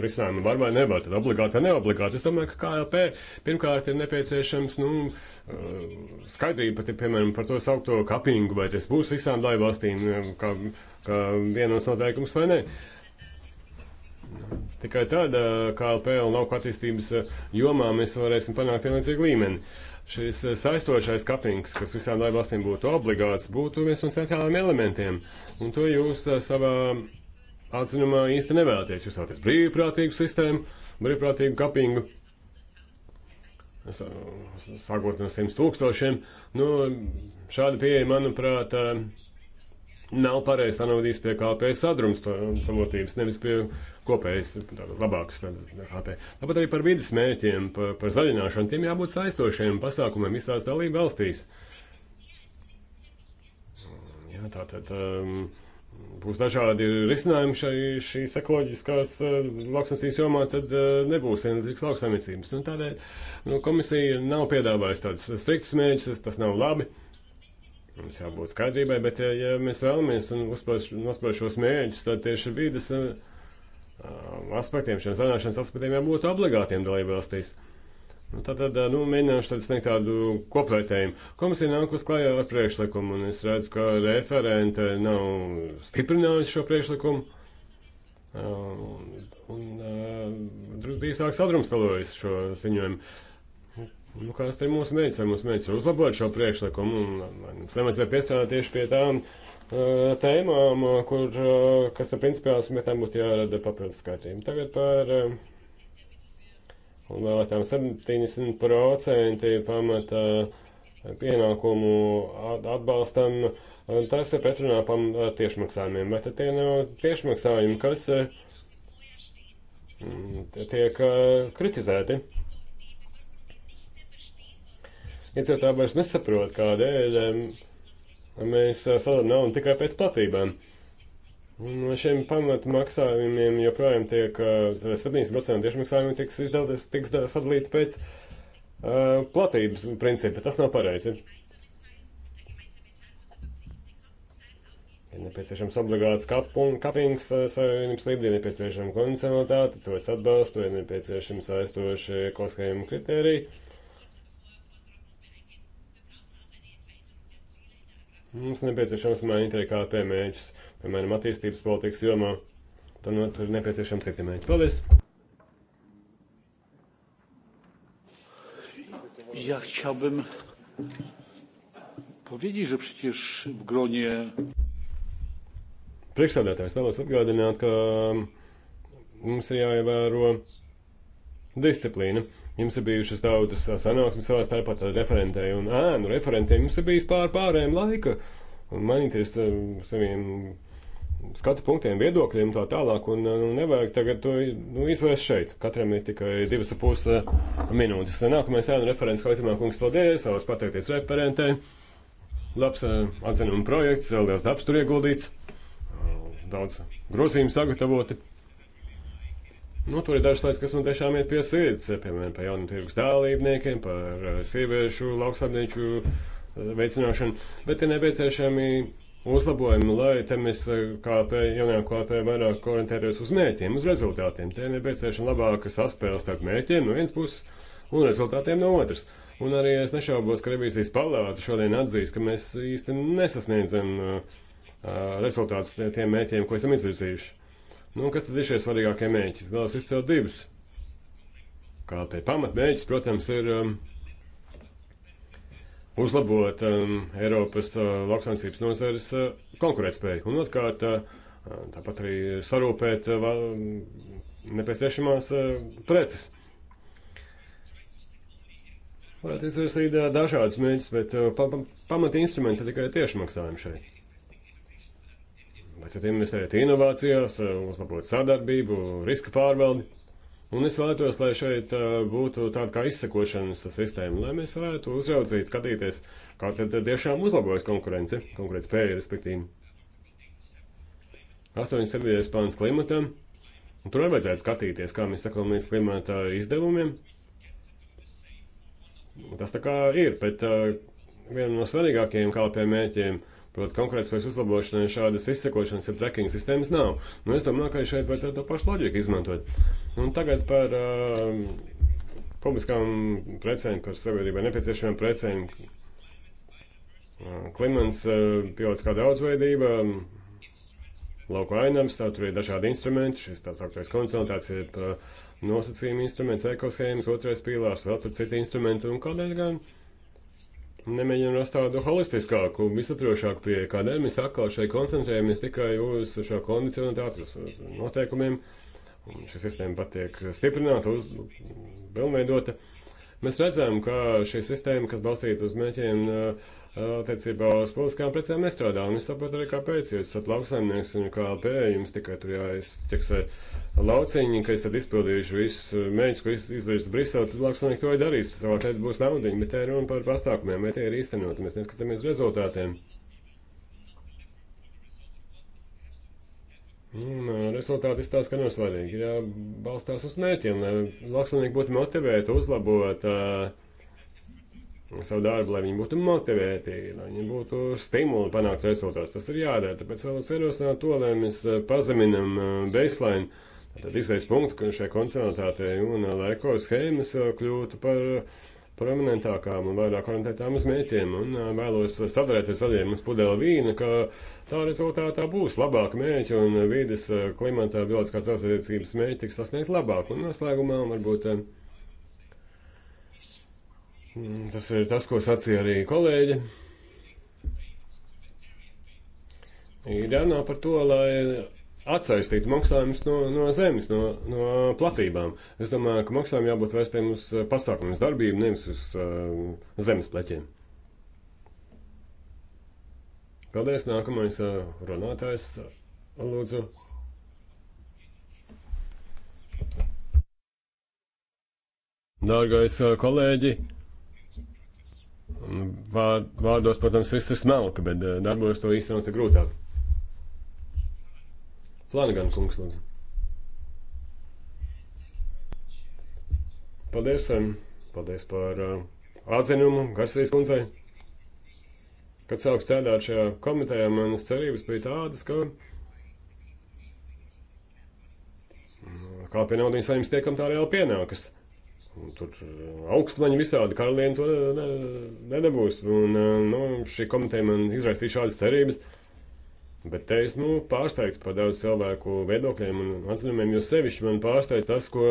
risinājuma var vai nevar, tad obligāti vai neobligāti. Es domāju, ka KLP pirmkārt ir nepieciešams, nu, uh, skaidrība pat, piemēram, par to saukto kapingu, vai tas būs visām daļvalstīm, kā, uh, kā vienos noteikums vai ne. Tikai tāda KLP un lauku attīstības jomā mēs varēsim panākt vienlīdzīgu līmeni. Šis saistošais kapings, kas visām daļvalstīm būtu obligāts, būtu viens no centrālajiem elementiem. Un to jūs savā atzinumā īsti nevēlaties. Jūs vēlaties brīvprātīgu sistēmu, brīvprātīgu kapingu, sākot no 100 tūkstošiem. Nu, šāda pieeja, manuprāt, eh, nav pareizi. Tā novadīs pie KP sadrumstalotības, nevis pie kopējas labākas KP. Tāpat arī par vidas mērķiem, par, par zaļināšanu, tiem jābūt saistošiem pasākumiem visās dalību valstīs. Jā, tā tad. Um, ehm, būs dažādi risinājumi šai, šīs ekoloģiskās uh, eh, lauksaimniecības jomā, tad uh, nebūs vienlīdzīgas lauksaimniecības. Nu, tādēļ nu, komisija nav piedāvājusi tādus striktus mērķus, tas nav labi. Mums jābūt skaidrībai, bet ja, ja mēs vēlamies nospēr šos mērķus, tad tieši vīdes uh, aspektiem, šiem zināšanas aspektiem jābūt obligātiem dalībvalstīs. Ja Nu, tātad, nu, mēģināšu tad sniegt tādu kopvērtējumu. Komisija nāk uz klājā ar priekšlikumu, un es redzu, ka referente nav stiprinājusi šo priekšlikumu. Uh, un, un, un uh, drīzāk sadrumstalojas šo ziņojumu. Nu, kāds ir mūsu mērķis? Vai mūsu mērķis ir uzlabot šo priekšlikumu? Un, vai mums nevajadzētu piestrādāt tieši pie tām uh, tēmām, uh, kur, uh, kas ir principiāls, bet tām būtu jārada papildus skatījumu. Tagad par. Uh, Un vēl apmēram 70% pamata ienākumu atbalstam, tas ir pretrunā ar tiešmaksājumiem. Bet tie nav tiešmaksājumi, kas mm, tiek eh, kritizēti. Iedzīvotāji vairs nesaprot, kādēļ mēs eh, sadalām naudu tikai pēc platībām. No šiem pamatu maksājumiem joprojām tiek 70% eh, tiešmaksājumi tiks izdevies, tiks sadalīti pēc uh, platības principa. Tas nav pareizi. Ir nepieciešams obligāts kapings eh, savienības līmenī, ir nepieciešama kondicionalitāte, to es atbalstu, ir nepieciešams aizstoši koskajiem kritēriju. Mums nepieciešams mainīt arī KP mēģus. Uh, piemēram, attīstības politikas jomā, tad nu, tur ir nepieciešams citi mērķi. Paldies! Ja chciałbym powiedzieć, że przecież w gronie. Priekšsēdētājs vēlos atgādināt, ka um, mums ir jāievēro disciplīna. Jums ir bijušas daudzas uh, sanāksmes savā starpā ar referentēju un ēnu referentiem. Jums ir bijis pār pārējiem laika. Un manīties ar um, saviem skatu punktiem, viedokļiem un tā tālāk. Un, nu, nevajag tagad to nu, izvērst šeit. Katram ir tikai divas ar pus eh, minūtes. Nākamais ēnu referents Haitamā kungs paldies, vēlos pateikties referentei. Labs eh, atzinuma projekts, liels darbs tur ieguldīts, daudz grozījumu sagatavoti. Nu, tur ir dažas lietas, kas man tiešām iet pie sirds, piemēram, par jaunu tirgus dalībniekiem, par eh, sieviešu, lauksaimnieču veicināšanu, bet ir nepieciešami uzlabojumi, lai te mēs eh, KLP, jaunajām KLP vairāk orientētos uz mērķiem, uz rezultātiem. Te ir nepieciešama labāka saspēle starp mērķiem no vienas puses un rezultātiem no otras. Un arī es nešaubos, ka revīzijas palāta šodien atzīs, ka mēs īsti nesasniedzam uh, rezultātus tiem mērķiem, ko esam izvirzījuši. Nu, kas tad ir šie svarīgākie mērķi? Vēlos izcelt divus. Kā te pamatmērķis, protams, ir um, uh, uzlabot um, Eiropas uh, lauksaimniecības nozares uh, konkurētspēju. Un otrkārt, uh, tāpat arī sarūpēt uh, nepieciešamās uh, preces. Varētu izvirsīt uh, dažādus mēģus, bet uh, pa, pa, pamata instruments ir tikai tieši maksājumi šeit. Vajadzētu investēt inovācijās, uh, uzlabot sadarbību, riska pārvaldi. Un es vēlētos, lai šeit uh, būtu tāda kā izsakošanas sistēma, lai mēs varētu uzraudzīt, skatīties, kā tad tiešām uzlabojas konkurence, konkurence spēja, respektīvi. 87. pāns klimatam. Un tur vajadzētu skatīties, kā mēs sakāmies klimata izdevumiem. Tas tā kā ir, bet uh, viena no svarīgākajiem kalpiem mēķiem ir Protams, konkurētspējas uzlabošanai šādas izsekošanas, ja trekking sistēmas nav. Nu, es domāju, ka šeit vajadzētu to pašu loģiku izmantot. Un tagad par uh, publiskām precēm, par sabiedrībai nepieciešamām precēm. Uh, klimats, uh, pilotiskā daudzveidība, um, lauku ainams, tā tur ir dažādi instrumenti, šis tā sauktais konsultācija ir nosacījuma instruments, ekoshēmas, otrais pīlārs, vēl tur citi instrumenti un kādēļ gan. Uh, Nemēģinam rast tādu holistiskāku, visaptrošāku pieeju, kādēļ mēs atkal šeit koncentrējamies tikai uz šo kondicionalitāti, uz, uz noteikumiem. Un šī sistēma pat tiek stiprināta, uz, pilnveidota. Mēs redzam, ka šī sistēma, kas balstīta uz mēķiem, uh, attiecībā uz politiskām precēm nestrādā. Un es saprotu arī, kāpēc. Jūs esat lauksaimnieks un KLP, jums tikai tur jāizķeksē lauciņi, ka esat izpildījuši visus mēģus, ko izvirs Brisele, tad lauksaimnieki to ir darījis. Tas savā teikt būs naudiņi, bet te ir runa par pastākumiem, vai tie ir īstenot, mēs neskatāmies rezultātiem. Un, rezultāti izstāsta, ka nav svarīgi. Jā, balstās uz mērķiem, lai lauksaimnieki būtu motivēti uzlabot uh, savu darbu, lai viņi būtu motivēti, lai viņiem būtu stimuli panākt rezultātus. Tas ir jādara. Tāpēc vēlos ierosināt to, lai mēs eh, pazeminam eh, baseline, tad izējas punktu šai koncentrētātei un eh, lai eko schēmas kļūtu par prominentākām un vairāk orientētām uz mērķiem. Un vēlos sadarēties zaļiem uz pudeli vīna, ka tā rezultātā būs labāka mērķa un vīdes klimatā bioloģiskās aizsardzības mērķi tiks sasniegt labāk. Un noslēgumā varbūt. Uh, Mm, tas ir tas, ko sacīja arī kolēģi. Ir jānāk par to, lai atsaistītu maksājumus no, no zemes, no, no platībām. Es domāju, ka maksājumiem jābūt vērstiem uz pasākumiem, uz darbību, nevis uz uh, zemes pleķiem. Paldies, nākamais uh, runātājs, lūdzu. Dārgais uh, kolēģi! Nu, vārdos, protams, viss ir smalka, bet eh, darbos to īstenot ir grūtāk. Flanagan kungs, lūdzu. Paldies, paldies par eh, atzinumu Garsīs kundzei. Kad sāku strādāt šajā komitejā, manas cerības bija tādas, ka mm, kā pie naudas saņems tiekam tā reāli pienākas. Un tur eh, augstmaņi visādi karalieni to ne, ne, nebūs. Un, eh, nu, šī komiteja man izraisīja šādas cerības. Bet te es nu, pārsteigts par daudz cilvēku viedokļiem un atzinumiem, jo sevišķi man pārsteidz tas, ko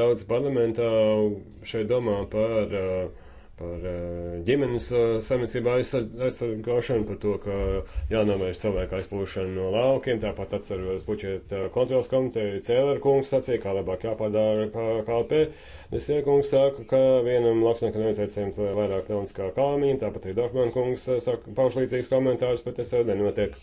daudz parlamentā šeit domā par uh, par eh, ģimenes eh, samicību aizsargāšanu, par to, ka jānovērš cilvēku aizplūšanu no laukiem. Tāpat atceros puķiet kontrols komiteju Cēlera kungs sacīja, kā labāk jāpadara KLP. Nesie kungs saka, ka vienam lauksniekam nevajadzētu saņemt vairāk naudas kā kalmīm. Tāpat arī Dorfman kungs eh, saka, pauž līdzīgs komentārus, bet tas jau nenotiek.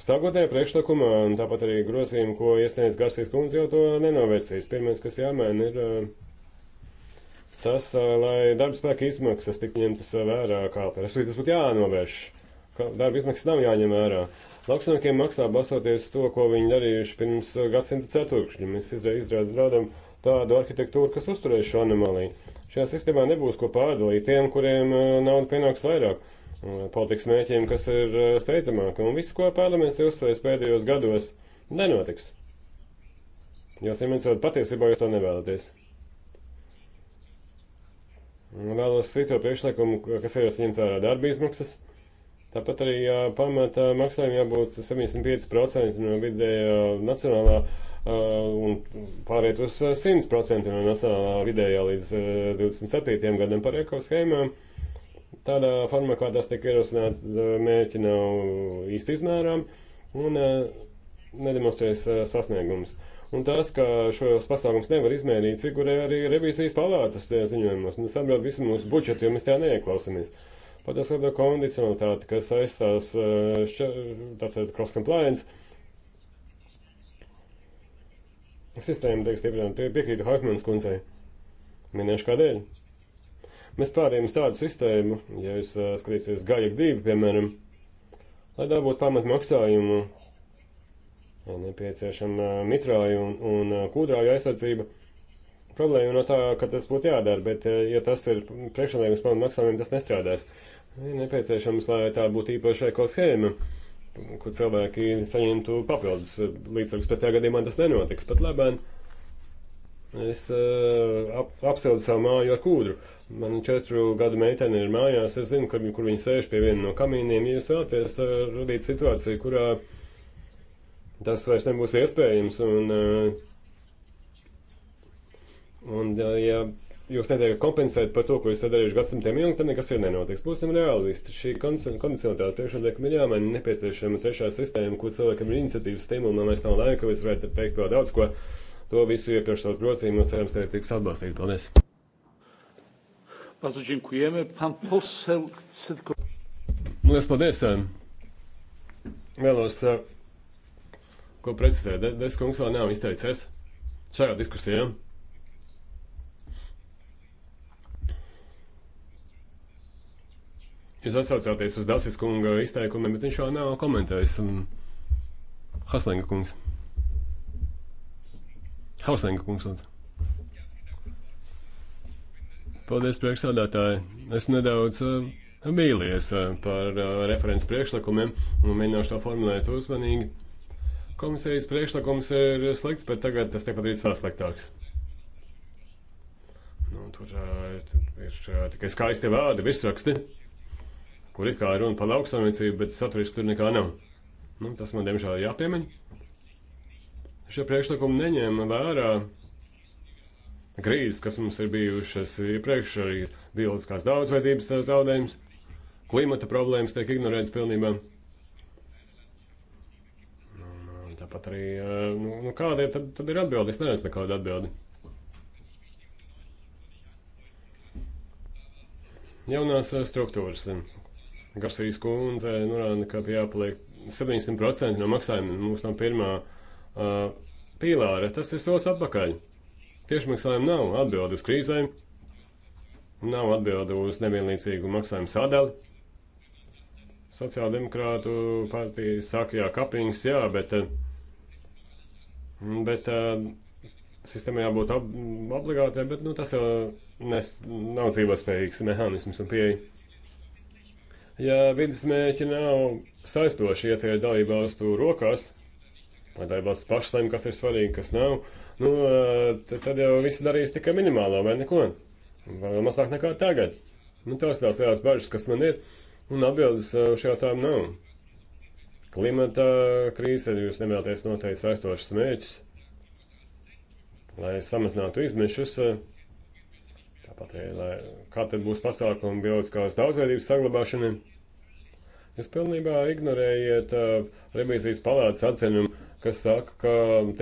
Sākotnējā priekšlikumā, un tāpat arī grozījumi, ko iesniedz Garsīs kundze, jau to nenovērsīs. Pirmais, kas jāmēna, ir uh, tas, lai darba spēka izmaksas tiktu ņemtas vērā kāpē. Respektīvi, tas būtu jānovērš. Darba izmaksas nav jāņem vērā. Lauksaimniekiem maksā balstoties to, ko viņi darījuši pirms gadsimta ceturkšņa. Mēs izrādām tādu arhitektūru, kas uzturēs šo anomāliju. Šajā sistēmā nebūs ko pārdalīt tiem, kuriem nauda pienāks vairāk. Politikas mēķiem, kas ir steidzamāk, un viss, ko parlaments ir uzsvērts pēdējos gados, nenotiks. Jo, simensot, patiesībā jūs to nevēlaties. Vēlos svītro priekšlikumu, kas vēlas ņemt vērā darba izmaksas. Tāpat arī jā, pamata maksājumi jābūt 75% no vidējā nacionālā un pāriet uz 100% no nacionālā vidējā līdz 27. gadam par ekoshēmām. Tādā formā, kā tas tiek ierosināts, mērķi nav īsti izmērām un nedemonstrējas sasniegums. Un tas, ka šos pasākums nevar izmērīt, figurē arī revīzijas palātas eh, ziņojumos. Nu, tas atbild visu mūsu budžetu, jo mēs tajā neieklausāmies. Pat tas, kāda kondicionalitāte, kas saistās eh, tātad cross compliance. Sistēma, teiks, stiprināt pie, piekrītu Haifmanas kundzei. Minēšu kādēļ. Mēs pārējām uz tādu sistēmu, ja jūs eh, skatīsieties Gaiek 2, piemēram, lai dabūtu pamatmaksājumu nepieciešama uh, mitrāju un, un uh, kūdrāju aizsardzība. Problēma no tā, ka tas būtu jādara, bet uh, ja tas ir priekšlaikums par maksājumiem, tas nestrādās. Ir nepieciešams, lai tā būtu īpaša ekoshēma, kur cilvēki saņemtu papildus līdzekļus. Pretējā gadījumā tas nenotiks pat labāk. Es ap, apsildu savu māju ar kūdru. Man četru gadu meitene ir mājās, es zinu, kur, kur viņa sēž pie viena no kamīniem. Ja jūs vēlaties radīt situāciju, kurā uh, tas vairs nebūs iespējams. Un, eh, un ja jūs netiekat kompensēt par to, ko jūs darījuši gadsimtiem ilgi, tad nekas ir nenotiks. Būsim realisti. Šī kondicionalitāte priekšnotiekuma ir jāmaina nepieciešama trešā sistēma, kur cilvēkam ir iniciatīvas stimula, un vairs nav laika, es varētu teikt vēl daudz ko. To visu iepriekš savus grozījumus cerams, ka tiks atbalstīt. Paldies! Bardzo dziękujemy. Pan poseł chce tylko... Lielas paldies! Vēlos uh, ko precizēt. Deskungs vēl nav izteicies šajā diskusijā. Jūs atsaucāties uz Dācis kunga izteikumiem, bet viņš jau nav komentējis. Haslinga kungs. Haslinga kungs. Lūdzu. Paldies, priekšsādātāji. Esmu nedaudz uh, vīlies uh, par uh, referents priekšlikumiem un mēģināšu to formulēt uzmanīgi. Komisijas priekšlikums ir slikts, bet tagad tas tiek padarīts vēl sliktāks. Nu, tur ir, ir tikai skaisti vārdi, virsraksti, kur ir kā runa par lauksaimniecību, bet saturiski tur nekā nav. Nu, tas man diemžēl jāpiemiņ. Šie priekšlikumi neņēma vērā krīzes, kas mums ir bijušas iepriekš, arī bioloģiskās daudzveidības zaudējums, klimata problēmas tiek ignorētas pilnībā. Tāpat arī, eh, nu, nu kāda ir, tad, tad ir atbildi? Es neesmu nekāda atbildi. Jaunās eh, struktūras. Garsīs kundze norāda, ka jāpaliek 700% no maksājumiem mums no pirmā uh, eh, pīlāra. Tas ir solis atpakaļ. Tiešmaksājumi nav atbildi uz krīzēm, nav atbildi uz nevienlīdzīgu maksājumu sadali sociāldemokrātu partija saka, jā, kapings, jā, bet Bet uh, sistēmai jābūt ob obligātai, bet nu, tas jau nes, nav dzīvotspējīgs mehānisms un pieeja. Ja vidas mērķi nav saistoši, ja tie ir dalībvalstu rokās, vai dalībvalsts pašlēm, kas ir svarīgi, kas nav, nu, eh, tad jau visi darīs tikai minimālo vai neko. Vai vēl mazāk nekā tagad. Nu, tās ir tās lielās bažas, kas man ir, un atbildes eh, šajā tām nav. Klimata krīze, jūs nevēlaties noteikti saistošas mērķus, lai samazinātu izmešus. Tāpat arī, lai kā tad būs pasākumi bioloģiskās daudzveidības saglabāšanai. Jūs pilnībā ignorējiet uh, revīzijas palātas atzinumu, kas saka, ka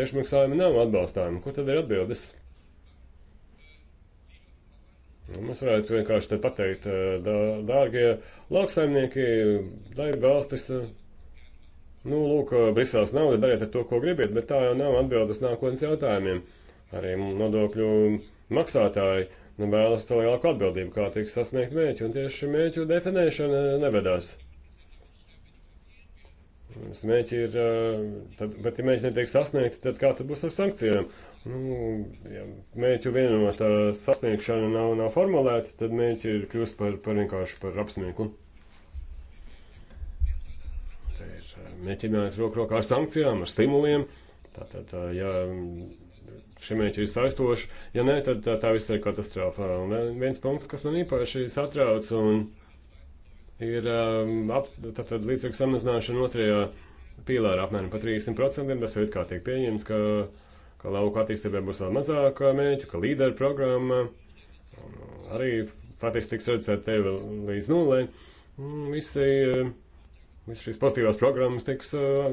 tiešmaksājumi nav atbalstāmi. Kur tad ir atbildes? Nu, mēs varētu vienkārši te pateikt, dā, dārgie lauksaimnieki, daļa valstis. Uh, Nu, lūk, Briseles nauda, dariet ar to, ko gribiet, bet tā jau nav atbildes nākotnes jautājumiem. Arī nodokļu maksātāji nu, vēlas lielāku atbildību, kā tiek sasniegt mērķi, un tieši mērķu definēšana nevedās. Mums mērķi ir, tad, bet ja mērķi netiek sasniegti, tad kā tad būs ar sankcijām? Nu, ja mērķu vienotā sasniegšana nav, nav formulēta, tad mērķi ir kļūst par, par vienkārši par apsmieklu. mēķināt roku rokā ar sankcijām, ar stimuliem. Tātad, ja šie mēķi ir saistoši, ja nē, tad tā, tā viss ir katastrofa. Un viens punkts, kas man īpaši satrauc, un ir um, ap, tātad līdzekļu samazināšana otrajā pīlāra apmēram par 30%, tas ir kā tiek pieņems, ka, ka lauka attīstībai būs vēl mazāk mēķu, ka līderu programma arī faktiski tiks redzēt tevi līdz nulē. Visi visas šīs pozitīvās programmas tiks uh,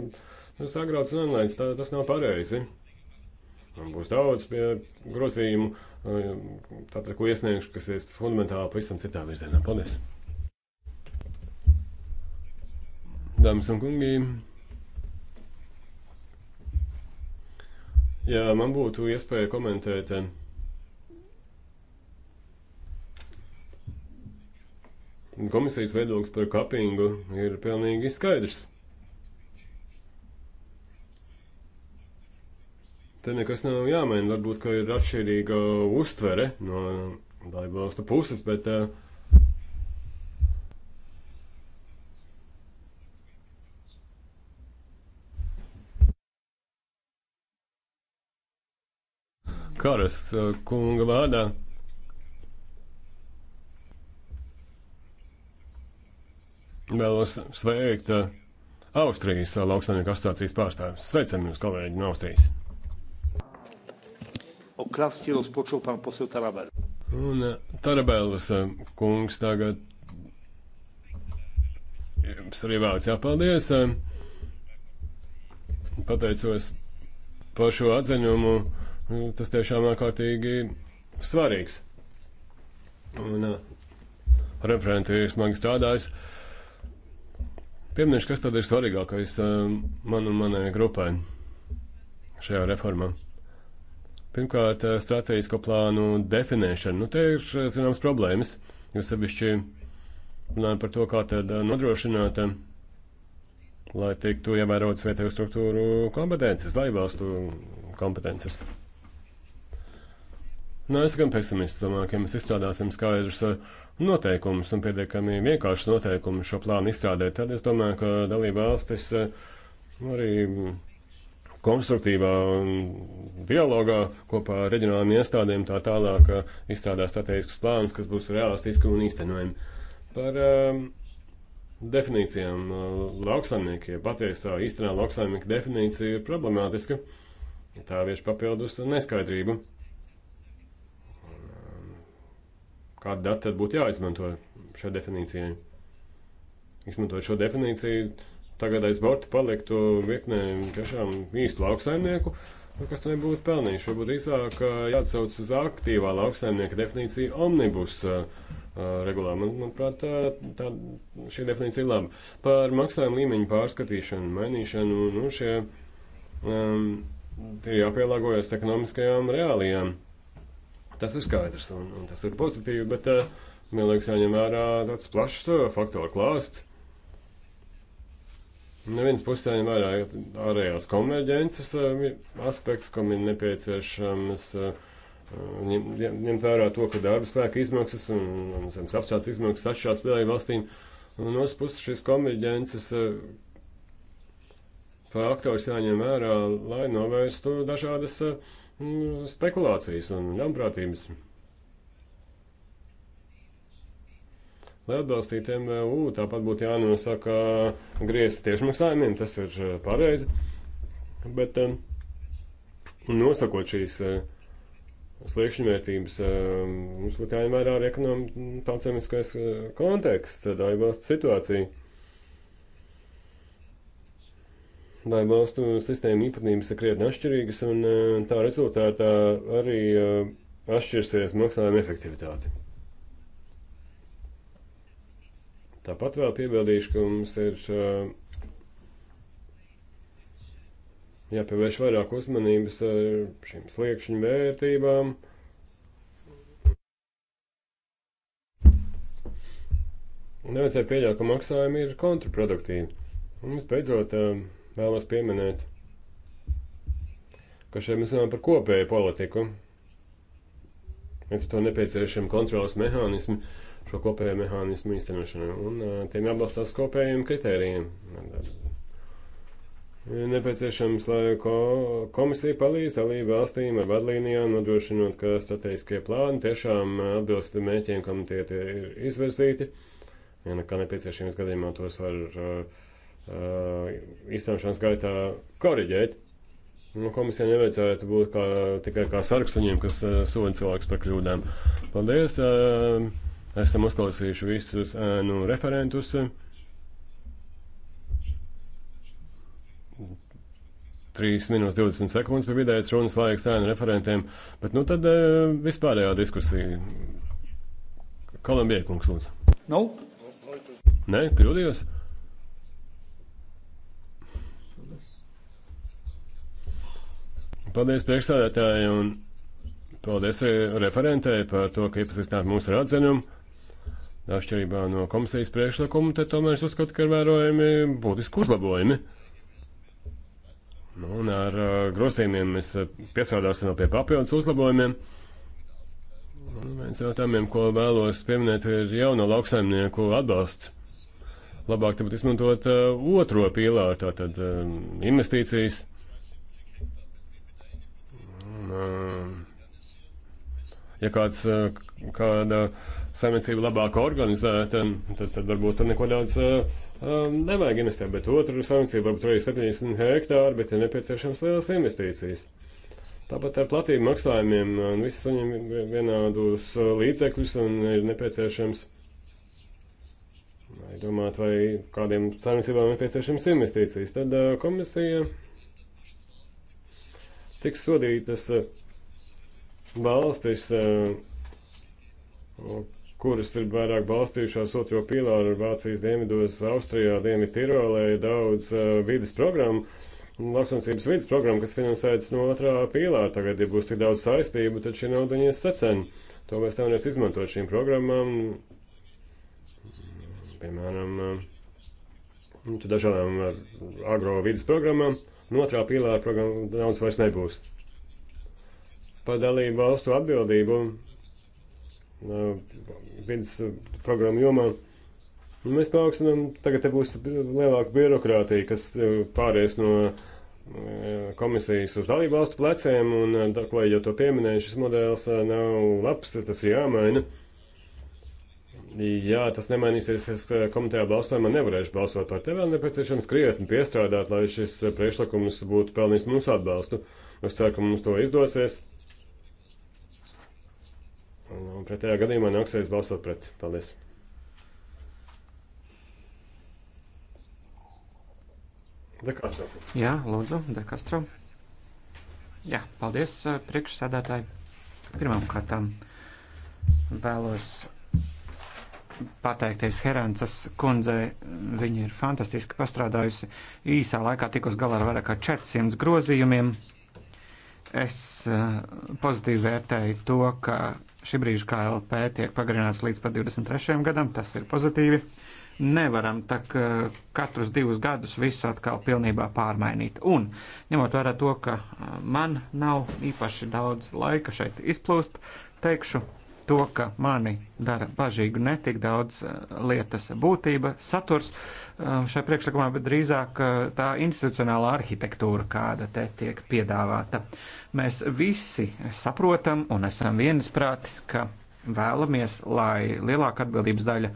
sagrauts un anlaists. Tas nav pareizi. Un būs daudz grozījumu, uh, tātad, ko iesniegšu, kas ir fundamentāli pavisam citā virzienā. Paldies! Dāmas un kungi! Ja man būtu iespēja komentēt. Uh, komisijas viedoklis par kapingu ir pilnīgi skaidrs. Te nekas nav jāmaina. Varbūt, ka ir atšķirīga uztvere no dalību valstu puses, bet. Eh, Karas eh, kunga vārdā Vēlos sveikt uh, Austrijas lauksaimnieku asociācijas pārstāvis. Sveicam jūs, kolēģi, no Austrijas. Oklaski rozpočal pan posel Tarabel. Un uh, Tarabels uh, kungs tagad jums arī vēlas jāpaldies. Pateicos par šo atziņumu. Tas tiešām ārkārtīgi svarīgs. Un referenti ir smagi strādājis. Pieminēšu, kas tad ir svarīgākais um, man un manai grupai šajā reformā. Pirmkārt, uh, strateģisko plānu definēšana. Nu, te ir uh, zināmas problēmas. Jūs sevišķi runājat par to, kā tad uh, nodrošināt, lai tiktu ievērotas vietēju struktūru kompetences, lai valstu kompetences. Nē, nu, es gan pesimists domāju, ka mēs izstrādāsim skaidrus eh, noteikumus un pietiekami vienkāršus noteikumus šo plānu izstrādēt. Tad es domāju, ka dalība valstis eh, arī konstruktīvā dialogā kopā ar reģionāliem iestādēm tā tālāk eh, izstrādā strateģiskus plānus, kas būs realistiski un īstenojami. Par um, definīcijām lauksaimniekiem patiesā īstenā lauksaimnieka definīcija ir problemātiska. Tā vieš papildus neskaidrību. kāda data tad būtu jāizmanto šai definīcijai. Izmantojot šo definīciju, tagad aiz borta paliktu virknē tiešām īstu lauksaimnieku, kas nebūtu pelnījuši. Varbūt īsāk jāatsauc uz aktīvā lauksaimnieka definīciju omnibus regulā. Man, manuprāt, tā, tā, šī definīcija ir laba. Par maksājumu līmeņu pārskatīšanu, mainīšanu, nu, šie um, ir jāpielāgojas ekonomiskajām reālijām. Tas ir skaidrs un, un tas ir pozitīvi, bet uh, man liekas, jāņem vērā tāds plašs uh, eh, faktoru klāsts. Neviens puses jāņem vērā ārējās konverģences eh, aspekts, kam ir nepieciešams ņem, ņemt vērā to, ka darba spēka izmaksas un, un zemes apstrādes izmaksas atšķirās spēlēju valstīm. Un no otras puses šis konverģences faktors jāņem vērā, lai novērstu dažādas uh, Nu, spekulācijas un ļaunprātības. Lai atbalstītu MVU, tāpat būtu jānosaka griezti tieši maksājumiem, tas ir eh, pareizi. Bet eh, nosakot šīs eh, sliekšņu vērtības, mums būtu jāņem vērā arī ekonomiskais konteksts, dalībvalsts situācija. Dalību valstu sistēmu īpatnības ir krietni atšķirīgas, un e, tā rezultātā arī e, atšķirsies maksājuma efektivitāte. Tāpat vēl piebildīšu, ka mums ir e, jāpievērš vairāk uzmanības šīm sliekšņu vērtībām. Nevajadzēja pieļaut, ka maksājumi ir kontraproduktīvi. Un visbeidzot, vēlos pieminēt, ka šeit mēs runājam par kopēju politiku. Mēs to nepieciešam kontrolas mehānismu, šo kopējo mehānismu īstenošanai, un uh, tiem jābalstās kopējiem kritērijiem. Ir nepieciešams, lai ko, komisija palīdz dalību valstīm ar vadlīnijām, nodrošinot, ka strateģiskie plāni tiešām atbilst mērķiem, kam tie, tie ir izvirzīti. Ja nekā nepieciešams gadījumā tos var uh, īstenošanas gaitā koriģēt. Nu, komisija nevajadzētu būt kā, tikai kā sarksuņiem, kas soda cilvēks par kļūdām. Paldies! Esam uzklausījuši visus nu, referentus. Trīs minūtes 20 sekundes bija vidējais runas laiks ēnu referentiem, bet nu tad vispārējā diskusija. Kolumbijai kungs lūdzu. Nu? No. Nē, kļūdījos. Paldies priekšstādātāji un paldies referentēji par to, ka iepazīstināt mūsu ar atzinumu. Atšķirībā no komisijas priekšlikuma, te tomēr es uzskatu, ka ir vērojami būtiski uzlabojumi. Nu, un ar uh, grozījumiem mēs uh, piestrādāsim vēl pie papildus uzlabojumiem. Nu, un viens no tādiem, ko vēlos pieminēt, ir jauno lauksaimnieku atbalsts. Labāk te būtu izmantot uh, otro pīlāru, tātad uh, investīcijas Un, ja kāds, kāda saimniecība labāk organizē, tad, tad, tad varbūt tur neko daudz nevajag investēt, bet otru saimniecību varbūt tur ir 70 hektāri, bet ir nepieciešams lielas investīcijas. Tāpat ar platību maksājumiem visi saņem vienādus līdzekļus un ir nepieciešams. Vai domāt, vai kādiem saimniecībām nepieciešams investīcijas, tad komisija tiks sodītas eh, valstis, eh, kuras ir vairāk balstījušās otro pīlāru Vācijas dienvidos, Austrijā, Dienvidtirolē ir daudz eh, vidas programmu, lauksainsības vidas programmu, kas finansētas no otrā pīlāra. Tagad, ja būs tik daudz saistību, tad šī nauda viņas secen. To mēs nevarēs izmantot šīm programmām, piemēram, dažādām agro vidas programmām no otrā pīlāra programma naudas vairs nebūs. Par dalību valstu atbildību uh, vidas programmu jomā. Un mēs paaugstinām, tagad te būs lielāka birokrātija, kas uh, pāries no uh, komisijas uz dalību valstu pleciem, un kolēģi jau to pieminēja, šis modelis nav labs, tas ir jāmaina. Mm. Jā, tas nemainīsies. Es eh, komitejā balsojumā nevarēšu balsot par tevi. Nepieciešams krietni piestrādāt, lai šis eh, priekšlikums būtu pelnījis mūsu atbalstu. Es ceru, ka mums to izdosies. Un pretējā gadījumā nāksies balsot pret. Paldies! Dekastro. Jā, lūdzu, Dekastro. Jā, paldies eh, priekšsēdētāji. Pirmām kārtām vēlos pateikties Herences kundzei. Viņa ir fantastiski pastrādājusi. Īsā laikā tikos galā ar vairāk kā 400 grozījumiem. Es eh, pozitīvi vērtēju to, ka šī brīža KLP tiek pagarināts līdz pat 23. gadam. Tas ir pozitīvi. Nevaram tā eh, katrus divus gadus visu atkal pilnībā pārmainīt. Un ņemot vērā to, ka eh, man nav īpaši daudz laika šeit izplūst, teikšu, to, ka mani dara bažīgu ne tik daudz eh, lietas būtība, saturs eh, šai priekšlikumā, bet drīzāk eh, tā institucionālā arhitektūra, kāda te tiek piedāvāta. Mēs visi saprotam un esam viensprātis, ka vēlamies, lai lielāka atbildības daļa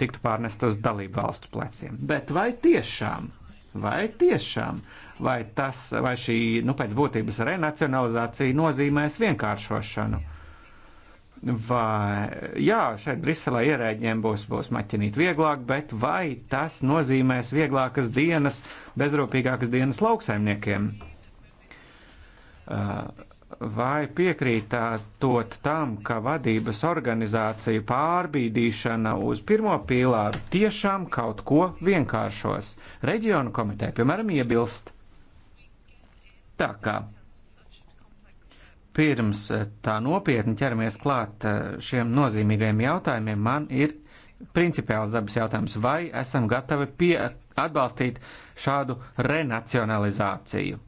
tiktu pārnest uz dalību valstu pleciem. Bet vai tiešām, vai tiešām, vai, tas, vai šī nu, pēc būtības renacionalizācija nozīmēs vienkāršošanu? vai, jā, šeit Briselē ierēģiem būs, būs maķinīt vieglāk, bet vai tas nozīmēs vieglākas dienas, bezrūpīgākas dienas lauksaimniekiem? Uh, vai piekrītātot tam, ka vadības organizāciju pārbīdīšana uz pirmo pīlāru tiešām kaut ko vienkāršos? Reģionu komiteja, piemēram, iebilst. Tā kā pirms eh, tā nopietni ķeramies klāt eh, šiem nozīmīgajiem jautājumiem, man ir principiāls dabas jautājums, vai esam gatavi pie, atbalstīt šādu renacionalizāciju.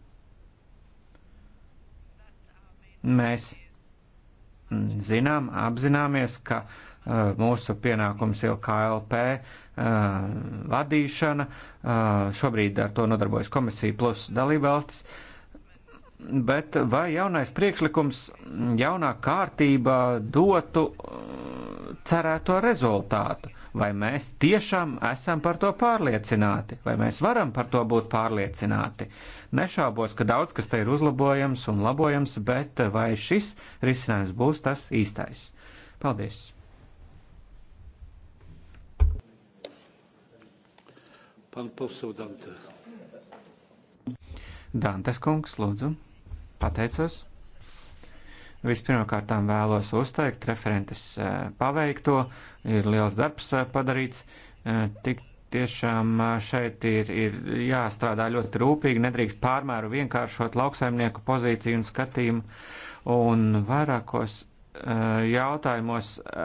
Mēs zinām, apzināmies, ka uh, mūsu pienākums ir KLP uh, vadīšana, uh, šobrīd ar to nodarbojas komisija plus dalībvalstis. Uh, bet vai jaunais priekšlikums, jaunā kārtība dotu uh, cerēto rezultātu? Vai mēs tiešām esam par to pārliecināti, vai mēs varam par to būt pārliecināti? Nešaubos, ka daudz kas te ir uzlabojams un labojams, bet vai šis risinājums būs tas īstais? Paldies! Pan poseł Dante. Dantes kungs, lūdzu, pateicos. Vispirmkārt vēlos uzteikt referentes eh, paveikto, ir liels darbs eh, padarīts. Eh, tik tiešām šeit ir, ir jāstrādā ļoti rūpīgi, nedrīkst pārmēru vienkāršot lauksaimnieku pozīciju un skatījumu. Un vairākos Eh, jautājumos eh,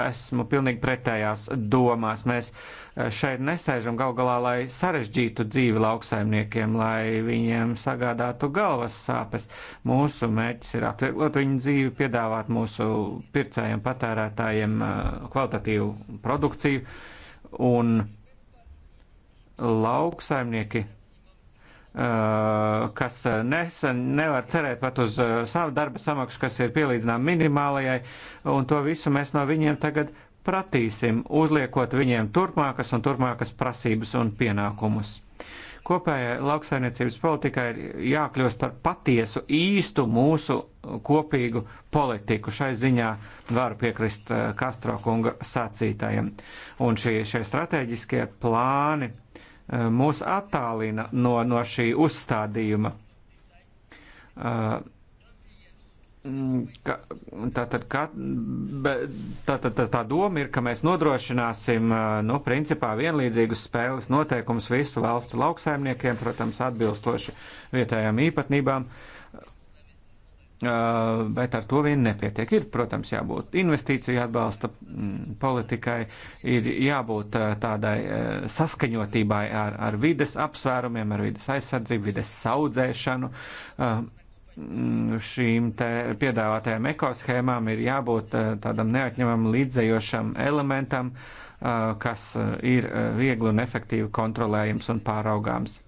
esmu pilnīgi pretējās domās. Mēs eh, šeit nesēžam gal galā, lai sarežģītu dzīvi lauksaimniekiem, lai viņiem sagādātu galvas sāpes. Mūsu mērķis ir atvieglot viņu dzīvi, piedāvāt mūsu pircējiem, patērētājiem kvalitatīvu produkciju un lauksaimnieki Eh, kas eh, nesen nevar cerēt pat uz eh, savu darba samaksu, kas ir pielīdzinām minimālajai, un to visu mēs no viņiem tagad pratīsim, uzliekot viņiem turpmākas un turpmākas prasības un pienākumus kopējai lauksainiecības politikai ir jākļūst par patiesu, īstu mūsu kopīgu politiku. Šai ziņā varu piekrist Kastro kunga sacītājiem. Un šie, šie strateģiskie plāni uh, Eh, mūs attālina no, no šī uzstādījuma. Eh, mm, ka, tātad, ka, tātad tā, tā doma ir, ka mēs nodrošināsim, eh, nu, principā vienlīdzīgus spēles noteikumus visu valstu lauksaimniekiem, protams, atbilstoši vietējām īpatnībām. Uh, bet ar to vien nepietiek. Ir, protams, jābūt investīciju atbalsta mm, politikai, ir jābūt tādai saskaņotībai ar, ar vides apsvērumiem, ar vides aizsardzību, vides saudzēšanu. Mm, šīm te piedāvātajām ekoshēmām ir jābūt tādam neatņemam līdzējošam elementam, kas ir viegli un efektīvi kontrolējams un pāraugāms.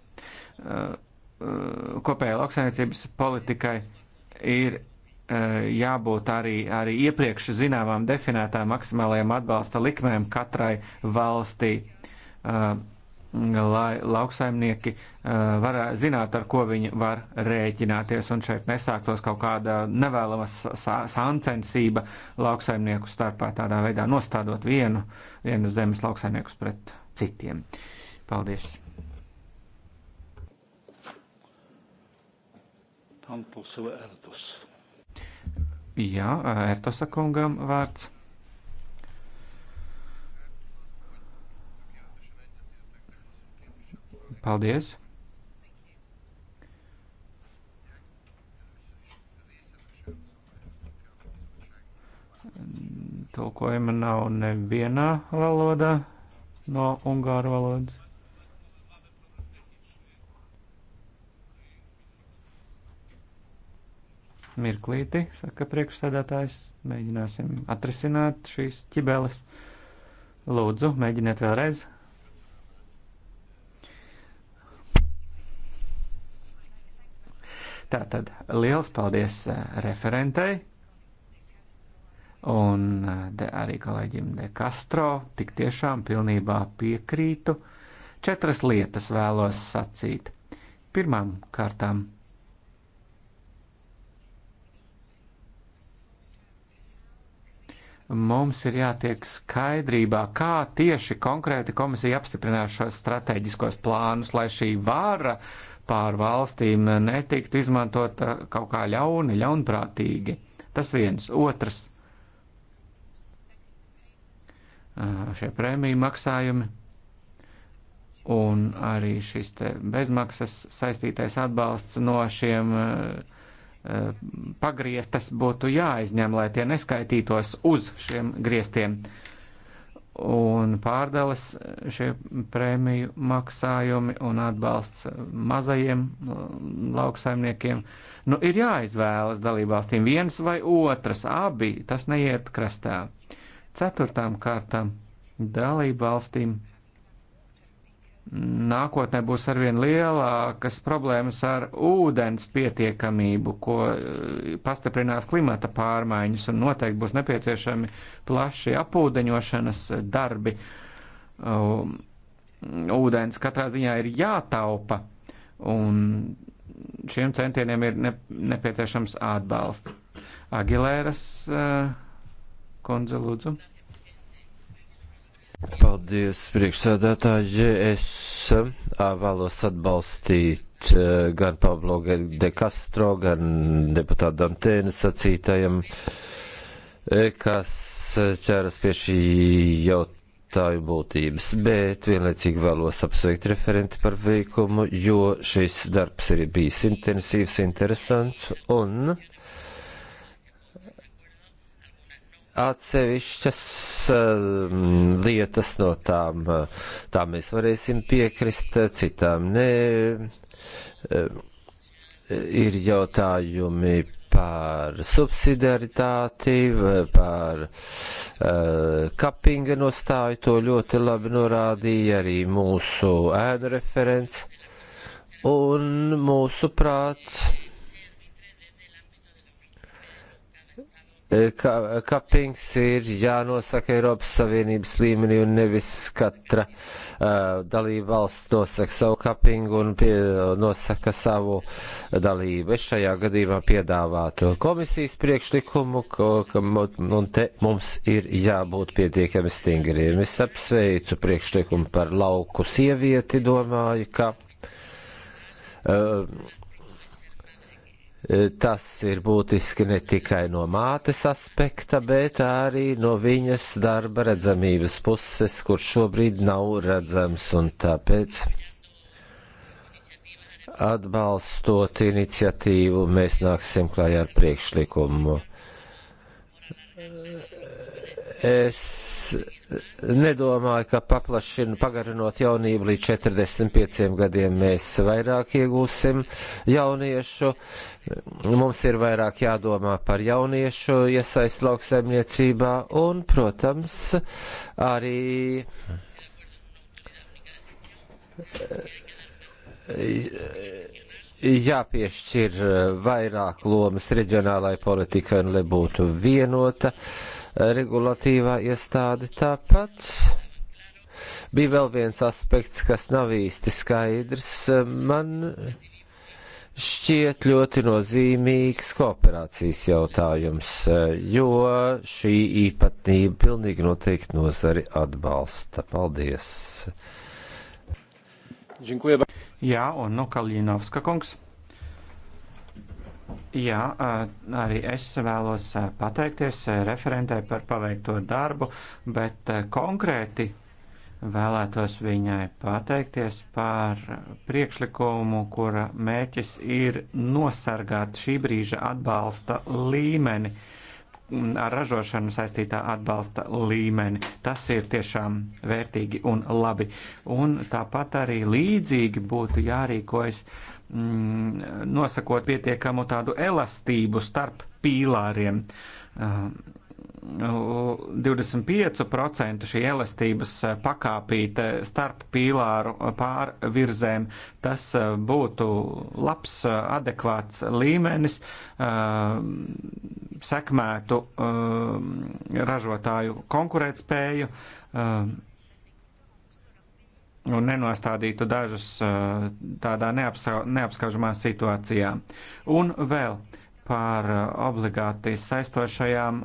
Kopējai lauksainiecības politikai uh, ir e, jābūt arī, arī iepriekš zināmām definētām maksimālajām atbalsta likmēm katrai valstī, e, lai lauksaimnieki e, varā, zināt, ar ko viņi var rēķināties, un šeit nesāktos kaut kāda nevēlama sāncensība lauksaimnieku starpā, tādā veidā nostādot vienu, vienas zemes lauksaimniekus pret citiem. Paldies! Pan posel Erdos. Jā, Erdosa kungam vārds. Paldies! Tulkojuma nav nevienā valodā no ungāru valodas. mirklīti, saka priekšsēdētājs, mēģināsim atrisināt šīs ķibeles. Lūdzu, mēģiniet vēlreiz. Tātad liels paldies eh, referentei un eh, de, arī kolēģim De Castro. Tik tiešām pilnībā piekrītu. Četras lietas vēlos sacīt. Pirmām kārtām mums ir jātiek skaidrībā, kā tieši konkrēti komisija apstiprinās šos strateģiskos plānus, lai šī vāra pār valstīm netiktu izmantota kaut kā ļauni, ļaunprātīgi. Tas viens. Otrs. Šie prēmiju maksājumi un arī šis bezmaksas saistītais atbalsts no šiem uh, pagrieztas būtu jāizņem, lai tie neskaitītos uz šiem grieztiem. Un pārdales šie prēmiju maksājumi un atbalsts mazajiem lauksaimniekiem. Nu, ir jāizvēlas dalībvalstīm viens vai otrs, abi tas neiet krastā. Ceturtām kārtām dalībvalstīm valstīm nākotnē būs arvien lielākas problēmas ar ūdens pietiekamību, ko eh, pastiprinās klimata pārmaiņas un noteikti būs nepieciešami plaši apūdeņošanas darbi. Um, ūdens katrā ziņā ir jātaupa un šiem centieniem ir nepieciešams atbalsts. Agilēras eh, kundze lūdzu. Paldies, priekšsēdētāji. Es vēlos atbalstīt gan Pablo de Castro, gan deputātu Dantēnu sacītajam, kas ķeras pie šī jautājuma būtības. Bet vienlaicīgi vēlos apsveikt referenti par veikumu, jo šis darbs ir bijis intensīvs, interesants un. atsevišķas uh, lietas no tām, uh, tām mēs varēsim piekrist, eh, citām nē. Uh, ir jautājumi par subsidiaritāti, par uh, kapinga nostāju, to ļoti labi norādīja arī mūsu ēnu referents. Un mūsu prāts E, ka, kapings ir jānosaka Eiropas Savienības līmenī un nevis katra uh, dalība valsts nosaka savu kapingu un pie, nosaka savu dalību. Es šajā gadījumā piedāvātu komisijas priekšlikumu, ko, ka, un te mums ir jābūt pietiekami stingriem. Es apsveicu priekšlikumu par lauku sievieti, domāju, ka. Uh, Eh, tas ir būtiski ne tikai no mātes aspekta, bet arī no viņas darba redzamības puses, kur šobrīd nav redzams. Un tāpēc, atbalstot iniciatīvu, mēs nāksim klājā ar priekšlikumu. Es nedomāju, ka paplašin, pagarinot jaunību līdz 45 gadiem mēs vairāk iegūsim jauniešu. Mums ir vairāk jādomā par jauniešu iesaist lauksaimniecībā un, protams, arī eh, jāpiešķir eh, vairāk lomas reģionālai politikai un lai būtu vienota. Uh, regulatīvā iestāde tāpat. Bija vēl viens aspekts, kas nav īsti skaidrs. Man šķiet ļoti nozīmīgs kooperācijas jautājums, jo šī īpatnība pilnīgi noteikti nozari atbalsta. Paldies! Jā, un no nu Kaļinovska kungs. Jā, arī es vēlos pateikties referentē par paveikto darbu, bet konkrēti vēlētos viņai pateikties par priekšlikumu, kura mērķis ir nosargāt šī brīža atbalsta līmeni, ar ražošanu saistītā atbalsta līmeni. Tas ir tiešām vērtīgi un labi. Un tāpat arī līdzīgi būtu jārīkojas uh, mm, nosakot pietiekamu tādu elastību starp pīlāriem. Uh, 25% šī elastības uh, pakāpīte starp pīlāru pārvirzēm, tas uh, būtu labs, uh, adekvāts līmenis, sekmētu ražotāju konkurētspēju, un nenostādītu dažus tādā neapskaužamā situācijā. Un vēl par obligāti saistošajām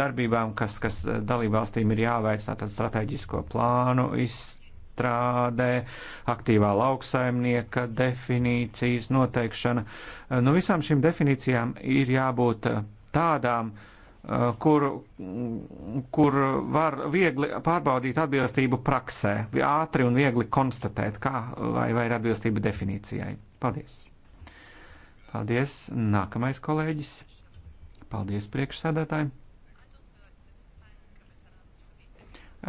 darbībām, kas, kas dalībvalstīm ir jāveic, tātad strateģisko plānu izstrādē, aktīvā lauksaimnieka definīcijas noteikšana. Nu, visām šīm definīcijām ir jābūt tādām, uh, Eh, kur, kur var viegli pārbaudīt atbilstību praksē, ātri un viegli konstatēt, kā vai, vai ir atbilstība definīcijai. Paldies! Paldies! Nākamais kolēģis! Paldies priekšsēdētājiem!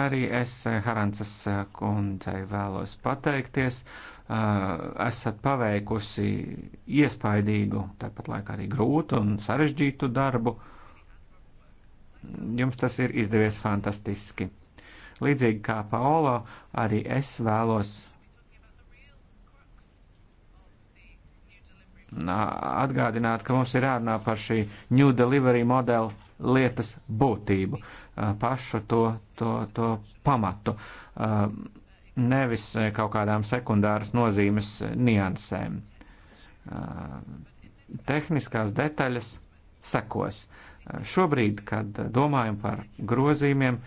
Arī es eh, Harances eh, kundzei vēlos pateikties. Esat paveikusi iespaidīgu, tāpat laikā arī grūtu un sarežģītu darbu. Uh, Jums tas ir izdevies fantastiski. Līdzīgi kā Paolo, arī es vēlos atgādināt, ka mums ir jārunā par šī New Delivery modela lietas būtību, pašu to, to, to pamatu, nevis kaut kādām sekundāras nozīmes niansēm. Tehniskās detaļas sekos. Šobrīd, kad domājam par grozījumiem,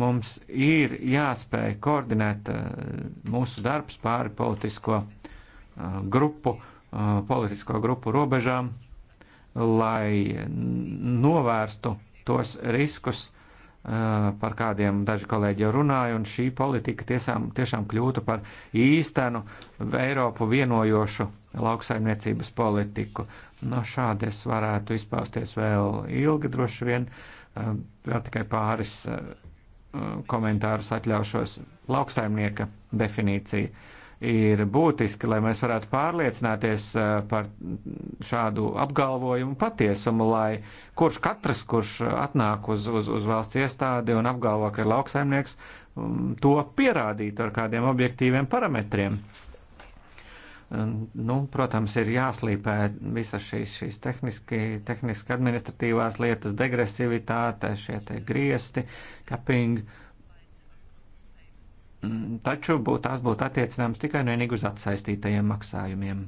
mums ir jāspēj koordinēt eh, mūsu darbs pāri politisko eh, grupu, eh, politisko grupu robežām, lai novērstu tos riskus, par kādiem daži kolēģi jau runāja, un šī politika tiesām, tiešām kļūtu par īstenu Eiropu vienojošu lauksaimniecības politiku. No nu, šādi es varētu izpausties vēl ilgi, droši vien, eh, vēl tikai pāris eh, komentārus atļaušos. Lauksaimnieka definīcija ir būtiska, lai mēs varētu pārliecināties eh, par šādu apgalvojumu patiesumu, lai kurš katrs, kurš atnāk uz, uz, uz valsts iestādi un apgalvo, ka ir lauksaimnieks, mm, to pierādītu ar kādiem objektīviem parametriem. Nu, protams, ir jāslīpē visas šīs, šīs tehniski, tehniski administratīvās lietas, degresivitāte, šie te griesti, kapingi. Mm, taču būt, tās būtu attiecināmas tikai un vienīgi uz atsaistītajiem maksājumiem.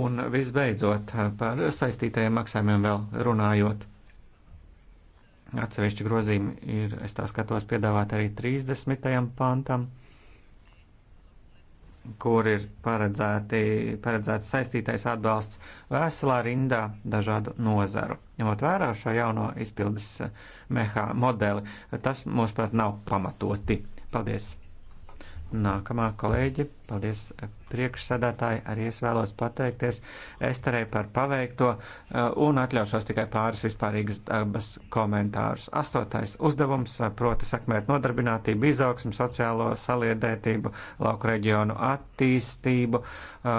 Un visbeidzot, par saistītajiem maksājumiem vēl runājot. Atsevišķi grozījumi ir, es tā skatos, piedāvāt arī 30. pantam, kur ir paredzēts saistītais atbalsts veselā rindā dažādu nozaru. Ņemot vērā šo jauno izpildes eh, mehā modeli, tas, mūsuprāt, nav pamatoti. Paldies! Nākamā kolēģi, paldies eh, priekšsēdētāji, arī es vēlos pateikties Esterei par paveikto uh, un atļaušos tikai pāris vispārīgas dabas komentārus. Astotais uzdevums uh, - proti sekmēt nodarbinātību, izaugsmu, sociālo saliedētību, lauku reģionu attīstību, uh,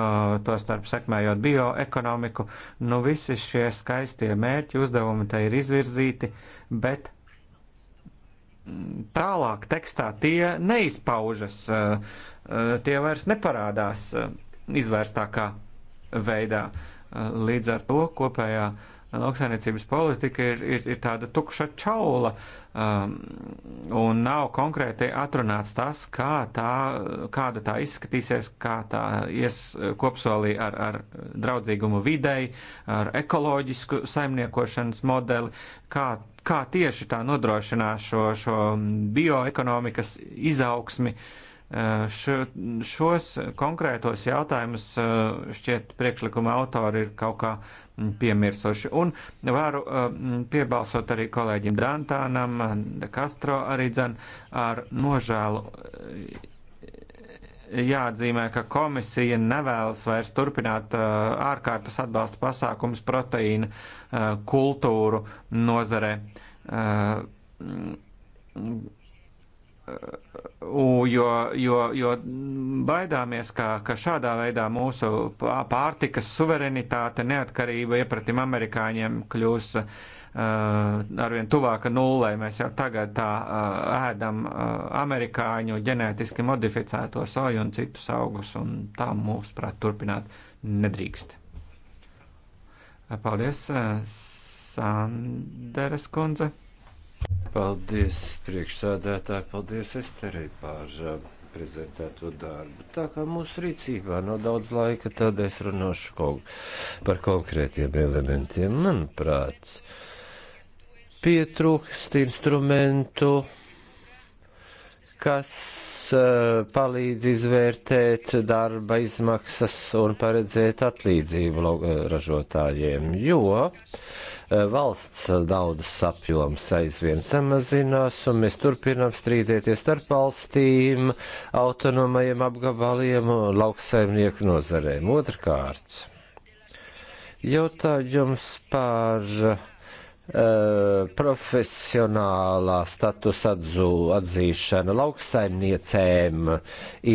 to starp sekmējot bioekonomiku. Nu, visi šie skaistie mērķi, uzdevumi te ir izvirzīti, bet tālāk tekstā tie neizpaužas, eh, eh, tie vairs neparādās eh, izvērstākā veidā. Līdz ar to kopējā lauksainiecības politika ir, ir, ir tāda tukša čaula um, un nav konkrēti atrunāts tas, kā tā, kāda tā izskatīsies, kā tā ies kopsolī ar, ar draudzīgumu videi, ar ekoloģisku saimniekošanas modeli, kā kā tieši tā nodrošinās šo, šo bioekonomikas izaugsmi. Eh, šo, šos konkrētos jautājumus eh, šķiet priekšlikuma autori ir kaut kā mm, piemirsuši. Un varu eh, piebalsot arī kolēģim Dantānam, De Castro arī dzen ar nožēlu jāatzīmē, ka komisija nevēlas vairs turpināt uh, ārkārtas atbalsta pasākums proteīna uh, kultūru nozare. Uh, jo, jo, jo baidāmies, ka, ka šādā veidā mūsu pārtikas suverenitāte, neatkarība iepratim amerikāņiem kļūs uh, Eh, arvien tuvāka nullē. Mēs jau tagad tā eh, ēdam eh, amerikāņu ģenētiski modificēto soju un citus augus, un tā mūs prāt turpināt nedrīkst. Paldies, Sanderes kundze. Paldies, priekšsādētāji, paldies Esterei par prezentēto darbu. Tā kā mūsu rīcībā nav daudz laika, tad es runāšu kon par konkrētiem elementiem. Manuprāt, uh, pietrūkst instrumentu, kas eh, palīdz izvērtēt darba izmaksas un paredzēt atlīdzību eh, ražotājiem, jo eh, valsts naudas apjoms aizvien samazinās, un mēs turpinām strīdēties starp valstīm, autonomajiem apgabaliem un lauksaimnieku nozarēm. Otrkārt, jautājums par Eh, profesionālā statusa atzīšana lauksaimniecēm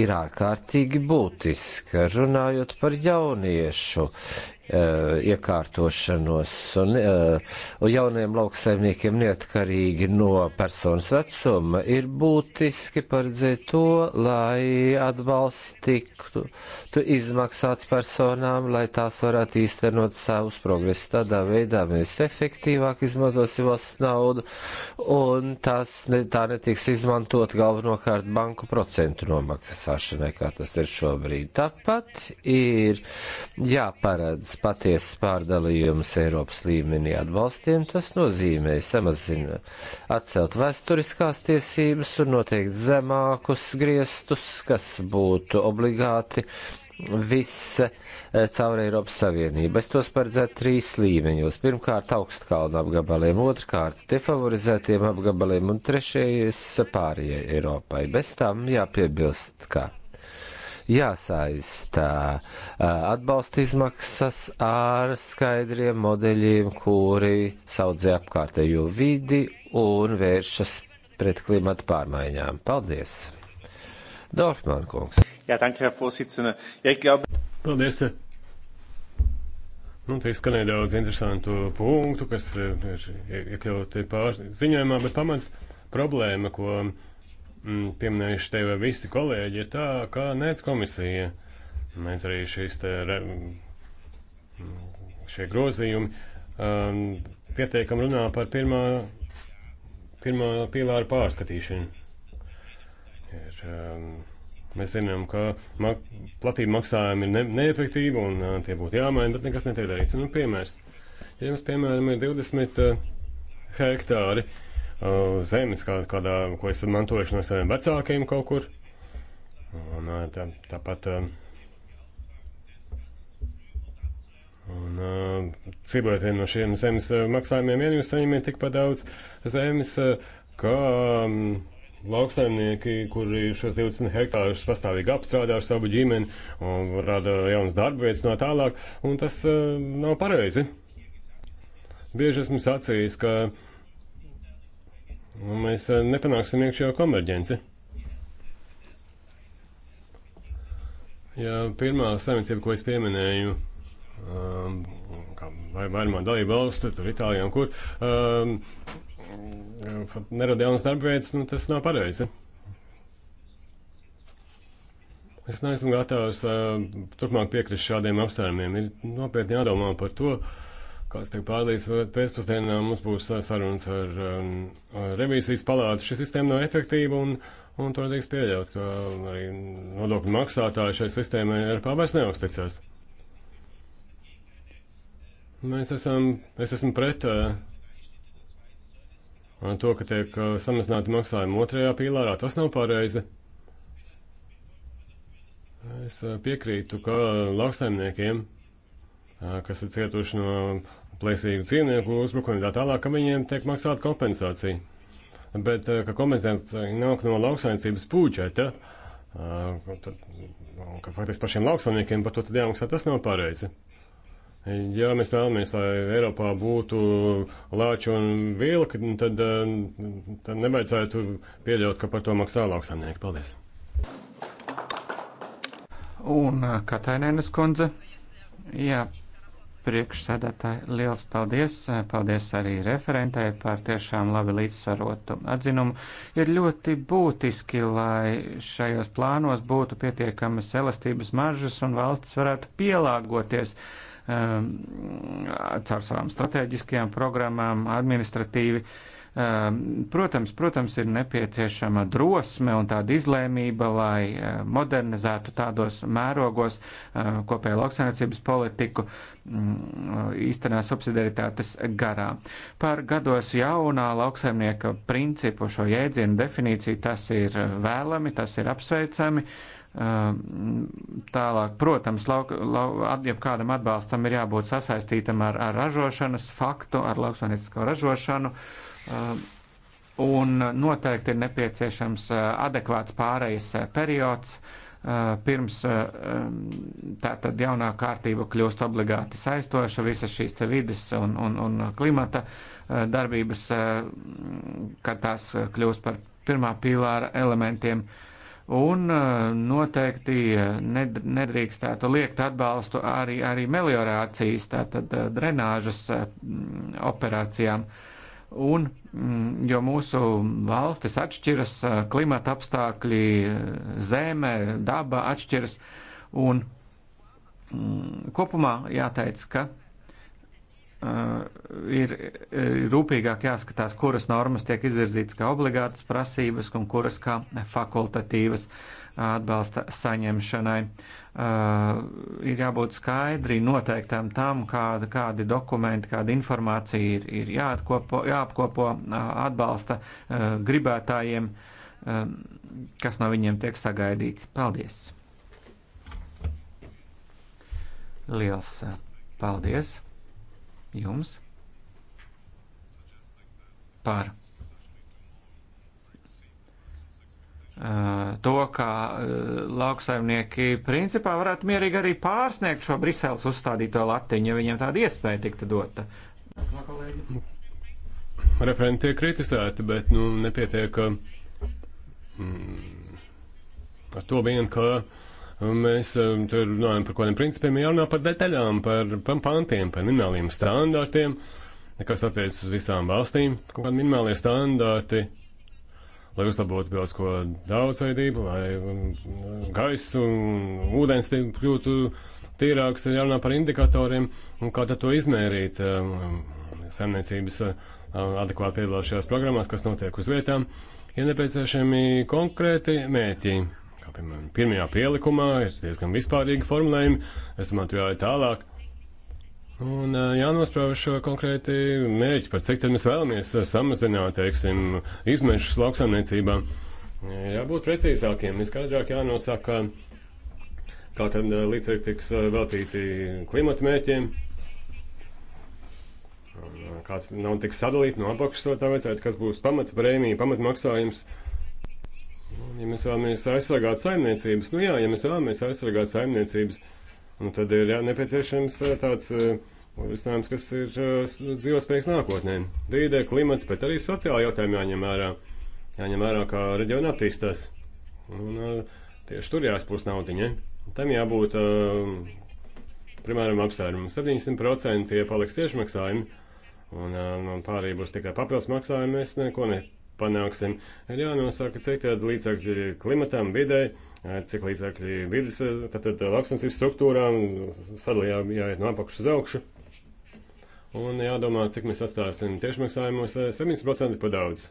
ir ārkārtīgi būtiska. Runājot par jauniešu Eh, iekārtošanos un, eh, un jauniem lauksaimniekiem neatkarīgi no personas vecuma ir būtiski paredzēt to, lai atbalsts tiktu izmaksāts personām, lai tās varētu īstenot savus progresus. Tādā veidā mēs efektīvāk izmantosim valsts naudu un tās, ne, tā netiks izmantot galvenokārt banku procentu nomaksāšanai, kā tas ir šobrīd. Tāpat ir jāparedz tāds patiesas pārdalījums Eiropas līmenī atbalstiem, tas nozīmē samazina atcelt vēsturiskās tiesības un noteikt zemākus griestus, kas būtu obligāti viss eh, caur Eiropas Savienību. Es tos paredzētu trīs līmeņos. Pirmkārt, augstkalnu apgabaliem, otrkārt, defavorizētiem apgabaliem un trešais pārējai Eiropai. Bez tam jāpiebilst, ka. Kā jāsaistā atbalsta izmaksas ar skaidriem modeļiem, kuri saudzē apkārtējo vidi un vēršas pret klimatu pārmaiņām. Paldies! Dorfmann kungs. Jā, danke, Herr Vorsitzende. Ja, ich glaube... Paldies. Nu, te izskanēja daudz interesantu punktu, kas ir iekļauti pārziņojumā, bet pamat problēma, ko Mm, pieminējuši tevi visi kolēģi, ir tā, ka nec komisija, nec arī šīs te, re, mm, šie grozījumi um, pieteikam runā par pirmā, pirmā pīlāra pārskatīšanu. Ir, um, mēs zinām, ka mak platība maksājumi ir ne neefektīvi un uh, tie būtu jāmaina, bet nekas netiek darīts. Nu, piemērs. Ja jums, piemēram, ir 20 uh, hektāri, uh, Uh, zemes, kā, kādā, ko es mantojuši no saviem vecākiem kaut kur. Un, uh, tā, tāpat. Uh, un, cibojot vienu no šiem zemes maksājumiem, vien jūs saņemiet tikpat daudz zemes, kā um, lauksaimnieki, kuri šos 20 hektārus pastāvīgi apstrādā ar savu ģimeni un rada jaunas darba vietas no tālāk, un tas nav pareizi. Bieži esmu sacījis, ka uh, Un nu, mēs eh, nepanāksim iekšējo konverģenci. Ja pirmā saimniecība, ko es pieminēju, um, vai vairumā dalība valstu, tur Itālijā un kur, um, nerada jaunas darba vietas, nu, tas nav pareizi. Es neesmu gatavs uh, turpmāk piekrist šādiem apstākļiem. Ir nopietni jādomā par to, uh, Kāds tiek pārlīdz pēcpusdienā mums būs uh, sarunas ar, um, ar revīzijas palātu. Šī sistēma nav efektīva un, un to nedrīkst pieļaut, ka arī nodokļu maksātāji šai sistēmai ar pārvairs neusticās. Mēs esam, es esmu pret uh, to, ka tiek uh, samazināti maksājumi otrajā pīlārā. Tas nav pareizi. Es piekrītu, ka lauksaimniekiem, kas ir cietuši no plēsīgu dzīvnieku uzbrukumu tā tālāk, ka viņiem tiek maksāta kompensācija. Bet, eh, ka kompensācija nāk no lauksaimniecības budžeta, eh, ka faktiski pašiem lauksaimniekiem par to tad jāmaksā, tas nav pareizi. Ja mēs vēlamies, lai Eiropā būtu lāči un vilki, tad, eh, tad nevajadzētu pieļaut, ka par to maksā lauksaimnieki. Paldies! Un Katainēnas kundze. Jā, priekšsēdētāji, liels paldies! Paldies arī referentai par tiešām labi līdzsvarotu atzinumu. Ir ļoti būtiski, lai šajos plānos būtu pietiekamas elastības maržas un valsts varētu pielāgoties um, caur savām strateģiskajām programmām administratīvi. Uh, Ehm, protams, protams, ir nepieciešama drosme un tāda izlēmība, lai eh, modernizētu tādos mērogos eh, kopēju lauksainiecības politiku mm, eh, īstenā subsidiaritātes garā. Par gados jaunā lauksaimnieka principu šo jēdzienu definīciju tas ir vēlami, tas ir apsveicami. Ehm, tālāk, protams, lauk, lauk, jebkādam atbalstam ir jābūt sasaistītam ar, ar ražošanas faktu, ar lauksaimniecisko ražošanu. Uh, Uh, un noteikti ir nepieciešams uh, adekvāts pārejas uh, periods, pirms um, tātad jaunā kārtība kļūst obligāti saistoša, visas šīs vidas un, un, un klimata darbības, kad tās kļūst par pirmā pīlāra elementiem. Un noteikti nedrīkstētu liekt atbalstu arī, arī meliorācijas, tātad drenāžas operācijām. Uh, Un, mm, jo mūsu valstis atšķiras, klimata apstākļi, zeme, daba atšķiras, un mm, kopumā jāteic, ka ir rūpīgāk jāskatās, kuras normas tiek izvirzītas kā obligātas prasības un kuras kā fakultatīvas. Uh, atbalsta saņemšanai. Uh, ir jābūt skaidri noteiktam tam, kāda, kādi dokumenti, kāda informācija ir, ir jāatkopo, jāapkopo uh, atbalsta uh, gribētājiem, um, kas no viņiem tiek sagaidīts. Paldies! Liels uh, paldies jums par! Eh, to, ka eh, lauksaimnieki principā varētu mierīgi arī pārsniegt šo Briseles uzstādīto latiņu, ja viņiem tāda iespēja tiktu dota. Referenti tiek kritizēti, bet nu, nepietiek mm, ar to vien, ka mēs eh, tur runājam par kādiem principiem, jārunā par detaļām, par, par pantiem, par minimāliem standārtiem, kas attiecas uz visām valstīm, kaut kādi minimālie standārti lai uzlabotu bioloģisko daudzveidību, lai gaisa un ūdens kļūtu tīrāks, ir jārunā par indikatoriem un kā tad to izmērīt um, saimniecības uh, adekvāti piedalās šajās programmās, kas notiek uz vietām. Ir ja nepieciešami konkrēti mēķi. Kā piemēram, pirmajā pielikumā ir diezgan vispārīgi formulējumi. Es domāju, tu jāiet tālāk Un jānosprauž konkrēti mērķi, par cik tad mēs vēlamies samazināt, teiksim, izmešus lauksaimniecībā. Jābūt precīzākiem, ir skaidrāk jānosaka, kā tad līdzekļi tiks veltīti klimata mērķiem, kāds nav tiks sadalīti no apakšas, tā vajadzētu, kas būs pamata prēmija, pamata maksājums. Un, ja mēs vēlamies aizsargāt saimniecības, nu jā, ja mēs vēlamies aizsargāt saimniecības, Un tad ir jā, nepieciešams eh, tāds eh, risinājums, kas ir eh, dzīvotspējīgs nākotnē. Vīde, klimats, bet arī sociāla jautājuma jāņem vērā. Jāņem vērā, kā reģiona attīstās. Un tieši tur jāspūst naudiņa. Tam jābūt, primēram, apsvērumam. 70% tie paliks tiešmaksājumi, un, un pārējie būs tikai papildus maksājumi. Mēs neko ne, panāksim. Ir jānosaka, cik tāda līdzekļi ir klimatam, videi, cik līdzekļi vidas, eh, tātad eh, lauksnesības struktūrām, sadalījā jāiet no apakšas uz augšu. Un jādomā, cik mēs atstāsim tiešmaksājumus, 70% par daudz.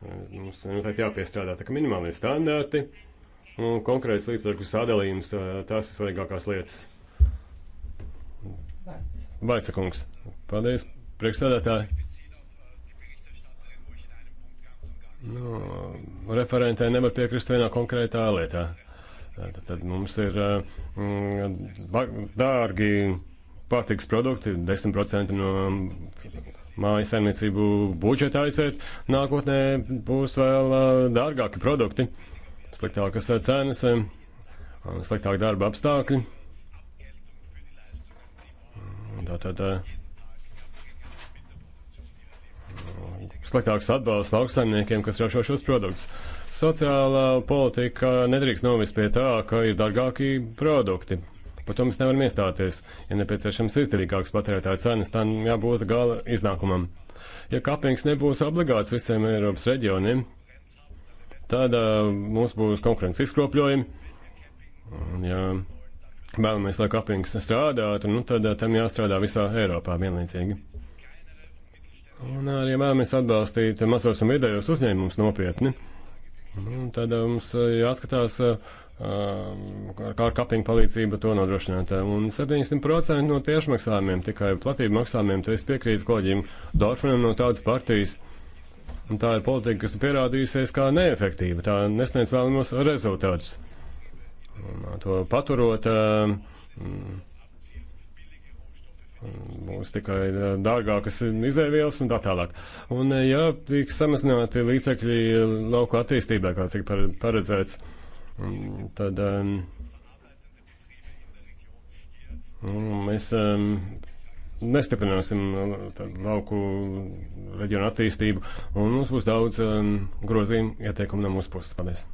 Eh, mums noteikti jāpiestrādā, tā kā minimāli ir standarti un konkrēts līdzekļu sadalījums, tās ir svarīgākās lietas. Vaica kungs, paldies, priekšstādātāji! Nu, referentē nevar piekrist vienā konkrētā lietā. Tad, tad mums ir eh, mm, dārgi pārtiks produkti, 10% no mājas saimniecību budžetā aiziet. Nākotnē būs vēl eh, dārgāki produkti, sliktākas eh, cenas, sliktāk darba apstākļi. Tātad. Tā, tā. sliktāks atbalsts lauksaimniekiem, kas ražo šos produktus. Sociālā politika nedrīkst novest pie tā, ka ir dārgāki produkti. Par to mēs nevaram iestāties. Ja nepieciešams izdevīgāks patērētāja cenas, tam jābūt gala iznākumam. Ja kapings nebūs obligāts visiem Eiropas reģioniem, tad uh, mums būs konkurences izkropļojumi. Un, ja vēlamies, lai kapings strādātu, nu, tad uh, tam jāstrādā visā Eiropā vienlaicīgi. Un arī vēlamies atbalstīt mazos un vidējos uzņēmumus nopietni. Un tad uh, mums uh, jāskatās, kā uh, ar kapinga palīdzību to nodrošināt. Un 70% no tiešmaksājumiem, tikai platību maksājumiem, te es piekrītu kolēģim Dorfanam no tādas partijas. Un tā ir politika, kas ir pierādījusies kā neefektīva. Tā nesniedz vēlamos rezultātus. Un, to paturot. Uh, būs tikai dārgākas izēvielas un tā tālāk. Un, ja tiks samazināti līdzekļi lauku attīstībai, kā cik paredzēts, tad um, mēs um, nestiprināsim tad, lauku reģionu attīstību, un mums būs daudz um, grozījumu ieteikumu no mūsu puses. Paldies!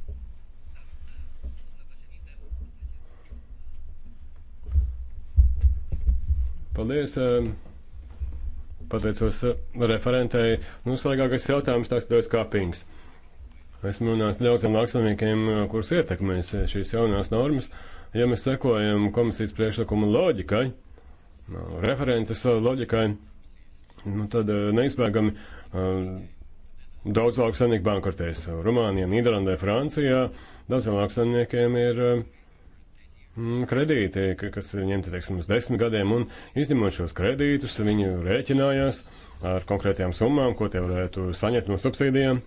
Paldies! Eh, pateicos eh, referentei. Nu, svarīgākais jautājums tās ir kāpings. Esmu runājis daudziem māksliniekiem, eh, kurus ietekmēs šīs jaunās normas. Ja mēs sekojam komisijas priekšlikuma loģikai, referentes loģikai, nu, tad neizbēgami daudz lauksaimnieku bankrotēs. Rumānijā, Nīderlandē, Francijā daudziem lauksaimniekiem ir. Uh, Mm, kredīti, kas ir ņemti, teiksim, uz desmit gadiem, un izņemot šos kredītus, viņi rēķinājās ar konkrētajām summām, ko tie varētu saņemt no subsīdijām.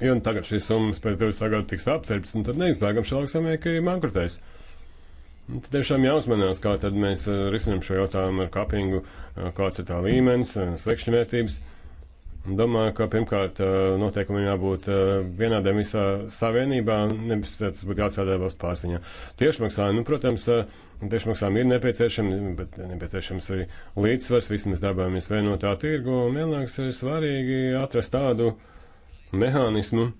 Ja un tagad šīs summas pēc 20 gadu tiks apcerpts, un nu, tad neizbēgam šie lauksamnieki bankrotēs. Tad tiešām jāuzmanās, kā tad mēs eh, risinam šo jautājumu ar kapingu, eh, kāds ir tā līmenis, eh, slikšņvērtības. vērtības. Domāju, ka pirmkārt eh, noteikumiem jābūt eh, vienādiem visā savienībā, nevis tas būtu jāatstādā valsts pārziņā. Tiešmaksājumi, nu, protams, eh, tiešmaksājumi ir nepieciešami, bet nepieciešams arī līdzsvars, vismaz darbojamies vienotā tirgu, un vienlaiks ir svarīgi atrast tādu mehānismu,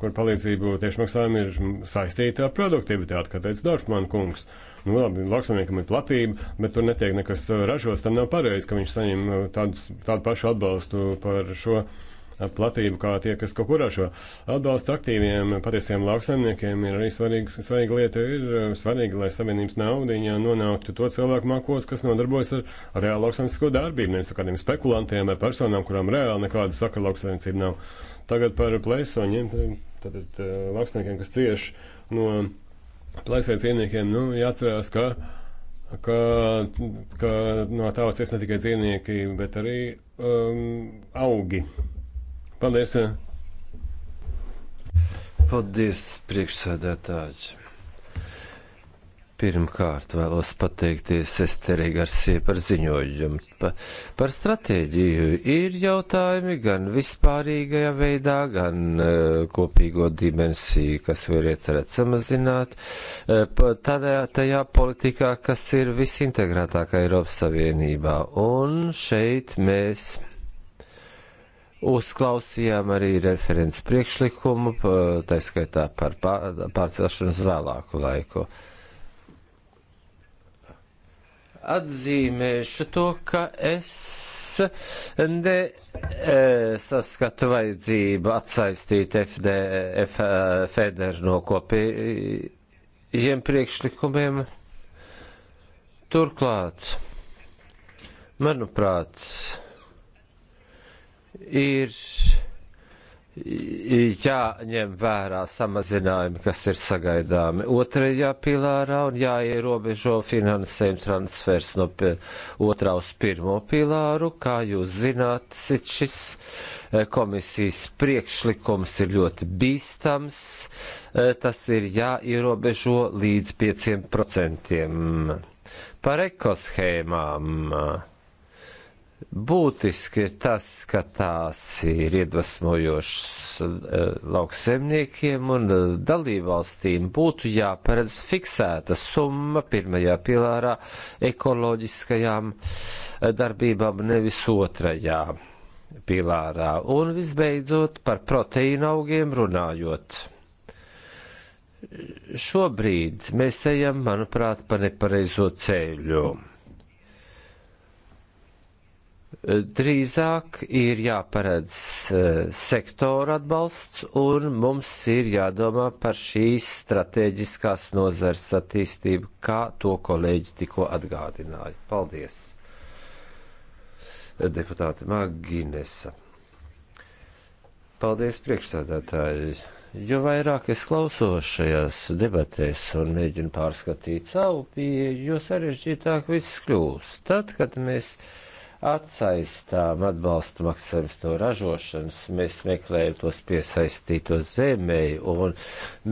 kur palīdzību tiešmaksājumi ir saistīta ar produktivitāti, kā teica Dorfman kungs. Uh, nu labi, lauksamniekam ir platība, bet tur netiek nekas eh, ražots, tad nav pareizi, ka viņš saņem eh, tādus, tādu pašu atbalstu par šo eh, platību kā tie, kas kaut kur ražo. Atbalsts aktīviem patiesiem lauksaimniekiem ir arī svarīgs, svarīga lieta. Ir svarīgi, lai savienības naudiņā nonāktu to cilvēku mākos, kas nodarbojas ar reālu lauksaimniecisko darbību, nevis ar kādiem spekulantiem vai personām, kurām reāli nekāda sakra lauksaimniecība nav. Tagad par plēsoņiem, tātad lauksaimniekiem, kas cieši no. Plaisai dzīvniekiem, nu, jāatcerās, ka, ka, ka no tavas ies ne tikai dzīvnieki, bet arī um, augi. Paldies! Paldies, priekšsēdētāji! Pirmkārt, vēlos pateikties Esterei Garsie par ziņojumu. Pa, par stratēģiju ir jautājumi gan vispārīgajā veidā, gan uh, kopīgo dimensiju, kas var iecerēt samazināt, uh, tādā, tajā politikā, kas ir visintegrētākā Eiropas Savienībā. Un šeit mēs uzklausījām arī referents priekšlikumu, uh, taiskaitā par pārcelšanos vēlāku laiku. Uh, atzīmēšu to, ka es ne e, saskatu vajadzību atsaistīt FD, F, e, FEDER no kopējiem priekšlikumiem. Turklāt, manuprāt, ir jāņem vērā samazinājumi, kas ir sagaidāmi otrajā pilārā un jāierobežo finansējuma transfers no otrā uz pirmo pilāru. Kā jūs zināt, šis eh, komisijas priekšlikums ir ļoti bīstams. Eh, tas ir jāierobežo līdz 5%. Par ekoshēmām Būtiski ir tas, ka tās ir iedvesmojošas e, lauksemniekiem un e, dalībvalstīm būtu jāparedz fiksēta summa pirmajā pilārā ekoloģiskajām e, darbībām, nevis otrajā pilārā. Un visbeidzot par proteīna augiem runājot. Šobrīd mēs ejam, manuprāt, pa nepareizo ceļu Eh, drīzāk ir jāparedz eh, sektora atbalsts, un mums ir jādomā par šīs strateģiskās nozars attīstību, kā to kolēģi tikko atgādināja. Paldies, eh, deputāte Maginesa. Paldies, priekšsēdētāji. Jo vairāk es klausos šajās debatēs un mēģinu pārskatīt savu pieeju, jo sarežģītāk viss kļūst. Tad, kad mēs. Uh, atsaistām atbalsta maksājumus no ražošanas, mēs meklējam tos piesaistītos zemē un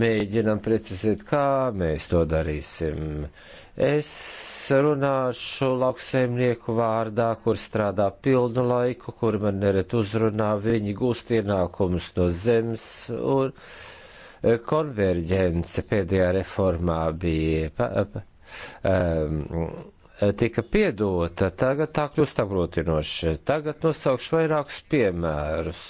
mēģinam precizēt, kā mēs to darīsim. Es runāšu lauksaimnieku vārdā, kur strādā pilnu laiku, kur man neret uzrunā, viņi gūst ienākumus no zemes un konverģence pēdējā reformā bija. Pa, pa, um, Eh, tika piedota, tagad tā kļūst apgrūtinoši. Tagad nosaukšu vairākus piemērus.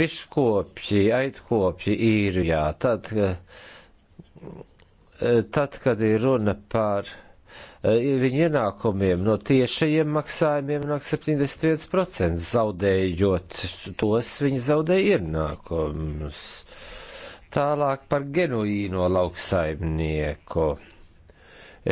Biškopji, aitkopji īrijā, tad, eh, tad, kad ir runa par eh, viņu ienākumiem no tiešajiem maksājumiem nāk 71%, zaudējot tos, viņi zaudēja ienākumus. Tālāk par genuīno lauksaimnieku.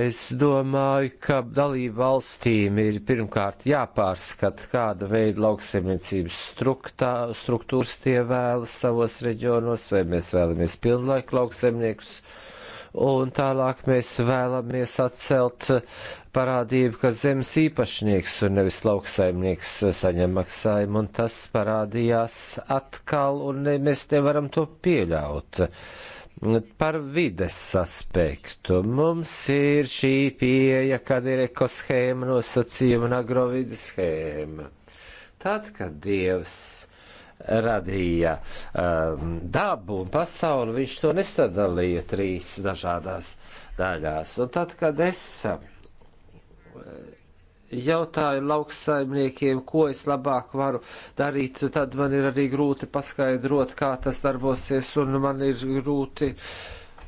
Es domāju, ka dalību valstīm ir pirmkārt jāpārskata, kāda veida lauksaimniecības struktūras tie vēlas savos reģionos, vai mēs vēlamies pilnlaika lauksaimniekus. Un tālāk mēs vēlamies atcelt parādību, ka zemes īpašnieks un nevis lauksaimnieks saņem maksājumu, un tas parādījās atkal, un ne, mēs nevaram to pieļaut. Uh, Par vides aspektu mums ir šī pieeja, kad ir ekoshēma nosacījuma un agrovidas schēma. Tad, kad Dievs radīja um, dabu un pasauli, viņš to nesadalīja trīs dažādās daļās. Un tad, kad es uh, jautāju lauksaimniekiem, ko es labāk varu darīt, tad man ir arī grūti paskaidrot, kā tas darbosies, un man ir grūti.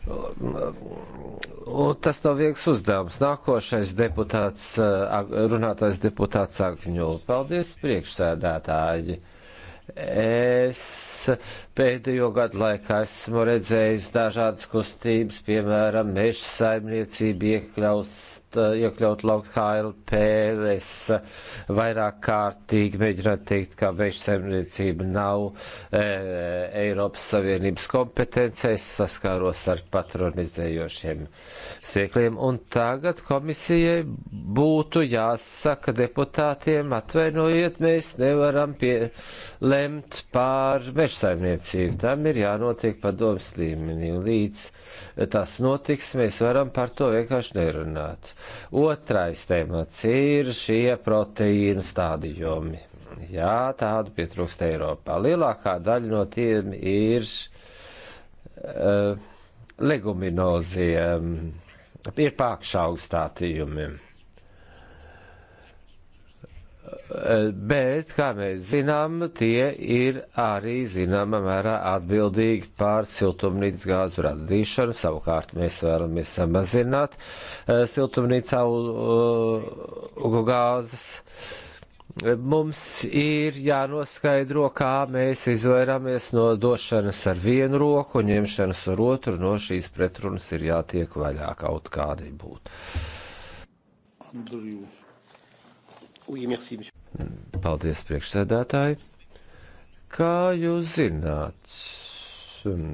Un tas nav viegls uzdevums. Nākošais deputāts, runātais deputāts Agņu. Paldies, priekšsēdētāji! Es pēdējo gadu laikā esmu redzējis dažādas kustības, piemēram, meža saimniecība iekļaus iekļaut lauku KLP. Es vairāk kārtīgi mēģinātu teikt, ka meža saimniecība nav e, Eiropas Savienības kompetence. Es saskāros ar patronizējošiem sviekliem. Un tagad komisijai būtu jāsaka deputātiem, atvainojiet, mēs nevaram pie, lemt pār meža saimniecību. Tam ir jānotiek padomas līmenī. Līdz tas notiks, mēs varam par to vienkārši nerunāt. Otrais temats ir šie proteīna stādījumi. Jā, tādu pietrūkst Eiropā. Lielākā daļa no tiem ir uh, leguminozie, um, ir pākšā uzstādījumi. Uh, bet, kā mēs zinām, tie ir arī zināmā mērā atbildīgi par siltumnīcas gāzu radīšanu. Savukārt mēs vēlamies samazināt eh, siltumnīca augu eh, gāzes. Mums ir jānoskaidro, kā mēs izvairāmies no došanas ar vienu roku un ņemšanas ar otru. No šīs pretrunas ir jātiek vaļā kaut kādī būt. Andriju. Paldies, priekšsēdētāji. Kā jūs zināt, um,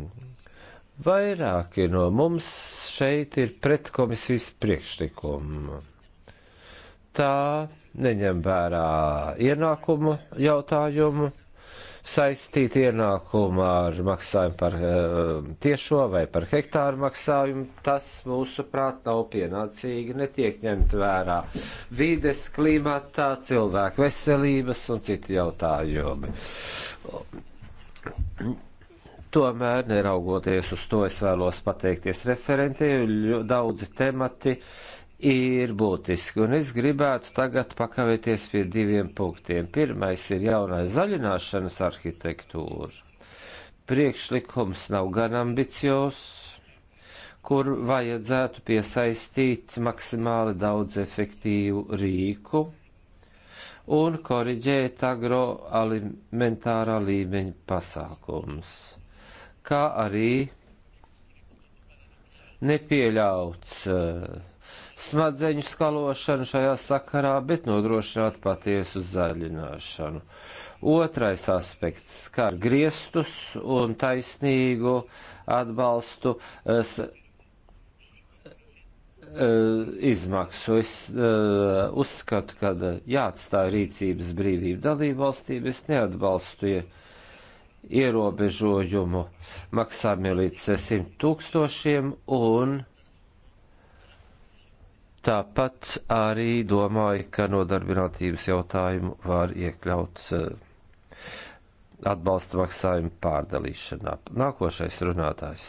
vairāki no mums šeit ir pret komisijas priekšlikumu. Tā neņem vērā ienākumu jautājumu saistīt ienākumu ar maksājumu par uh, tiešo vai par hektāru maksājumu, tas mūsuprāt nav pienācīgi, netiek ņemt vērā vides, klimatā, cilvēku veselības un citi jautājumi. Tomēr, neraugoties uz to, es vēlos pateikties referentiem, daudzi temati uh, ir būtiski, un es gribētu tagad pakavēties pie diviem punktiem. Pirmais ir jaunā zaļināšanas arhitektūra. Priekšlikums nav gan ambicios, kur vajadzētu piesaistīt maksimāli daudz efektīvu rīku un koriģēt agroalimentārā līmeņa pasākums, kā arī nepieļauts uh, smadzeņu skalošanu šajā sakarā, bet nodrošināt patiesu zaļināšanu. Otrais aspekts skar griestus un taisnīgu atbalstu es, e, izmaksu. Es e, uzskatu, ka e, jāatstāj rīcības brīvība dalībvalstīm. Es neatbalstu ja ierobežojumu maksājumiem līdz 600 tūkstošiem un Tāpat arī domāju, ka nodarbinātības jautājumu var iekļaut eh, atbalsta maksājumu pārdalīšanā. Nākošais runātājs.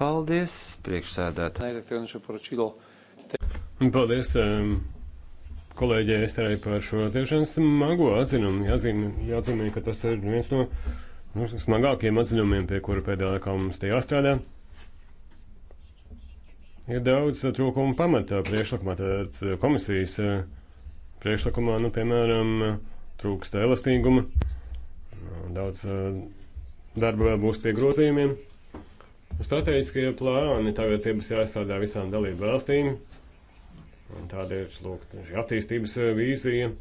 Paldies, priekšsēdētāji. Paldies kolēģē Esterai par šo tiešām smago atzinumu. Jāzīmē, jāzīmē, ka tas ir viens no nu, smagākajiem atzinumiem, pie kura pēdējā laikā mums te jāstrādā ir daudz trūkumu pamatā priekšlikumā, tad komisijas eh, priekšlikumā, nu, piemēram, trūkst elastīguma, daudz eh, darba vēl būs pie grozījumiem. Stratēģiskie plāni tagad tie būs jāizstrādā visām dalību valstīm. Tāda ir lūk, attīstības eh, vīzija,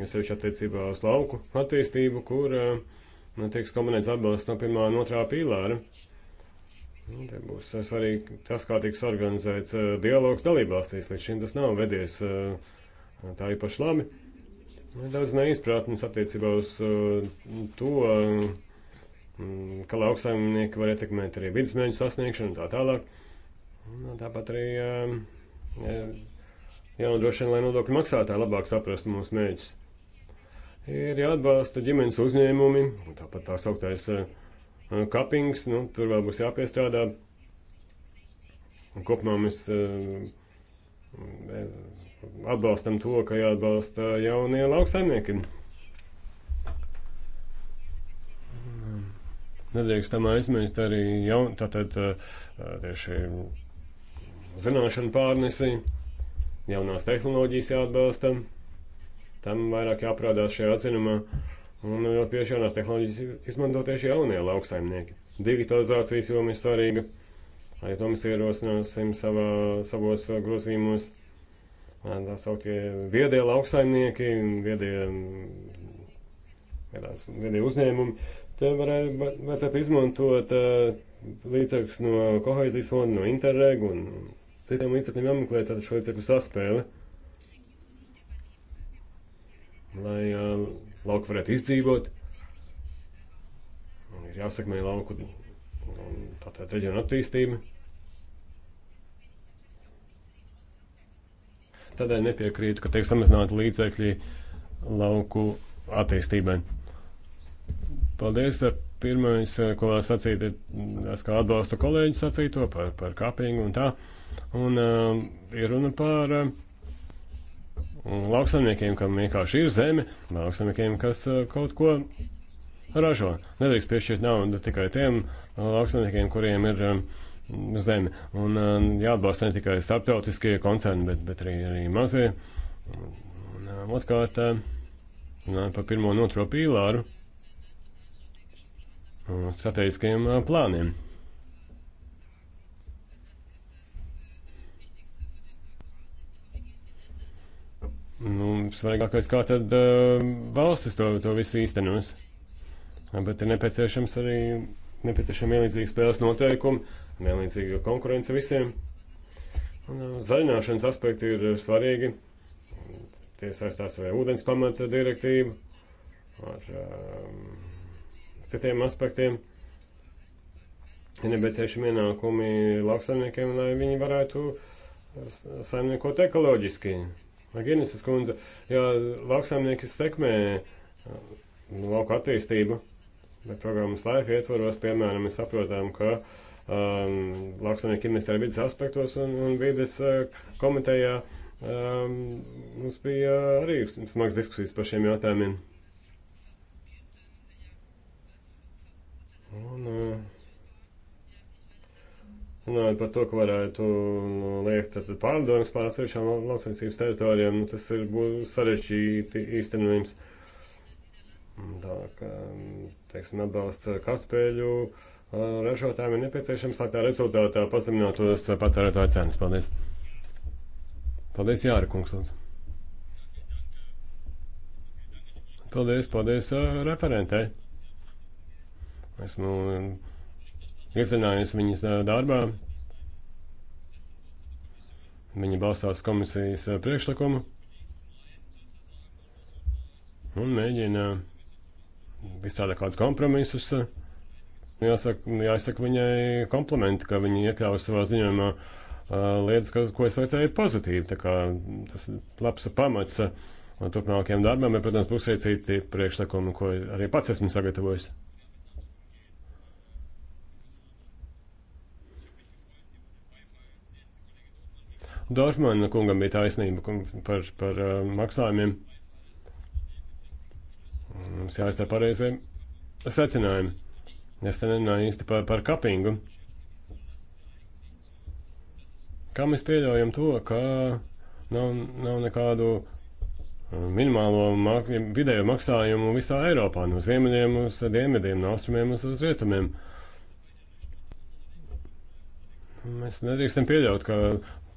kas sevišķi attiecībā uz lauku attīstību, kur nu, tiek kombinēts atbalsts no pirmā un otrā pīlāra. Nu, te būs eh, svarīgi tas, kā tiks organizēts eh, dialogs dalībvalstīs. Līdz šim tas nav vedies eh, tā īpaši labi. Ir nu, daudz neizpratnes attiecībā uz to, mm, ka lauksaimnieki var ietekmēt arī vidusmēģu sasniegšanu un tā tālāk. Nu, tāpat arī jā, droši vien, lai nodokļu maksātāji labāk saprastu mūsu mēģus. Ir jāatbalsta ģimenes uzņēmumi, un tāpat tā sauktais uh, kapings, nu, tur vēl būs jāpiestrādā. Kopumā mēs eh, atbalstam to, ka jāatbalsta jaunie lauksaimnieki. Nedrīkstam aizmirst arī jaun, tātad eh, tieši zināšanu pārnesi, jaunās tehnoloģijas jāatbalsta. Tam vairāk jāprādās šajā atzinumā. Un ļoti bieži jaunās tehnoloģijas izmanto tieši jaunie lauksaimnieki. Digitalizācijas joma ir svarīga. Arī to mēs ierosināsim savā, savos grozījumos. Tā sauktie viedie lauksaimnieki, viedie, viedās, mm, viedie uzņēmumi. Te varētu, vajadzētu izmantot līdzekļus no kohēzijas fonda, no Interreg un citiem līdzekļiem jāmeklē šo līdzekļu saspēli. Lai uh, lauki varētu izdzīvot. Un ir jāsakmē lauku tātad reģionu attīstība. Tādēļ nepiekrītu, ka tiek samazināti līdzekļi lauku attīstībai. Paldies! Pirmais, eh, ko vēl sacīt, ir tas, mm, kā atbalsta kolēģi sacīto par, par kapingu un tā. Un uh, ir runa par uh, lauksaimniekiem, kam vienkārši ir zeme, lauksaimniekiem, kas eh, kaut ko ražo. Nedrīkst piešķirt naudu tikai tiem eh, lauksaimniekiem, kuriem ir eh, zeme. Un jāatbalsta ne tikai starptautiskie koncerni, bet, bet arī, arī mazie. Un, otrkārt, par pirmo un otro pīlāru strateģiskiem plāniem. Nu, svarīgākais, kā tad uh, valstis to, to visu īstenos. Bet ir nepieciešams arī nepieciešami vienlīdzīgi spēles noteikumi, vienlīdzīga konkurence visiem. Un, uh, zaļināšanas aspekti ir eh, svarīgi. Tie saistās ar ūdens pamata direktīvu, ar um, citiem aspektiem. Ir nepieciešami ienākumi lauksaimniekiem, lai viņi varētu saimniekot ekoloģiski. Maginisas kundze, jā, lauksaimnieki sekmē uh, lauku attīstību, bet programmas laifa ietvaros, piemēram, mēs saprotam, ka um, lauksaimnieki investē vidas aspektos un, un vidas uh, komitejā um, mums bija arī smagas diskusijas par šiem jautājumiem. Un, uh, Runājot par to, ka varētu nu, liekt pārlidojumus pār atsevišķām lauksaimniecības teritorijām, nu, tas ir sarežģīti īstenojums. Tā kā, teiksim, atbalsts kartupeļu ražotājiem ir nepieciešams, lai tā rezultātā pazeminātos patērētāju cenas. Paldies! Paldies, Jāra kungs! Lūdzu. Paldies, paldies referentei! Esmu. Nu, iezinājos viņas darbā. Viņa balstās komisijas priekšlikumu un mēģina visādi kādus kompromisus. Jāsaka, jāsaka viņai komplimenti, ka viņa iekļāva savā ziņojumā lietas, ka, ko es vērtēju pozitīvi. Tā kā tas ir labs pamats turpmākajiem darbiem, bet, protams, būs arī citi priekšlikumi, ko arī pats esmu sagatavojis. Dorfmana kungam bija taisnība par, par uh, maksājumiem. Mums jāizstāv pareizie secinājumi. Es te nerunāju īsti par, par kapingu. Kā mēs pieļaujam to, ka nav, nav nekādu uh, minimālo mak vidējo maksājumu visā Eiropā, no ziemeļiem uz dienvidiem, no austrumiem uz, uz rietumiem. Mēs nedrīkstam pieļaut, ka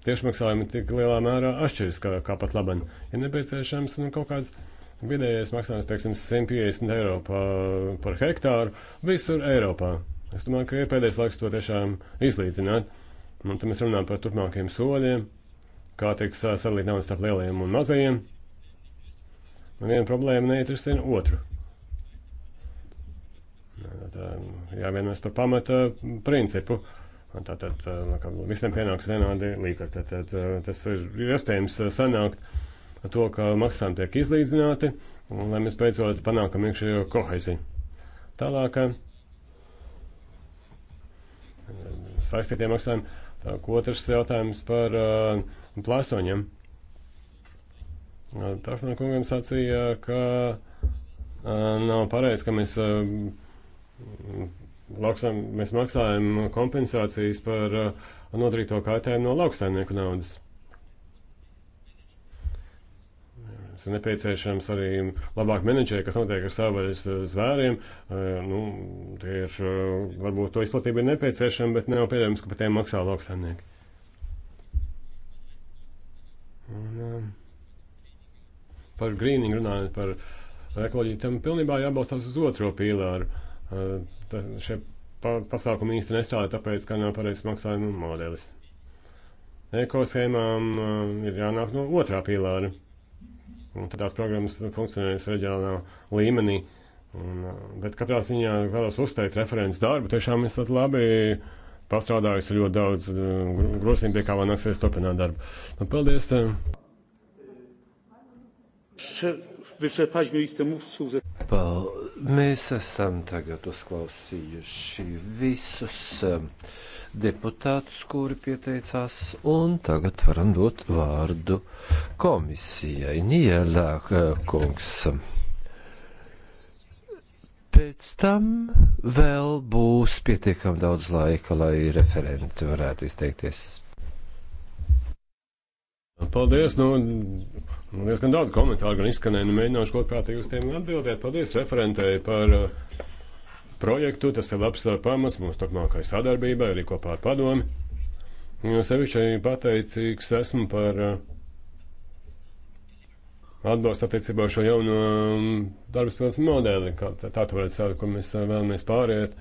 tiešmaksājumi tik lielā mērā atšķiras, kā, kā pat laban. Ir nepieciešams nu, kaut kāds vidējais maksājums, teiksim, 150 eiro pa, par hektāru visur Eiropā. Es domāju, ka ir pēdējais laiks to tiešām izlīdzināt. Un tad mēs runājam par turpmākajiem soļiem, kā tiks sadalīta nauda starp lielajiem un mazajiem. Un viena problēma neatrisina otru. Tā, jāvienojas par pamata principu. Uh, Tātad eh, nu, visiem pienāks vienādi līdzekļi. Tātad eh, tas ir, ir iespējams eh, sanākt to, ka maksājumi tiek izlīdzināti, un lai mēs beidzot panākam iekšējo koheziju. Tālāk saistītie maksājumi. Tā, otrs jautājums par uh, plāsoņiem. Tāpēc kungam sacīja, ka uh, nav pareizi, ka mēs uh, lauksam, mēs maksājam kompensācijas par uh, nodarīto kaitējumu no lauksaimnieku naudas. Tas ir nepieciešams arī labāk menedžēt, kas notiek ar savvaļas uh, zvēriem. Uh, nu, tieši varbūt to izplatība ir nepieciešama, bet nav pieļaujams, ka par tiem maksā lauksaimnieki. Un, par grīningu runājot par ekoloģiju, tam pilnībā jābalstās uz otro pīlāru tas, šie pa, pasākumi īsti nestrādā, tāpēc, ka nav pareizs maksājuma modelis. Ekoshēmām uh, ir jānāk no otrā pīlāra. Un tad tās programmas funkcionēs reģionālā līmenī. Un, uh, bet katrā ziņā vēlos uzteikt referents darbu. Tiešām esat labi pastrādājusi ļoti daudz uh, grozījumu, pie kā man nāksies turpināt darbu. Nu, paldies! Uh. Wyszedł paźmie listę mówców. Pal, Mēs esam tagad uzklausījuši visus um, deputātus, kuri pieteicās, un tagad varam dot vārdu komisijai. Nielā uh, kungs. Pēc tam vēl būs pietiekami daudz laika, lai referenti varētu izteikties. Paldies! Nu, Nu, diezgan daudz komentāru gan izskanēja, nu mēģināšu godprātīgi uz tiem atbildēt. Paldies referentēji par uh, projektu, tas ir labs uh, pamats mūsu turpmākajai sadarbībai, arī kopā ar padomi. Un sevišķi pateicīgs esmu par uh, atbalstu attiecībā šo jauno um, darbas pilnas modeli, kā tā, tā to varētu saukt, ko mēs uh, vēlamies pāriet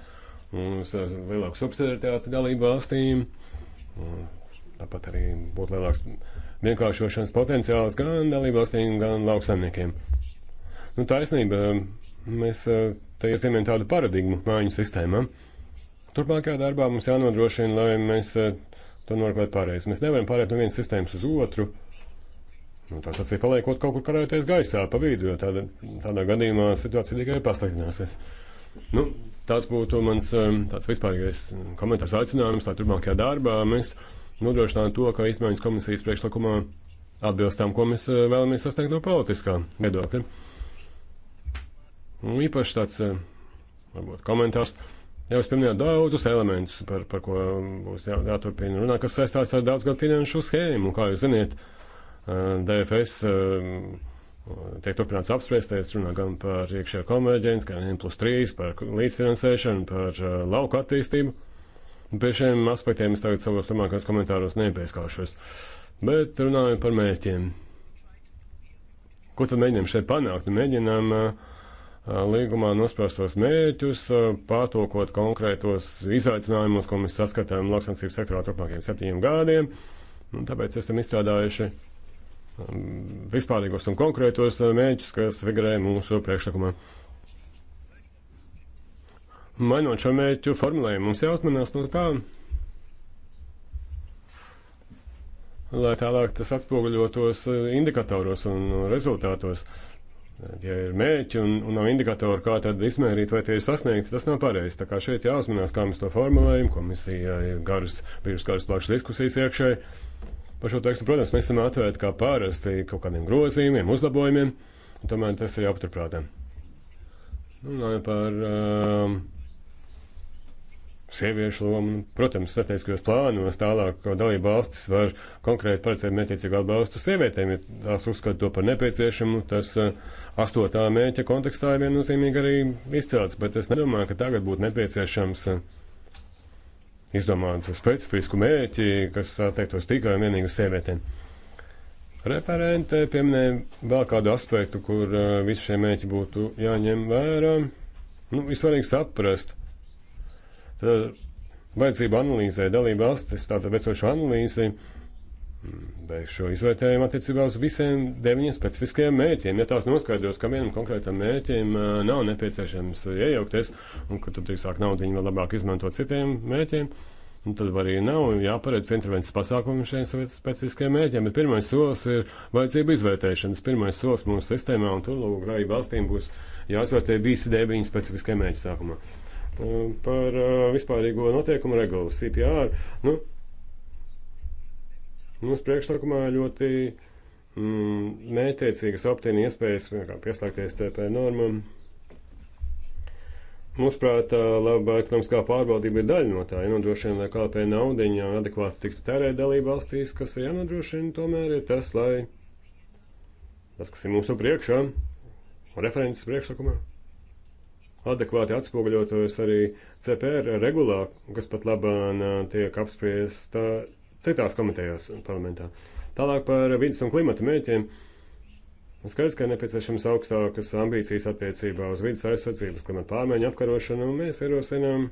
uz uh, lielāku subsidiaritāti dalību valstīm. Un tāpat arī būtu lielāks vienkāršošanas potenciāls gan dalībvalstīm, gan lauksaimniekiem. Nu, taisnība, mēs eh, te iezīmējam tādu paradigmu mājuņu sistēmā. Turpmākajā darbā mums jānodrošina, lai mēs eh, to norakot pareizi. Mēs nevaram pārēt no vienas sistēmas uz otru. Nu, tā tas ir paliekot kaut kur karājoties gaisā pa vidu, jo tāda, tādā gadījumā situācija tikai pasliktināsies. Nu, tas būtu mans eh, tāds vispārīgais komentārs aicinājums, lai turpmākajā darbā mēs. Uh, nodrošināt to, ka izmaiņas komisijas priekšlikumā atbilst tam, ko mēs eh, vēlamies sasniegt no politiskā viedokļa. Un īpaši tāds, eh, varbūt, komentārs. Jau es pieminēju daudzus elementus, par, par ko būs jā, jāturpina runāt, kas saistās ar daudzgadu finanšu schēmu. Kā jūs ziniet, eh, DFS tiek turpināts apspriesties, runā gan par iekšējo konverģenci, gan N plus 3, par līdzfinansēšanu, par lauku attīstību. Un pie šiem aspektiem es tagad savos turpmākajos komentāros nepieskāršos. Bet runājot par mērķiem. Ko tad mēģinām šeit panākt? Mēģinām līgumā nosprāst tos mērķus, pārtokot konkrētos izaicinājumus, ko mēs saskatām lauksansības sektorā turpmākajiem septiņiem gadiem. Un tāpēc esam izstrādājuši vispārīgos un konkrētos mērķus, kas figurē mūsu priekšlikumā mainot šo mērķu formulējumu. Mums jāuzmanās no tā, lai tālāk tas atspoguļotos eh, indikatoros un rezultātos. Ja ir mērķi un, un nav indikatori, kā tad izmērīt, vai tie ir sasniegti, tas nav pareizi. Tā kā šeit jāuzmanās, kā mēs to formulējam, komisija ir garas, bijušas garas plašas diskusijas iekšēji par šo tekstu. Protams, mēs esam atvērti kā pārasti kaut kādiem grozījumiem, uzlabojumiem, un tomēr tas ir jāpaturprātā. Nu, par uh, sieviešu lomu. Protams, strateģiskajos plānos tālāk dalība valstis var konkrēti paredzēt mērķiecīgu atbalstu sievietēm, ja tās uzskata to par nepieciešamu. Tas eh, astotā mērķa kontekstā ir viennozīmīgi arī izcelts, bet es nedomāju, ka tagad būtu nepieciešams eh, izdomāt specifisku mērķi, kas attiektos tikai un vienīgi uz sievietēm. Referente pieminēja vēl kādu aspektu, kur uh, visi šie mērķi būtu jāņem vērā. Nu, ir svarīgi saprast, vajadzību analīzē dalība valstis, tātad vecošu analīzi, bet šo izvērtējumu attiecībā uz visiem deviņiem specifiskajiem mērķiem. Ja tās noskaidros, ka vienam konkrētam mērķim nav nepieciešams iejaukties, un ka tur drīzāk naudiņu vēl labāk izmanto citiem mērķiem, Un tad arī nav jāparedz intervences pasākumi šiem specifiskajiem mērķiem, bet pirmais solis ir vajadzība izvērtēšanas. Pirmais solis mūsu sistēmā, un tur lūk, valstīm būs jāizvērtē visi dēbiņi specifiskie mērķi sākumā. Eh, par eh, vispārīgo noteikumu regulu CPR. Nu, mums priekšlikumā ļoti mm, mētiecīgas optīna iespējas pieslēgties TP normam. Mūsuprāt, eh, laba ekonomiskā pārbaudība ir daļa no tā. Jānodrošina, lai KLP naudiņa adekvāti tiktu tērēt dalību valstīs, kas ir jānodrošina tomēr ir tas, lai tas, kas ir mūsu priekšā, references priekšlikumā adekvāti atspoguļotos arī CPR regulā, kas pat labāk uh, tiek apspriesta citās komitejās parlamentā. Tālāk par vidas un klimata mērķiem. Skaidrs, ka nepieciešams augstākas ambīcijas attiecībā uz vidas aizsardzības, klimata pārmaiņu apkarošanu, un mēs ierosinām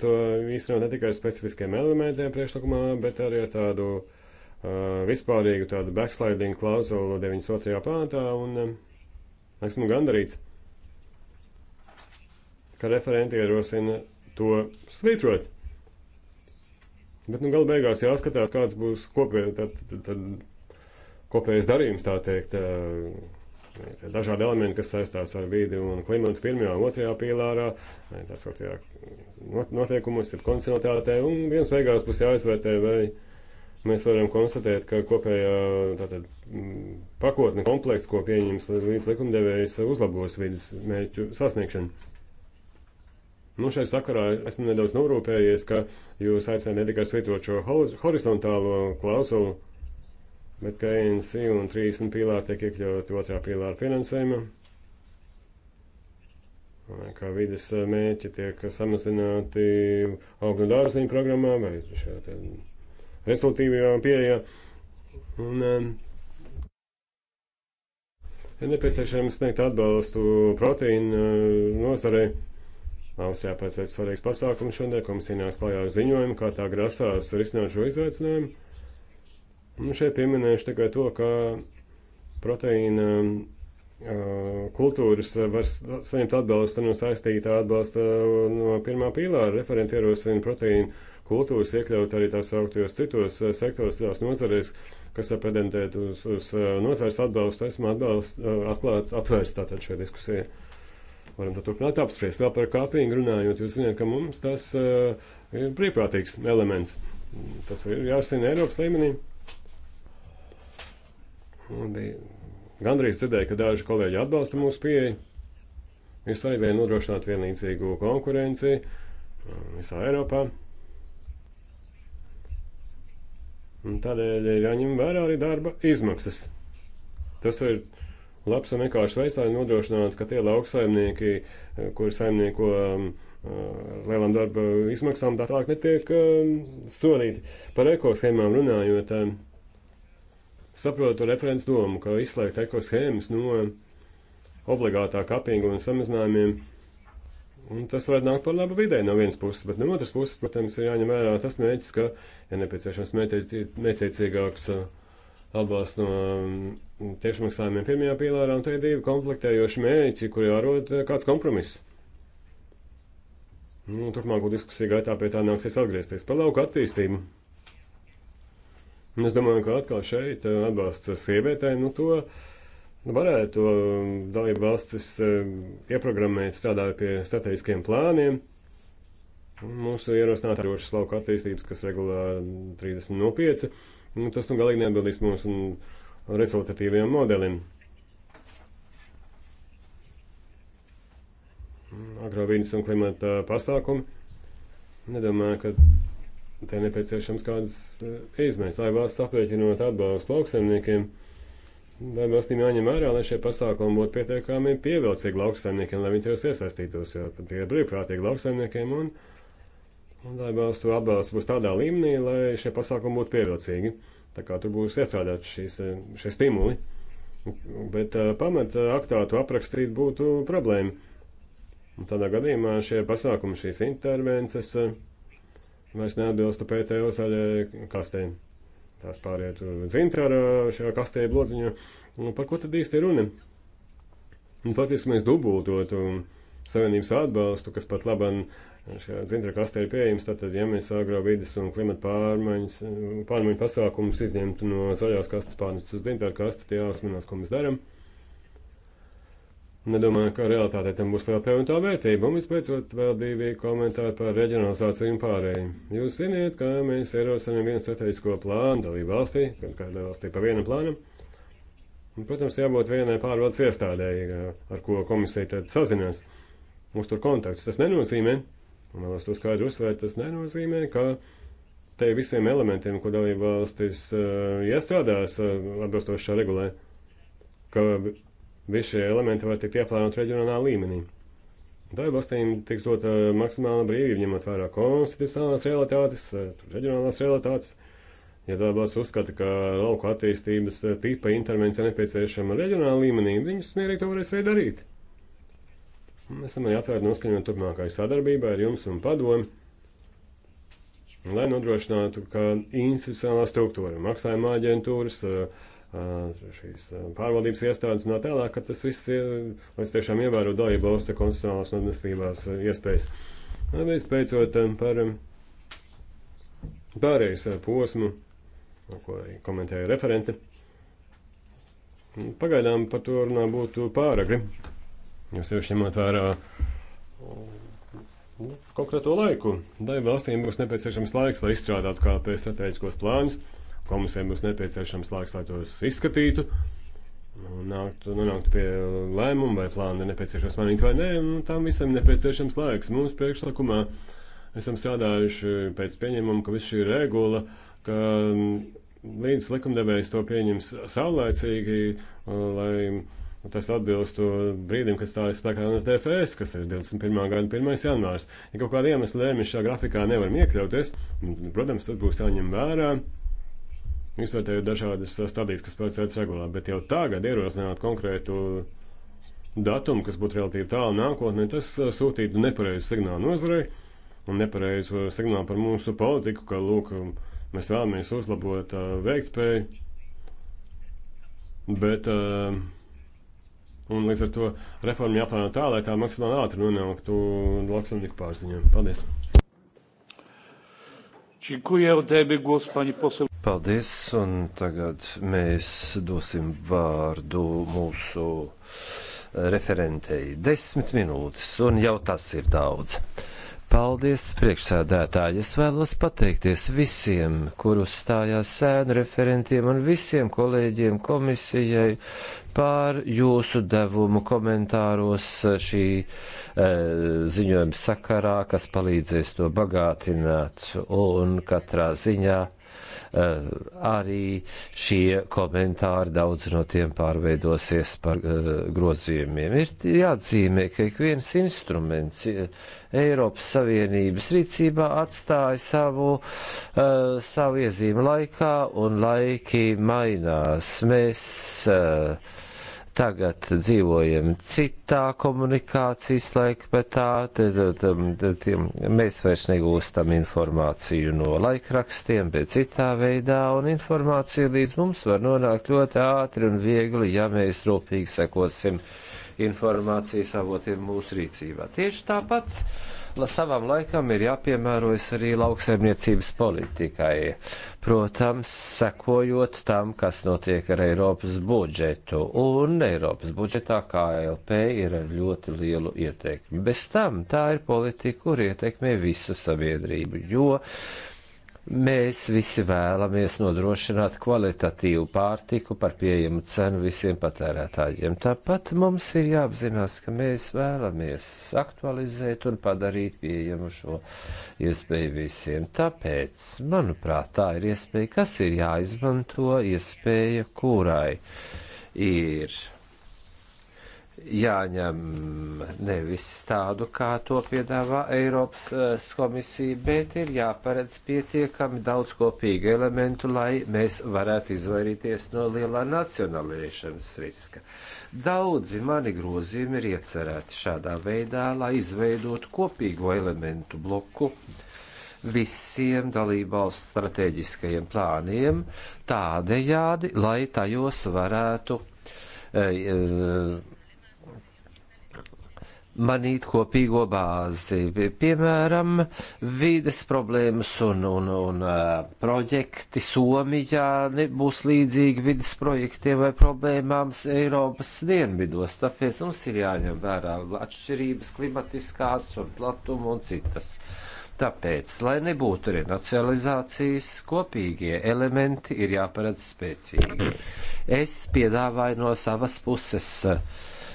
to īstenot ne tikai ar specifiskiem elementiem priekšlikumā, bet arī ar tādu uh, vispārīgu tādu backsliding klauzulu 92. pāntā, un uh, esmu gandarīts ka referenti ierosina to svītrot. Bet, nu, gala beigās jāskatās, kāds būs kopē, tad, tad, tad, kopējais darījums, tā teikt. Ir dažādi elementi, kas saistās ar vīdi un klimatu pirmajā un otrajā pīlārā, tā sauktā noteikumos, ir kondicionalitātē, un viens beigās būs jāizvērtē, vai mēs varam konstatēt, ka kopējā tātad, pakotne komplekss, ko pieņems līdz likumdevējs, uzlabos vidas mērķu sasniegšanu. Nu, šai sakarā esmu nedaudz norūpējies, ka jūs aicināt ne tikai sveitot šo horizontālo klauzulu, bet ka ANC un 30 pīlāri tiek iekļauti otrā pīlāra finansējuma, kā vides mēķi tiek samazināti augļu dārziņu programmā vai šajā resultīvajā pieejā. Un, um, ir nepieciešams sniegt atbalstu proteīnu uh, nozarei. Uh, Austrijā pēc veids svarīgs pasākums šodien komisija nāks klajā ar ziņojumu, kā tā grasās risināt šo izaicinājumu. Un šeit pieminēšu tikai to, ka proteīna kultūras var saņemt atbalstu no saistītā atbalsta no pirmā pīlāra. Referenti ierosina proteīnu kultūras iekļaut arī tās augtajos citos sektoros, citās nozarēs, kas var pretendēt uz, uz nozares atbalstu. Esmu atbalst, atklāts, atvērts tātad šai diskusijai varam to turpināt apspriest. Vēl par kāpīgu runājot, jūs zināt, ka mums tas uh, ir brīvprātīgs elements. Tas ir jāsina Eiropas līmenī. Un bija gandrīz dzirdēju, ka daži kolēģi atbalsta mūsu pieeju. Ir svarīgi, lai nodrošinātu vienlīdzīgu konkurenci eh, visā Eiropā. Un tādēļ ir jāņem vērā arī darba izmaksas. Tas ir labs un vienkāršs veids, lai nodrošinātu, ka tie lauksaimnieki, eh, kuri saimnieko um, eh, lielam darba izmaksām, tā tālāk netiek um, solīti. Par ekoshēmām runājot, eh, saprotu referents domu, ka izslēgt ekoshēmas no obligātā kapinga un samazinājumiem. Un tas var nākt par labu vidē no vienas puses, bet no otras puses, protams, ir jāņem vērā tas mērķis, ka ir ja nepieciešams mētiecīgāks. Mētiec, atbalsts no mm, tiešmaksājumiem pirmajā pīlārā, un te ir divi konfliktējoši mērķi, kur jārod eh, kāds kompromiss. Nu, turpmāko diskusiju gaitā pie tā nāksies atgriezties par lauku attīstību. Un es domāju, ka atkal šeit eh, atbalsts sievietēm, nu to varētu to mm, dalību valstis eh, ieprogrammēt, strādājot pie strateģiskiem plāniem. Mūsu ierosinātā drošas lauka attīstības, kas regulā 30 no 5. Nu, tas nu galīgi neatbildīs mūsu rezultatīviem modelim. Agrovīdas un klimata pasākumi. Nedomāju, ka te nepieciešams kādas eh, izmaiņas, lai valsts aprēķinot atbalstu lauksaimniekiem. Vai valstīm jāņem vērā, lai šie pasākumi būtu pietiekami pievilcīgi lauksaimniekiem, lai viņi tajos iesaistītos, jo tie ir brīvprātīgi lauksaimniekiem un lauksaimniekiem lai valstu atbalsts būs tādā līmenī, lai šie pasākumi būtu pievilcīgi. Tā kā tur būs iestrādāti šīs, eh, šie stimuli. Bet eh, pamata eh, aktā to aprakstīt būtu problēma. Un tādā gadījumā šie pasākumi, šīs intervences vairs neatbilstu PTO zaļai kastē. Tās pārietu dzintara šajā kastē blodziņā. Un par ko tad īsti runa? Un faktiski mēs dubultotu savienības atbalstu, kas pat labam uh, Zintra kastē ir pieejams, tātad, ja mēs agrā vidas un klimata pārmaiņas, pārmaiņu pasākumus izņemtu no zaļās kastes pārnes uz zintra kasti, tie jāuzmanās, ko mēs darām. Nedomāju, ka realitātē tam būs liela pievienotā vērtība. Un vispēcot vēl divi komentāri par reģionalizāciju un pārēju. Jūs ziniet, ka mēs ierosinām vienu strateģisko plānu dalību valstī, kādā valstī pa vienam plānam. Un, protams, jābūt vienai pārvaldes iestādēji, ar ko komisija tad sazinās. Mums tur kontaktus tas nenozīmē, Un vēlos to skaidri uzsvērt, tas nenozīmē, ka te visiem elementiem, ko dalība valstis uh, eh, iestrādās uh, atbilstošā regulē, ka visi šie elementi var tikt ieplānot reģionālā līmenī. Dalība valstīm tiks dota uh, maksimāla brīvība, ņemot vērā konstitucionālās realitātes, uh, reģionālās realitātes. Ja dalība valsts uzskata, ka lauku attīstības tipa intervencija nepieciešama reģionāla līmenī, viņas mierīgi to varēs arī darīt. Esam arī atvērti noskaņot turpmākai sadarbībai ar jums un padomu, lai nodrošinātu, ka institucionālā struktūra, maksājuma aģentūras, šīs pārvaldības iestādes un tā tālāk, ka tas viss, lai tiešām ievēro dalību valstu konstitucionālās un administrīvās iespējas. Vispēcot par pārējais posmu, ko komentēja referente. Pagaidām par to runā būtu pāragri. Jums ir ņemot vērā nu, konkrēto laiku. Daļai valstīm būs nepieciešams laiks, lai izstrādātu KLP strateģiskos plānus. Komisijām būs nepieciešams laiks, lai tos izskatītu. Nākt, nonākt pie lēmuma, vai plāna ir nepieciešams mainīt vai nē, un nu, tam visam nepieciešams laiks. Mūsu priekšlikumā esam strādājuši pēc pieņēmuma, ka viss šī regula, ka mm, līdz likumdevējs to pieņems saulēcīgi, lai Un tas atbilst brīdim, kad stājas spēkā NSDFS, kas ir 21. gada 1. janvārs. Ja kaut kāda iemesla dēļ mēs šajā grafikā nevaram iekļauties, un, nu, protams, tas būs jāņem vērā. Izvērtējot dažādas stadijas, kas paredzētas regulā, bet jau tagad ierosināt konkrētu datumu, kas būtu relatīvi tālu nākotnē, tas uh, sūtītu nepareizu signālu nozarei un nepareizu signālu par mūsu politiku, ka, lūk, mēs vēlamies uzlabot uh, veiktspēju, bet uh, Un līdz ar to reformu jāplāno tā, lai tā maksimāli ātri nonāktu lauksaimnieku pārziņām. Paldies! Paldies, un tagad mēs dosim vārdu mūsu referentei. Desmit minūtes, un jau tas ir daudz. Paldies, priekšsēdētāji! Es vēlos pateikties visiem, kur uzstājās sēnu referentiem un visiem kolēģiem komisijai par jūsu devumu komentāros šī e, ziņojuma sakarā, kas palīdzēs to bagātināt un katrā ziņā Eh, arī šie komentāri daudz no tiem pārveidosies par eh, grozījumiem. Ir jāatzīmē, ka ik viens instruments eh, Eiropas Savienības rīcībā atstāja savu, savu iezīmi laikā un laiki mainās. Mēs Tagad dzīvojam citā komunikācijas laikmetā, tad, tad, tad, mēs vairs negūstam informāciju no laikrakstiem, bet citā veidā, un informācija līdz mums var nonākt ļoti ātri un viegli, ja mēs rūpīgi sekosim informācijas avotiem mūsu rīcībā. Tieši tāpat la, savam laikam ir jāpiemērojas arī lauksaimniecības politikai. Protams, sekojot tam, kas notiek ar Eiropas budžetu. Un Eiropas budžetā KLP ir ar ļoti lielu ietekmi. Bez tam tā ir politika, kur ietekmē visu sabiedrību, jo Mēs visi vēlamies nodrošināt kvalitatīvu pārtiku par pieejamu cenu visiem patērētājiem. Tāpat mums ir jāapzinās, ka mēs vēlamies aktualizēt un padarīt pieejamu šo iespēju visiem. Tāpēc, manuprāt, tā ir iespēja, kas ir jāizmanto, iespēja, kurai ir jāņem nevis tādu, kā to piedāvā Eiropas eh, komisija, bet ir jāparedz pietiekami daudz kopīgu elementu, lai mēs varētu izvairīties no lielā nacionalizēšanas riska. Daudzi mani grozījumi ir iecerēti šādā veidā, lai izveidotu kopīgo elementu bloku visiem dalībvalstu strateģiskajiem plāniem tādējādi, lai tajos varētu e, e, manīt kopīgo bāzi. Piemēram, vīdes problēmas un, un, un projekti Somijā nebūs līdzīgi vidas projektiem vai problēmām Eiropas dienvidos, tāpēc mums ir jāņem vērā atšķirības klimatiskās un platuma un citas. Tāpēc, lai nebūtu renacionalizācijas, kopīgie elementi ir jāparedz spēcīgi. Es piedāvāju no savas puses uh,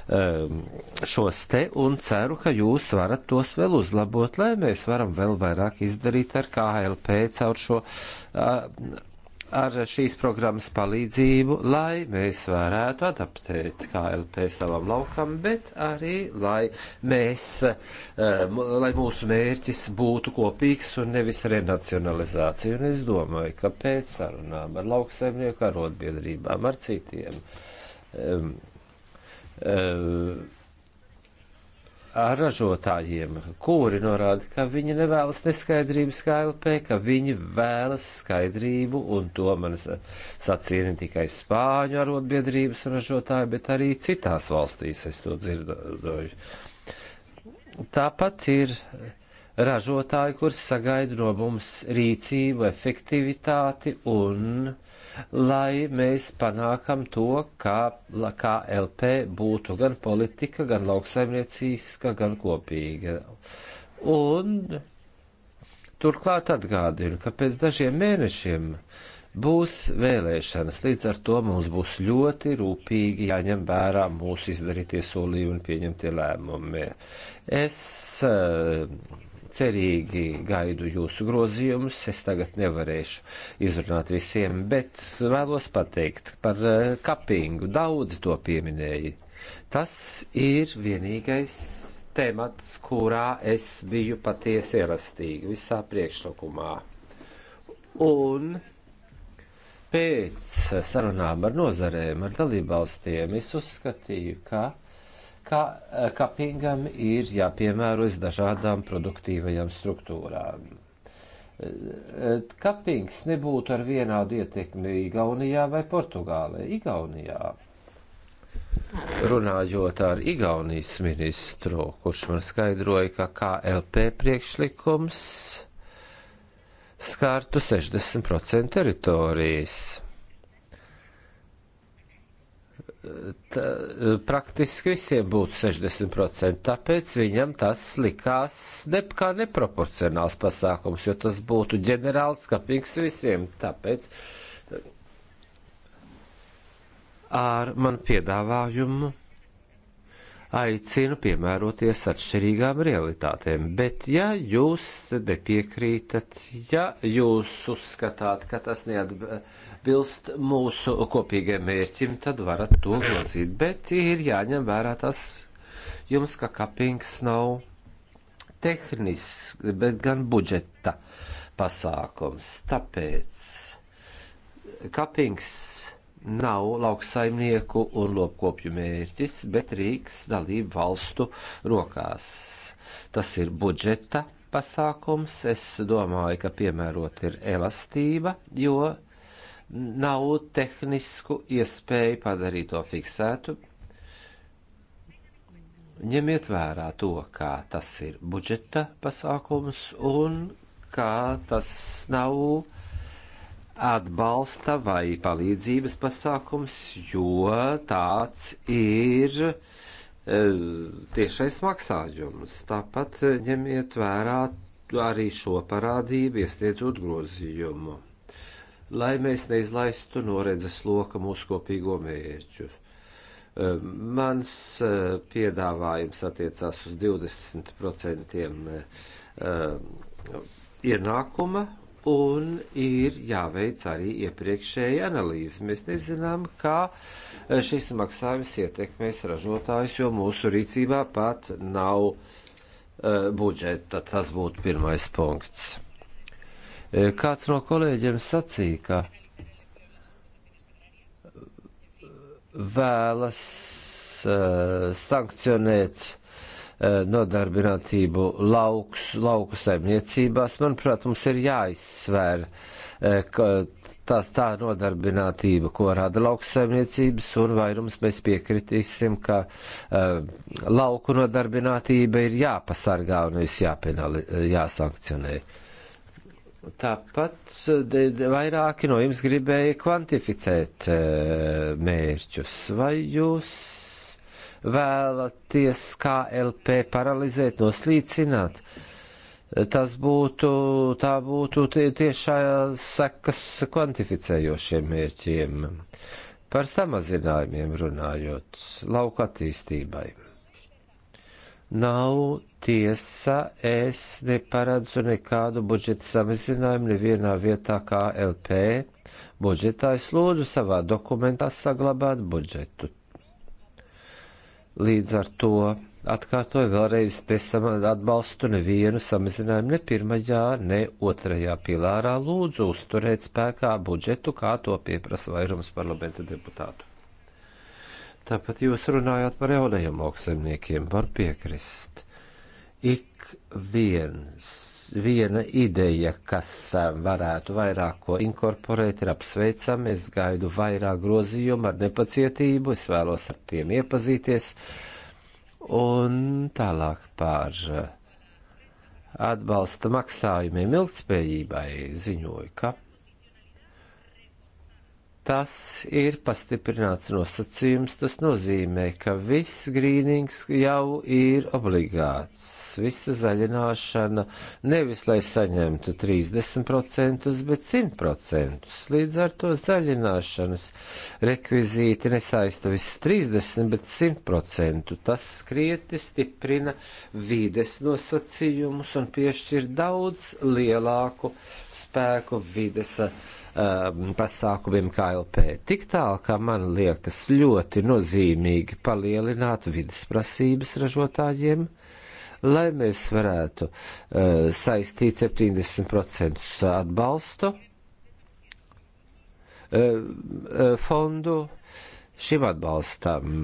Um, šos te un ceru, ka jūs varat tos vēl uzlabot, lai mēs varam vēl vairāk izdarīt ar KLP caur šo, ar šīs programmas palīdzību, lai mēs varētu adaptēt KLP savam laukam, bet arī, lai mēs, um, lai mūsu mērķis būtu kopīgs un nevis renacionalizācija. Un es domāju, ka pēc sarunām ar lauksaimnieku, ar rotbiedrībām, ar citiem. Um, ar ražotājiem, kuri norāda, ka viņi nevēlas neskaidrības KLP, ka viņi vēlas skaidrību, un to man sacīja ne tikai Spāņu arotbiedrības un ražotāji, bet arī citās valstīs es to dzirdēju. Tāpat ir ražotāji, kur sagaida no mums rīcību, efektivitāti un uh, lai mēs panākam to, kā, kā LP būtu gan politika, gan lauksaimniecīska, gan kopīga. Un turklāt atgādinu, ka pēc dažiem mēnešiem būs vēlēšanas, līdz ar to mums būs ļoti rūpīgi jāņem vērā mūsu izdarītie solījumi un pieņemtie lēmumi. Es uh, cerīgi gaidu jūsu grozījumus. Es tagad nevarēšu izrunāt visiem, bet vēlos pateikt par eh, kapingu. Daudzi to pieminēja. Tas ir vienīgais temats, kurā es biju patiesi elastīga visā priekšlikumā. Un pēc sarunām ar nozarēm, ar dalībvalstiem, es uzskatīju, ka ka kapingam eh, ir jāpiemērojas dažādām produktīvajām struktūrām. Kapings eh, eh, nebūtu ar vienādu ietekmi Igaunijā vai Portugālē. Igaunijā. Runājot ar Igaunijas ministru, kurš man skaidroja, ka KLP priekšlikums skārtu 60% teritorijas tā, eh, praktiski visiem būtu 60%, tāpēc viņam tas likās ne, kā neproporcionāls pasākums, jo tas būtu ģenerāls kapīgs visiem. Tāpēc eh, ar manu piedāvājumu aicinu piemēroties atšķirīgām realitātēm, bet ja jūs nepiekrītat, ja jūs uzskatāt, ka tas neatbilst mūsu kopīgiem mērķim, tad varat to grozīt, bet ir jāņem vērā tas jums, ka kapings nav tehnisks, bet gan budžeta pasākums, tāpēc kapings nav lauksaimnieku un lopkopju mērķis, bet Rīgas dalību valstu rokās. Tas ir budžeta pasākums. Es domāju, ka piemērot ir elastība, jo nav tehnisku iespēju padarīt to fiksētu. Ņemiet vērā to, kā tas ir budžeta pasākums un kā tas nav atbalsta vai palīdzības pasākums, jo tāds ir e, tiešais maksājums. Tāpat eh, ņemiet vērā arī šo parādību, iesniedzot grozījumu, lai mēs neizlaistu noredzes loka mūsu kopīgo mērķu. Eh, mans piedāvājums attiecās uz 20% ienākuma un ir jāveic arī iepriekšēja analīze. Mēs nezinām, kā e, šis maksājums ietekmēs ražotājus, jo mūsu rīcībā pat nav uh, budžeta. Tas būtu pirmais punkts. E, kāds no kolēģiem sacīja, ka vēlas uh, sankcionēt Eh, nodarbinātību lauks, lauku saimniecībās. Manuprāt, mums ir jāizsver eh, tās tā nodarbinātība, ko rada lauksaimniecības, un vairums nu mēs piekritīsim, ka uh, lauku nodarbinātība ir jāpasargā un nevis jāsankcionē. Tāpat de, de, vairāki no jums gribēja kvantificēt uh, mērķus. Vai jūs vēlaties KLP paralizēt, noslīcināt. Tas būtu, tā būtu tie, tiešā sekas kvantificējošiem mērķiem. Par samazinājumiem runājot, lauka attīstībai. Nav tiesa, es neparedzu nekādu budžeta samazinājumu nevienā vietā kā LP budžetā. Es lūdzu savā dokumentā saglabāt budžetu Līdz ar to atkārtoju vēlreiz, es atbalstu nevienu samazinājumu ne pirmajā, ne otrajā pilārā. Lūdzu uzturēt spēkā budžetu, kā to pieprasa vairums parlamenta deputātu. Tāpat jūs runājāt par jaunajiem lauksaimniekiem, var piekrist ik viens, viena ideja, kas varētu vairāk ko inkorporēt, ir apsveicama. Es gaidu vairāk grozījumu ar nepacietību, es vēlos ar tiem iepazīties. Un tālāk par atbalsta maksājumiem ilgspējībai ziņoju, ka tas ir pastiprināts nosacījums. Tas nozīmē, ka viss grīnings jau ir obligāts. Visa zaļināšana nevis lai saņemtu 30%, bet 100%. Līdz ar to zaļināšanas rekvizīti nesaista viss 30%, bet 100%. Tas krieti stiprina vides nosacījumus un piešķir daudz lielāku spēku vides nosacījumus um, pasākumiem KLP. Tik tālu, kā man liekas, ļoti nozīmīgi palielināt vidas prasības ražotājiem, lai mēs varētu uh, saistīt 70% atbalstu uh, uh, fondu šim atbalstam.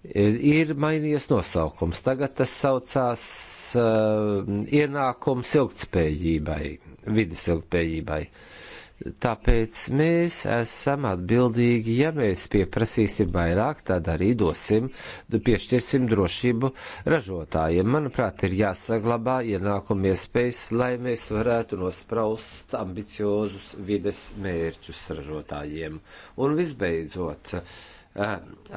Ir mainījies nosaukums. Tagad tas saucās uh, ienākums ilgtspējībai vidas ilgtspējībai. Tāpēc mēs esam atbildīgi, ja mēs pieprasīsim vairāk, tad arī dosim, piešķirsim drošību ražotājiem. Manuprāt, ir jāsaglabā ienākuma iespējas, lai mēs varētu nospraust ambiciozus vides mērķus ražotājiem. Un visbeidzot, uh,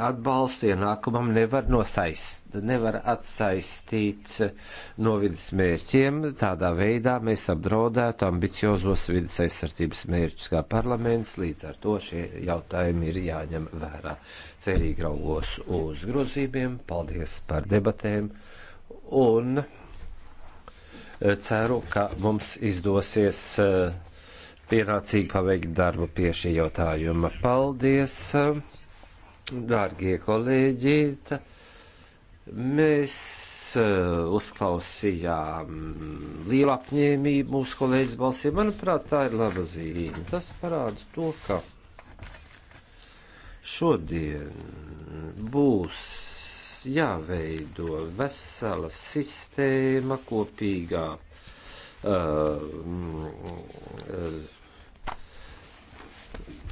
atbalstu ienākumam nevar, nosaist, nevar atsaistīt no vidas mērķiem. Tādā veidā mēs apdraudētu ambiciozos vidas aizsardzības mērķus kā parlaments, līdz ar to šie jautājumi ir jāņem vērā. Cerīgi raugos uz grozījumiem, paldies par debatēm un ceru, ka mums izdosies pienācīgi paveikt darbu pie šī jautājuma. Paldies! Dārgie kolēģi, tā, mēs uh, uzklausījām lielu apņēmību mūsu kolēģis balsī. Manuprāt, tā ir laba zīme. Tas parāda to, ka šodien būs jāveido vesela sistēma kopīgā. Uh, uh,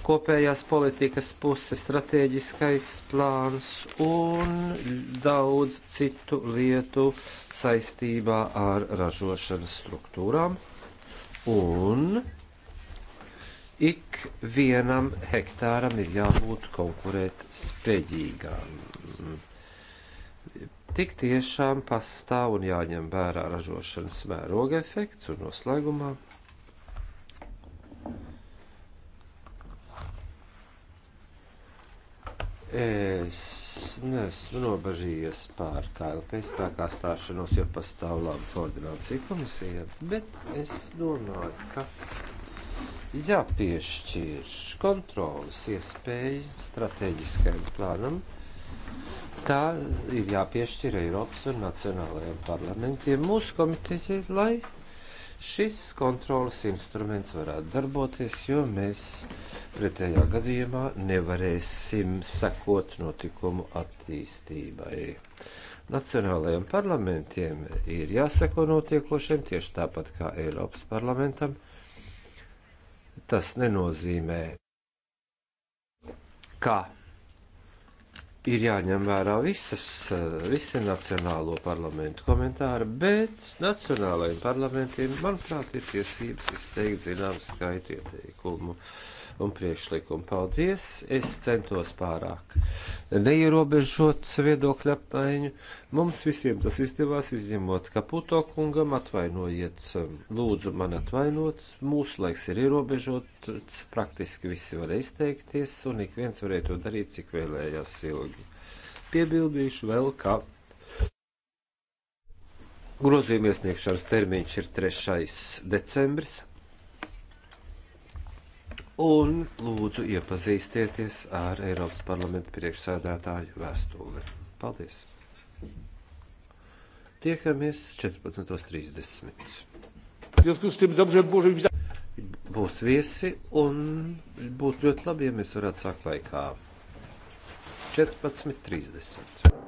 kopējās politikas puses, stratēģiskais plāns un daudz citu lietu saistībā ar ražošanas struktūrām. Un ik vienam hektāram ir jābūt konkurēt spējīgām. Tik tiešām pastāv un jāņem vērā ražošanas mēroga efekts un noslēgumā Es neesmu nobažījies par KLP spēkā stāšanos, jo pastāv laba koordinācija komisija, bet es domāju, ka jāpiešķir kontrolas iespēja strateģiskajam plānam. Tā ir jāpiešķir Eiropas un nacionālajiem parlamentiem mūsu komitejai, lai šis kontrolas instruments varētu darboties, jo mēs pretējā gadījumā nevarēsim sekot notikumu attīstībai. Nacionālajiem parlamentiem ir jāseko notiekošiem tieši tāpat kā Eiropas parlamentam. Tas nenozīmē, ka ir jāņem vērā visas, eh, visi nacionālo parlamentu komentāri, bet nacionālajiem parlamentiem, manuprāt, ir tiesības izteikt zinām skaitu ieteikumu. Uh, un priekšlikumu. Paldies! Es centos pārāk neierobežot viedokļu apmaiņu. Mums visiem tas izdevās, izņemot Kaputo kungam, atvainojiet, um, lūdzu man atvainot. Mūsu laiks ir ierobežots, praktiski visi varēja izteikties, un ik viens varēja to darīt, cik vēlējās ilgi. Piebildīšu vēl, ka Grozījuma iesniegšanas termiņš ir 3. decembris un lūdzu iepazīstieties ar Eiropas parlamenta priekšsēdētāju vēstuli. Paldies! Tiekamies 14.30. W związku z tym dobrze było, żeby... Būs viesi, un būs ļoti labi, ja mēs varētu sākt laikā 14.30.